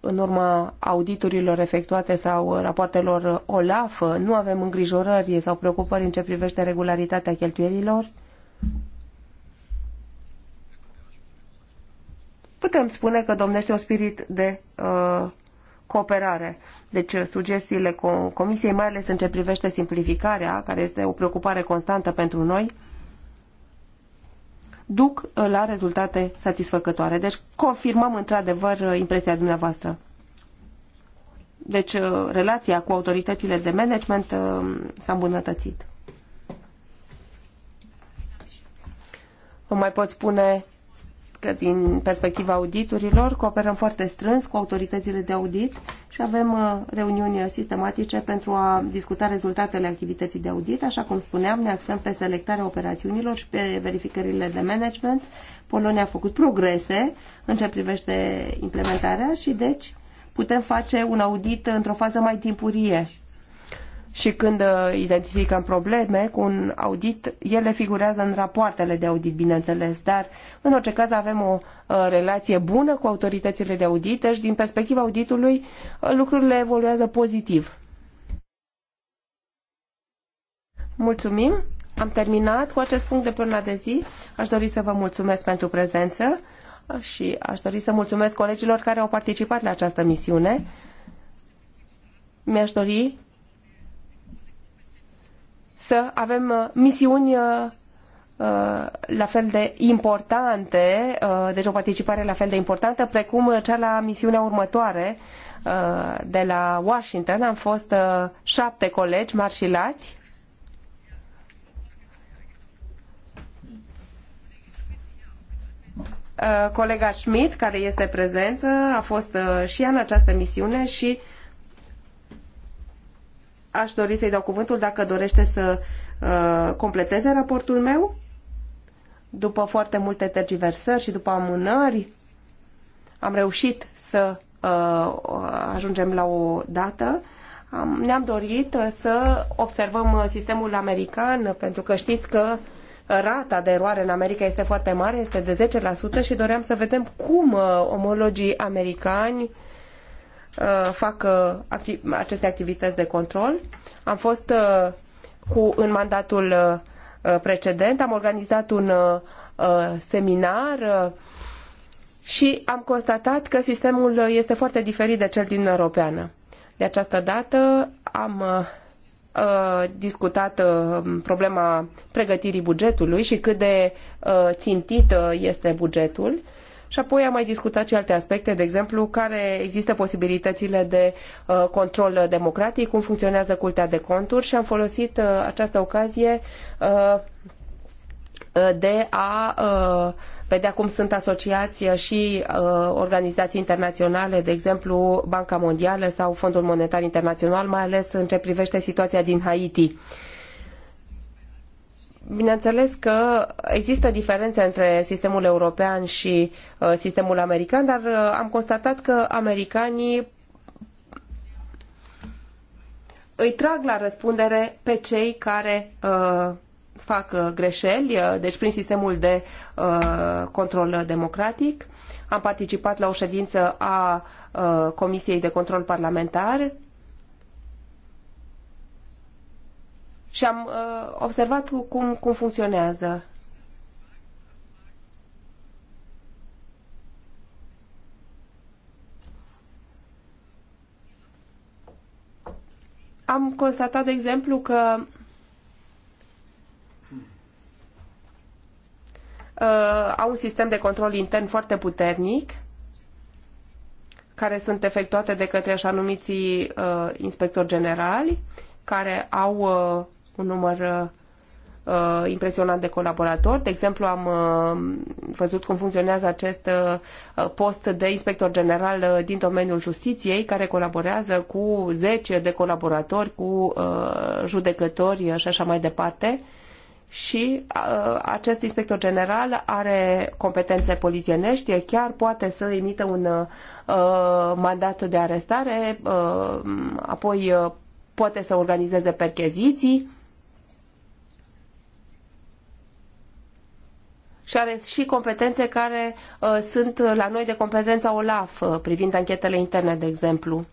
în urma auditurilor efectuate sau rapoartelor OLAF, nu avem îngrijorări sau preocupări în ce privește regularitatea cheltuielilor? Putem spune că domnește un spirit de uh, cooperare. Deci uh, sugestiile Comisiei, mai ales în ce privește simplificarea, care este o preocupare constantă pentru noi, duc uh, la rezultate satisfăcătoare. Deci confirmăm într-adevăr uh, impresia dumneavoastră. Deci relația cu autoritățile de management s-a îmbunătățit. Vă mai pot spune că din perspectiva auditurilor cooperăm foarte strâns cu autoritățile de audit și avem uh, reuniuni sistematice pentru a discuta rezultatele activității de audit. Așa cum spuneam, ne axăm pe selectarea operațiunilor și pe verificările de management. Polonia a făcut progrese în ce privește implementarea și deci putem face un audit într-o fază mai timpurie și când uh, identificăm probleme cu un audit, ele figurează în rapoartele de audit, bineînțeles, dar în orice caz avem o uh, relație bună cu autoritățile de audit, deci din perspectiva auditului uh, lucrurile evoluează pozitiv. Mulțumim! Am terminat cu acest punct de până de zi. Aș dori să vă mulțumesc pentru prezență și aș dori să mulțumesc colegilor care au participat la această misiune. Mi-aș dori să avem uh, misiuni uh, uh, la fel de importante, deci o participare la fel de importantă, precum cea la misiunea următoare de la Washington. Am fost șapte colegi marșilați colega Schmidt, care este prezent, a fost și în această misiune și aș dori să-i dau cuvântul dacă dorește să uh, completeze raportul meu. După foarte multe tergiversări și după amânări, am reușit să uh, ajungem la o dată. Am, ne-am dorit uh, să observăm uh, sistemul american, pentru că știți că uh, rata de eroare în America este foarte mare, este de 10% și doream să vedem cum omologii americani Uh, fac acti aceste activități de control. Am fost uh, cu, în mandatul uh, precedent, am organizat un seminar și am constatat că sistemul este foarte diferit de cel din Europeană. De această dată am discutat problema pregătirii bugetului și cât de țintit este bugetul și apoi am mai discutat și alte aspecte, de exemplu, care există posibilitățile de uh, control democratic, cum funcționează cultea de conturi și am folosit uh, această ocazie uh, uh de a uh, vedea cum sunt asociații și uh, organizații internaționale, de exemplu Banca Mondială sau Fondul Monetar Internațional, mai ales în ce privește situația din Haiti. Uh, Bineînțeles că există diferențe între sistemul european și uh, sistemul american, dar uh, am constatat că americanii îi trag la răspundere pe cei care uh, fac uh, greșeli, deci prin sistemul de uh, control democratic. Am participat la o ședință a uh, Comisiei de Control Parlamentar și am uh, observat cum, cum funcționează. Am constatat, de exemplu, că uh, au un sistem de control intern foarte puternic care sunt efectuate de către așa numiții uh, inspectori generali, care au uh, un număr uh, uh, impresionant de colaboratori. De exemplu, am uh, văzut cum funcționează acest uh, post de inspector general uh, din domeniul justiției, care colaborează cu 10 de colaboratori, cu uh, judecători uh, și așa mai departe. Și uh, acest inspector general are competențe polițienești, chiar poate să emită un uh, mandat de arestare, uh, apoi uh, poate să organizeze percheziții și are și competențe care uh, sunt la noi de competența OLAF, uh, privind anchetele interne, de exemplu.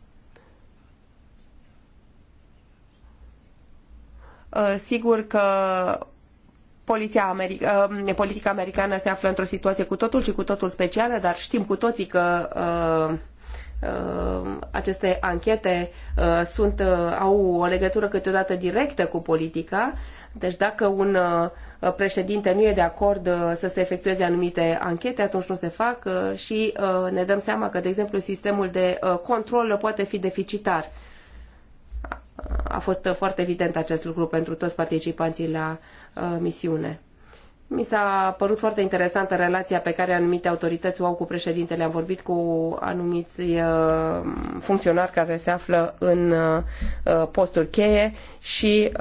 Uh, sigur că poliția uh, politica americană se află într-o situație cu totul și cu totul specială, dar știm cu toții că uh, uh aceste anchete uh, sunt, uh, au o legătură câteodată directă cu politica. Deci dacă un Uh, președinte nu e de acord uh, să se efectueze anumite anchete, atunci nu se fac uh, și ne dăm seama că, de exemplu, sistemul de control poate fi deficitar. A fost foarte evident acest lucru pentru toți participanții la misiune. Mi s-a părut foarte interesantă relația pe care anumite autorități o au cu președintele. Am vorbit cu anumiți funcționari care se află în posturi cheie și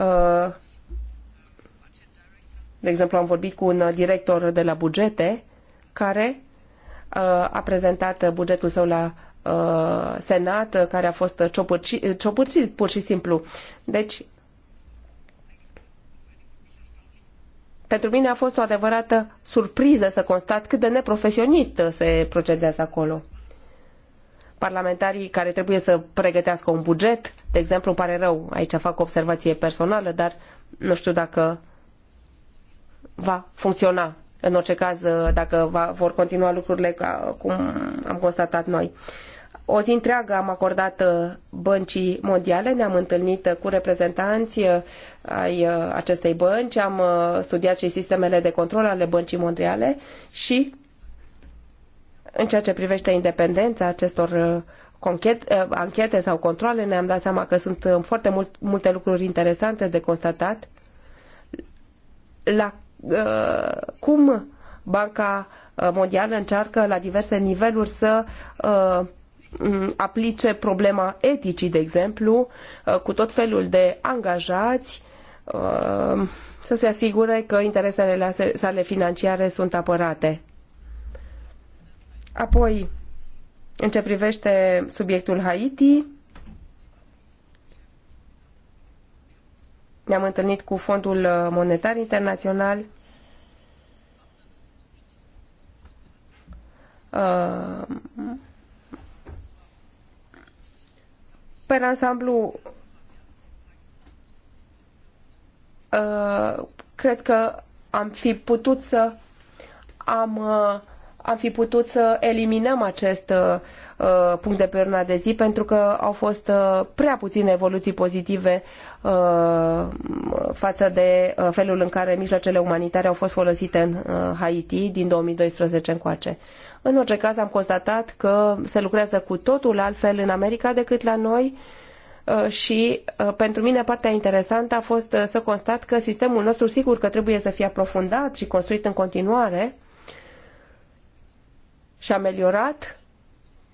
de exemplu, am vorbit cu un director de la bugete care uh, a prezentat bugetul său la uh, Senat, uh, care a fost ciopârcit, ciopârcit pur și simplu. Deci, pentru mine a fost o adevărată surpriză să constat cât de neprofesionist se procedează acolo. Parlamentarii care trebuie să pregătească un buget, de exemplu, îmi pare rău, aici fac o observație personală, dar nu știu dacă va funcționa în orice caz uh, dacă va, vor continua lucrurile ca cum am constatat noi. O zi întreagă am acordat uh, băncii mondiale, ne-am întâlnit uh, cu reprezentanți ai acestei bănci, am studiat și sistemele de control ale băncii mondiale și în ceea ce privește independența acestor conchet, anchete sau controle, ne-am dat seama că sunt foarte mult, multe lucruri interesante de constatat la Uh, cum Banca uh, Mondială încearcă la diverse niveluri să uh, aplice problema eticii, de exemplu, cu tot felul de angajați, să se asigure că interesele sale financiare sunt apărate. Apoi, în ce privește subiectul Haiti, Ne-am întâlnit cu Fondul Monetar Internațional, uh, pe ansamblu uh, cred că am fi putut să am, uh, am fi putut să eliminăm acest punct de pe de zi pentru că au fost prea puține evoluții pozitive Uh, față de uh, felul în care mijloacele umanitare au fost folosite în uh, Haiti din 2012 încoace. În orice caz am constatat că se lucrează cu totul altfel în America decât la noi și pentru mine partea interesantă a fost să constat că sistemul nostru sigur că trebuie să fie aprofundat și construit în continuare și ameliorat,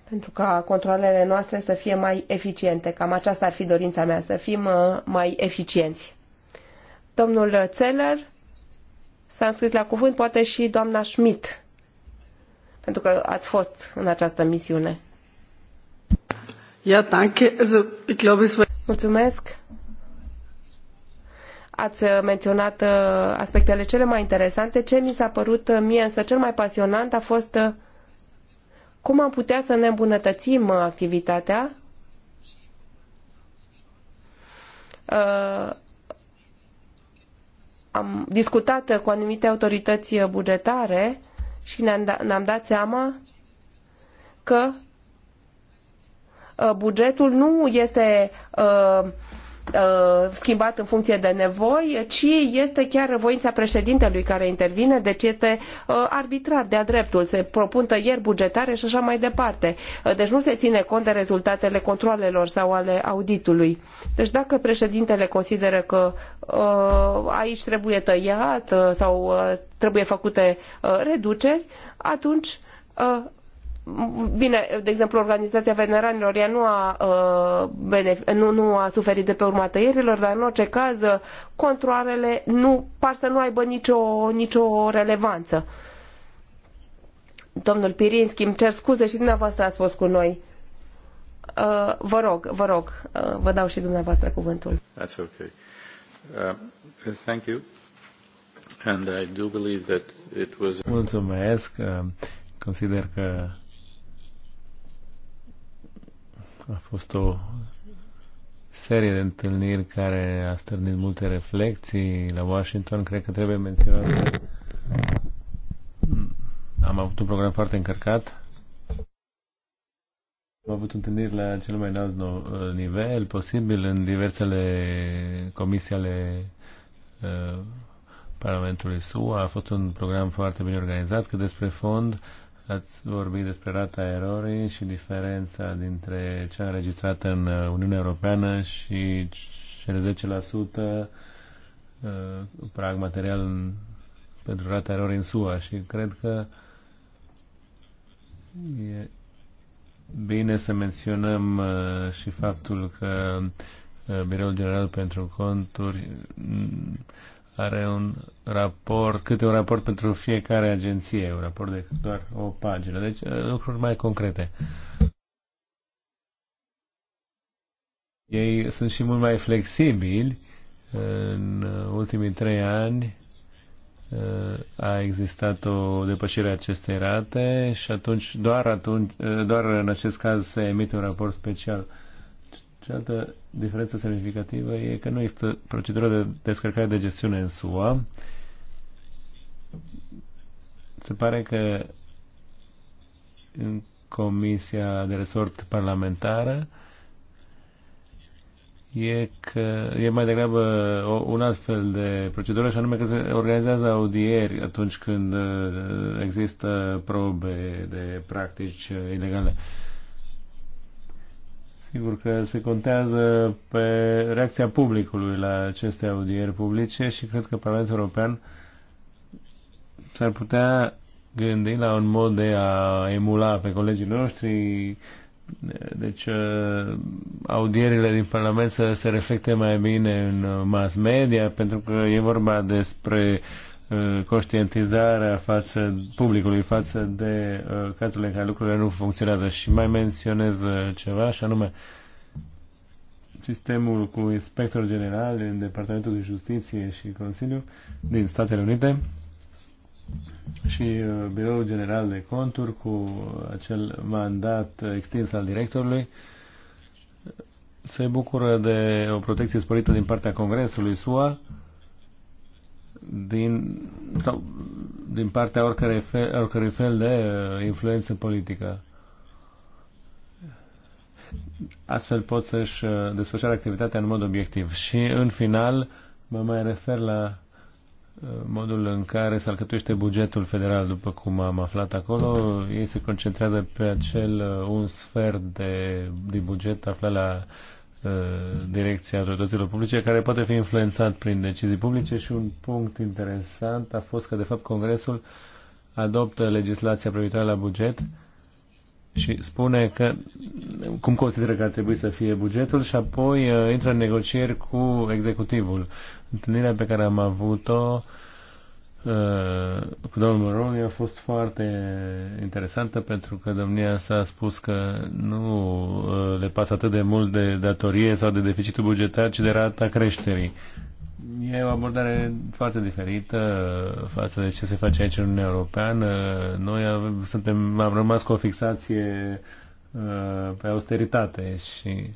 pentru ca controlele noastre să fie mai eficiente. Cam aceasta ar fi dorința mea, să fim uh, mai eficienți. Domnul Țeller s-a înscris la cuvânt, poate și doamna Schmidt, pentru că ați fost în această misiune. Ja, danke. Also, ich glaube, es war... Mulțumesc. Ați uh, menționat uh, aspectele cele mai interesante. Ce mi s-a părut mie însă cel mai pasionant a fost cum am putea să ne îmbunătățim uh, activitatea uh, am discutat uh, cu anumite autorități bugetare și ne-am, da, ne dat seama că bugetul nu este uh, Uh, schimbat în funcție de nevoi, ci este chiar voința președintelui care intervine, deci este uh, arbitrar de-a dreptul, se propun tăieri bugetare și așa mai departe. Uh, deci nu se ține cont de rezultatele controlelor sau ale auditului. Deci dacă președintele consideră că aici trebuie tăiat sau trebuie făcute reduceri, atunci Bine, de exemplu, Organizația Veneranilor, ea nu a, uh, nu, nu a suferit de pe urma tăierilor, dar în orice caz, uh, controarele nu, par să nu aibă nicio, nicio relevanță. Domnul Pirinski, îmi cer scuze și dumneavoastră ați fost cu noi. Uh, vă rog, vă rog, uh, vă dau și dumneavoastră cuvântul. That's okay. Uh, thank you. And I do believe that it was... Mulțumesc. Uh, consider că a fost o serie de întâlniri care a stârnit multe reflexii la Washington. Cred că trebuie menționat am avut un program foarte încărcat. Am avut întâlniri la cel mai înalt uh, nivel posibil în diversele comisii ale uh, Parlamentului SUA. A fost un program foarte bine organizat, că despre fond Ați vorbit despre rata erorii și diferența dintre cea înregistrată în uh, Uniunea Europeană și cele 10% uh, prag material în, pentru rata erorii în SUA și cred că e bine să menționăm uh, și faptul că Biroul General pentru Conturi are un raport, câte un raport pentru fiecare agenție, un raport de doar o pagină. Deci uh, lucruri mai concrete. Ei sunt și mult mai flexibili. În ultimii trei ani uh, a existat o depășire a acestei rate și atunci, doar, atunci, uh, doar în acest caz se emite un raport special Cealaltă diferență semnificativă e că nu există procedură de descărcare de gestiune în SUA. Se pare că în Comisia de Resort Parlamentară e că e mai degrabă o, un alt fel de procedură și anume că se organizează audieri atunci când uh, există probe de practici uh, ilegale. Sigur că se contează pe reacția publicului la aceste audieri publice și cred că Parlamentul European s-ar putea gândi la un mod de a emula pe colegii noștri deci uh, audierile din Parlament să se reflecte mai bine în mass media, pentru că e vorba despre Uh, conștientizarea față publicului față de uh, cazurile în care lucrurile nu funcționează și mai menționez uh, ceva și anume sistemul cu inspector general din Departamentul de Justiție și Consiliu din Statele Unite și uh, Biroul General de Conturi cu acel mandat extins al directorului se bucură de o protecție sporită din partea Congresului SUA din, sau, din partea oricărei fel, oricărui fel de uh, influență politică. Astfel pot să-și uh, desfășoare activitatea în mod obiectiv. Și în final mă mai refer la uh, modul în care se alcătuiește bugetul federal, după cum am aflat acolo, ei se concentrează pe acel un sfert de, de buget aflat la Uh, direcția autorităților publice, care poate fi influențat prin decizii publice și un punct interesant a fost că, de fapt, Congresul adoptă legislația privitoare la buget și spune că cum consideră că ar trebui să fie bugetul și apoi uh, intră în negocieri cu executivul. Întâlnirea pe care am avut-o uh, Uh, cu domnul Moroni a fost foarte interesantă pentru că domnia s-a spus că nu uh, le pasă atât de mult de datorie sau de deficitul bugetar, ci de rata creșterii. E o abordare foarte diferită uh, față de ce se face aici în Uniunea Europeană. Noi avem, suntem, am rămas cu o fixație pe austeritate și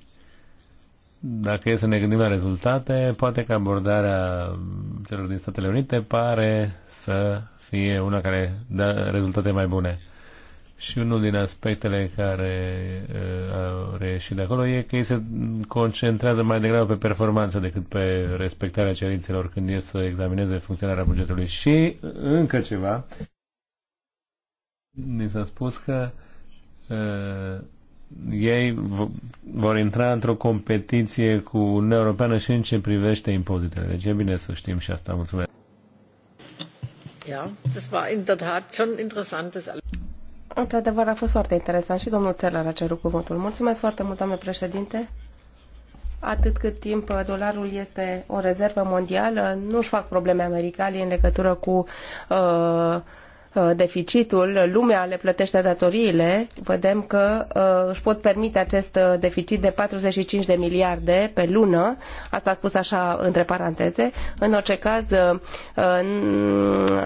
dacă e să ne gândim la rezultate, poate că abordarea celor din Statele Unite pare să fie una care dă rezultate mai bune. Și unul din aspectele care uh, au reieșit de acolo e că ei se concentrează mai degrabă pe performanță decât pe respectarea cerințelor când e să examineze funcționarea bugetului. Și încă ceva, ni s-a spus că uh, ei vor intra într-o competiție cu Uniunea Europeană și în ce privește impozitele. Deci e bine să știm și asta. Mulțumesc. Ja, das war in der Tat schon Într-adevăr, a fost foarte interesant și domnul Țelar a cerut cuvântul. Mulțumesc foarte mult, doamne președinte. Atât cât timp dolarul este o rezervă mondială, nu-și fac probleme americanii în legătură cu uh, Uh, deficitul, lumea le plătește datoriile, vedem că uh, își pot permite acest uh, deficit de 45 de miliarde pe lună, asta a spus așa între paranteze. În orice caz,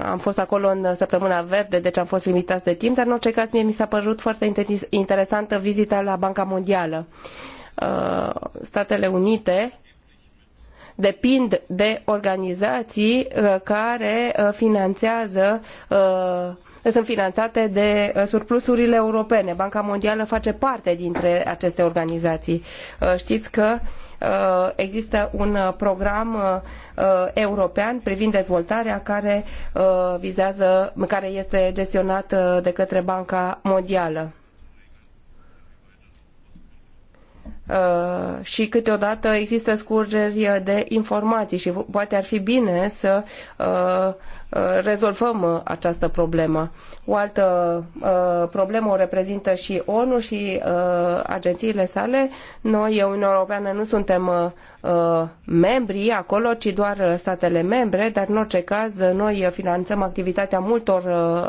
am fost acolo în săptămâna verde, deci am fost limitați de timp, dar în orice caz mie mi s-a părut foarte interesantă vizita la Banca Mondială. Statele Unite depind de organizații uh, care uh, finanțează uh, sunt finanțate de surplusurile europene. Banca Mondială face parte dintre aceste organizații. Știți că există un program european privind dezvoltarea care vizează, care este gestionat de către Banca Mondială. Uh, și câteodată există scurgeri de informații și poate ar fi bine să uh, uh, rezolvăm această problemă. O altă problemă o reprezintă și ONU și agențiile sale. Noi, Uniunea Europeană, nu suntem membri acolo, ci doar statele membre, dar în orice caz noi finanțăm activitatea multor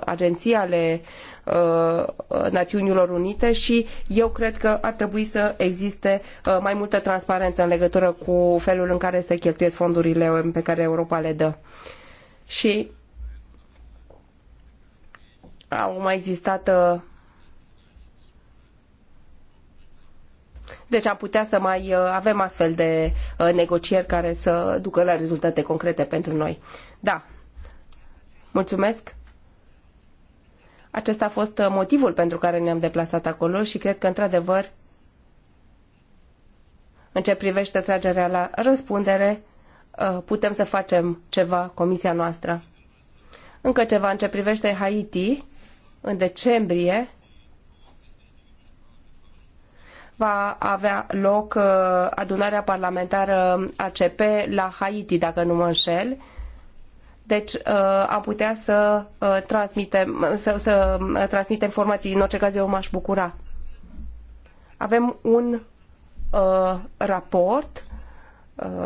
agenții ale Uh, Națiunilor Unite și eu cred că ar trebui să existe uh, mai multă transparență în legătură cu felul în care se cheltuiesc fondurile pe care Europa le dă. Și au mai existat uh, Deci am putea să mai avem astfel de negocieri care să ducă la rezultate concrete pentru noi. Da. Mulțumesc. Acesta a fost uh, motivul pentru care ne-am deplasat acolo și cred că, într-adevăr, în ce privește tragerea la răspundere, uh, putem să facem ceva comisia noastră. Încă ceva în ce privește Haiti, în decembrie va avea loc uh, adunarea parlamentară ACP la Haiti, dacă nu mă înșel, deci uh, a putea să uh, transmitem, să, să uh, transmitem informații. În orice caz eu m-aș bucura. Avem un uh, raport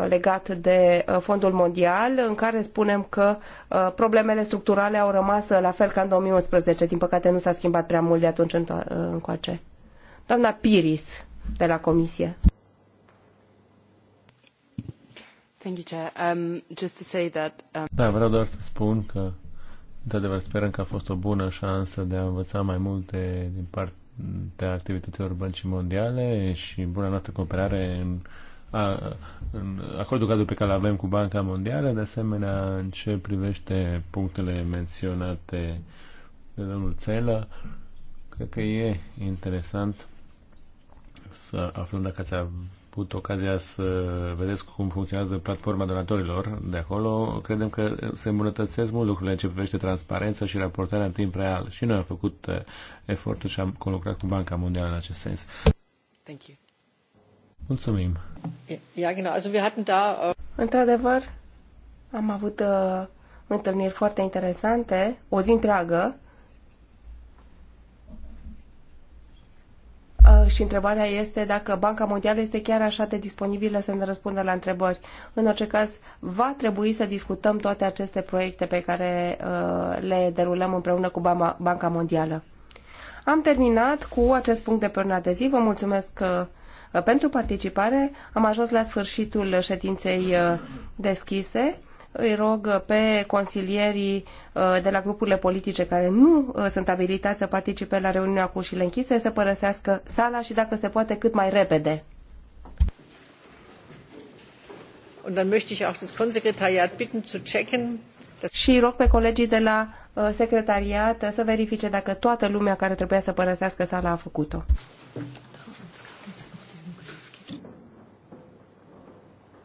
legat de Fondul Mondial, în care spunem că problemele structurale au rămas la fel ca în 2011. Din păcate nu s-a schimbat prea mult de atunci încoace. Doamna Piris, de la Comisie. Um, um, da, vreau doar să spun că, într-adevăr, sperăm că a fost o bună șansă de a învăța mai multe din partea activităților băncii mondiale și buna noastră cooperare în, a, în acordul cadru pe care îl avem cu Banca Mondială, de asemenea, în ce privește punctele menționate de domnul Țelă, cred că e interesant să aflăm dacă ați avut avut ocazia să vedeți cum funcționează platforma donatorilor de acolo, credem că se îmbunătățesc mult lucrurile în ce privește transparența și raportarea în timp real. Și noi am făcut eh, eforturi și am colucrat cu Banca Mondială în acest sens. Thank you. Mulțumim. Yeah, genau. Also wir hatten da... Äh, Într-adevăr, am avut uh, întâlniri foarte interesante, o zi întreagă, Uh, și întrebarea este dacă Banca Mondială este chiar așa de disponibilă să ne răspundă la întrebări. În orice caz, va trebui să discutăm toate aceste proiecte pe care uh, le derulăm împreună cu Banca Mondială. Am terminat cu acest punct de pe urna de zi. Vă mulțumesc uh, pentru participare. Am ajuns la sfârșitul ședinței deschise îi rog pe consilierii uh, de la grupurile politice care nu uh, sunt abilitați să participe la reuniunea cu ușile închise să părăsească sala și dacă se poate cât mai repede. Und dann möchte ich auch das Konsekretariat bitten zu checken. Și rog pe colegii de la uh, secretariat să verifice dacă toată lumea care trebuia să părăsească sala a făcut-o.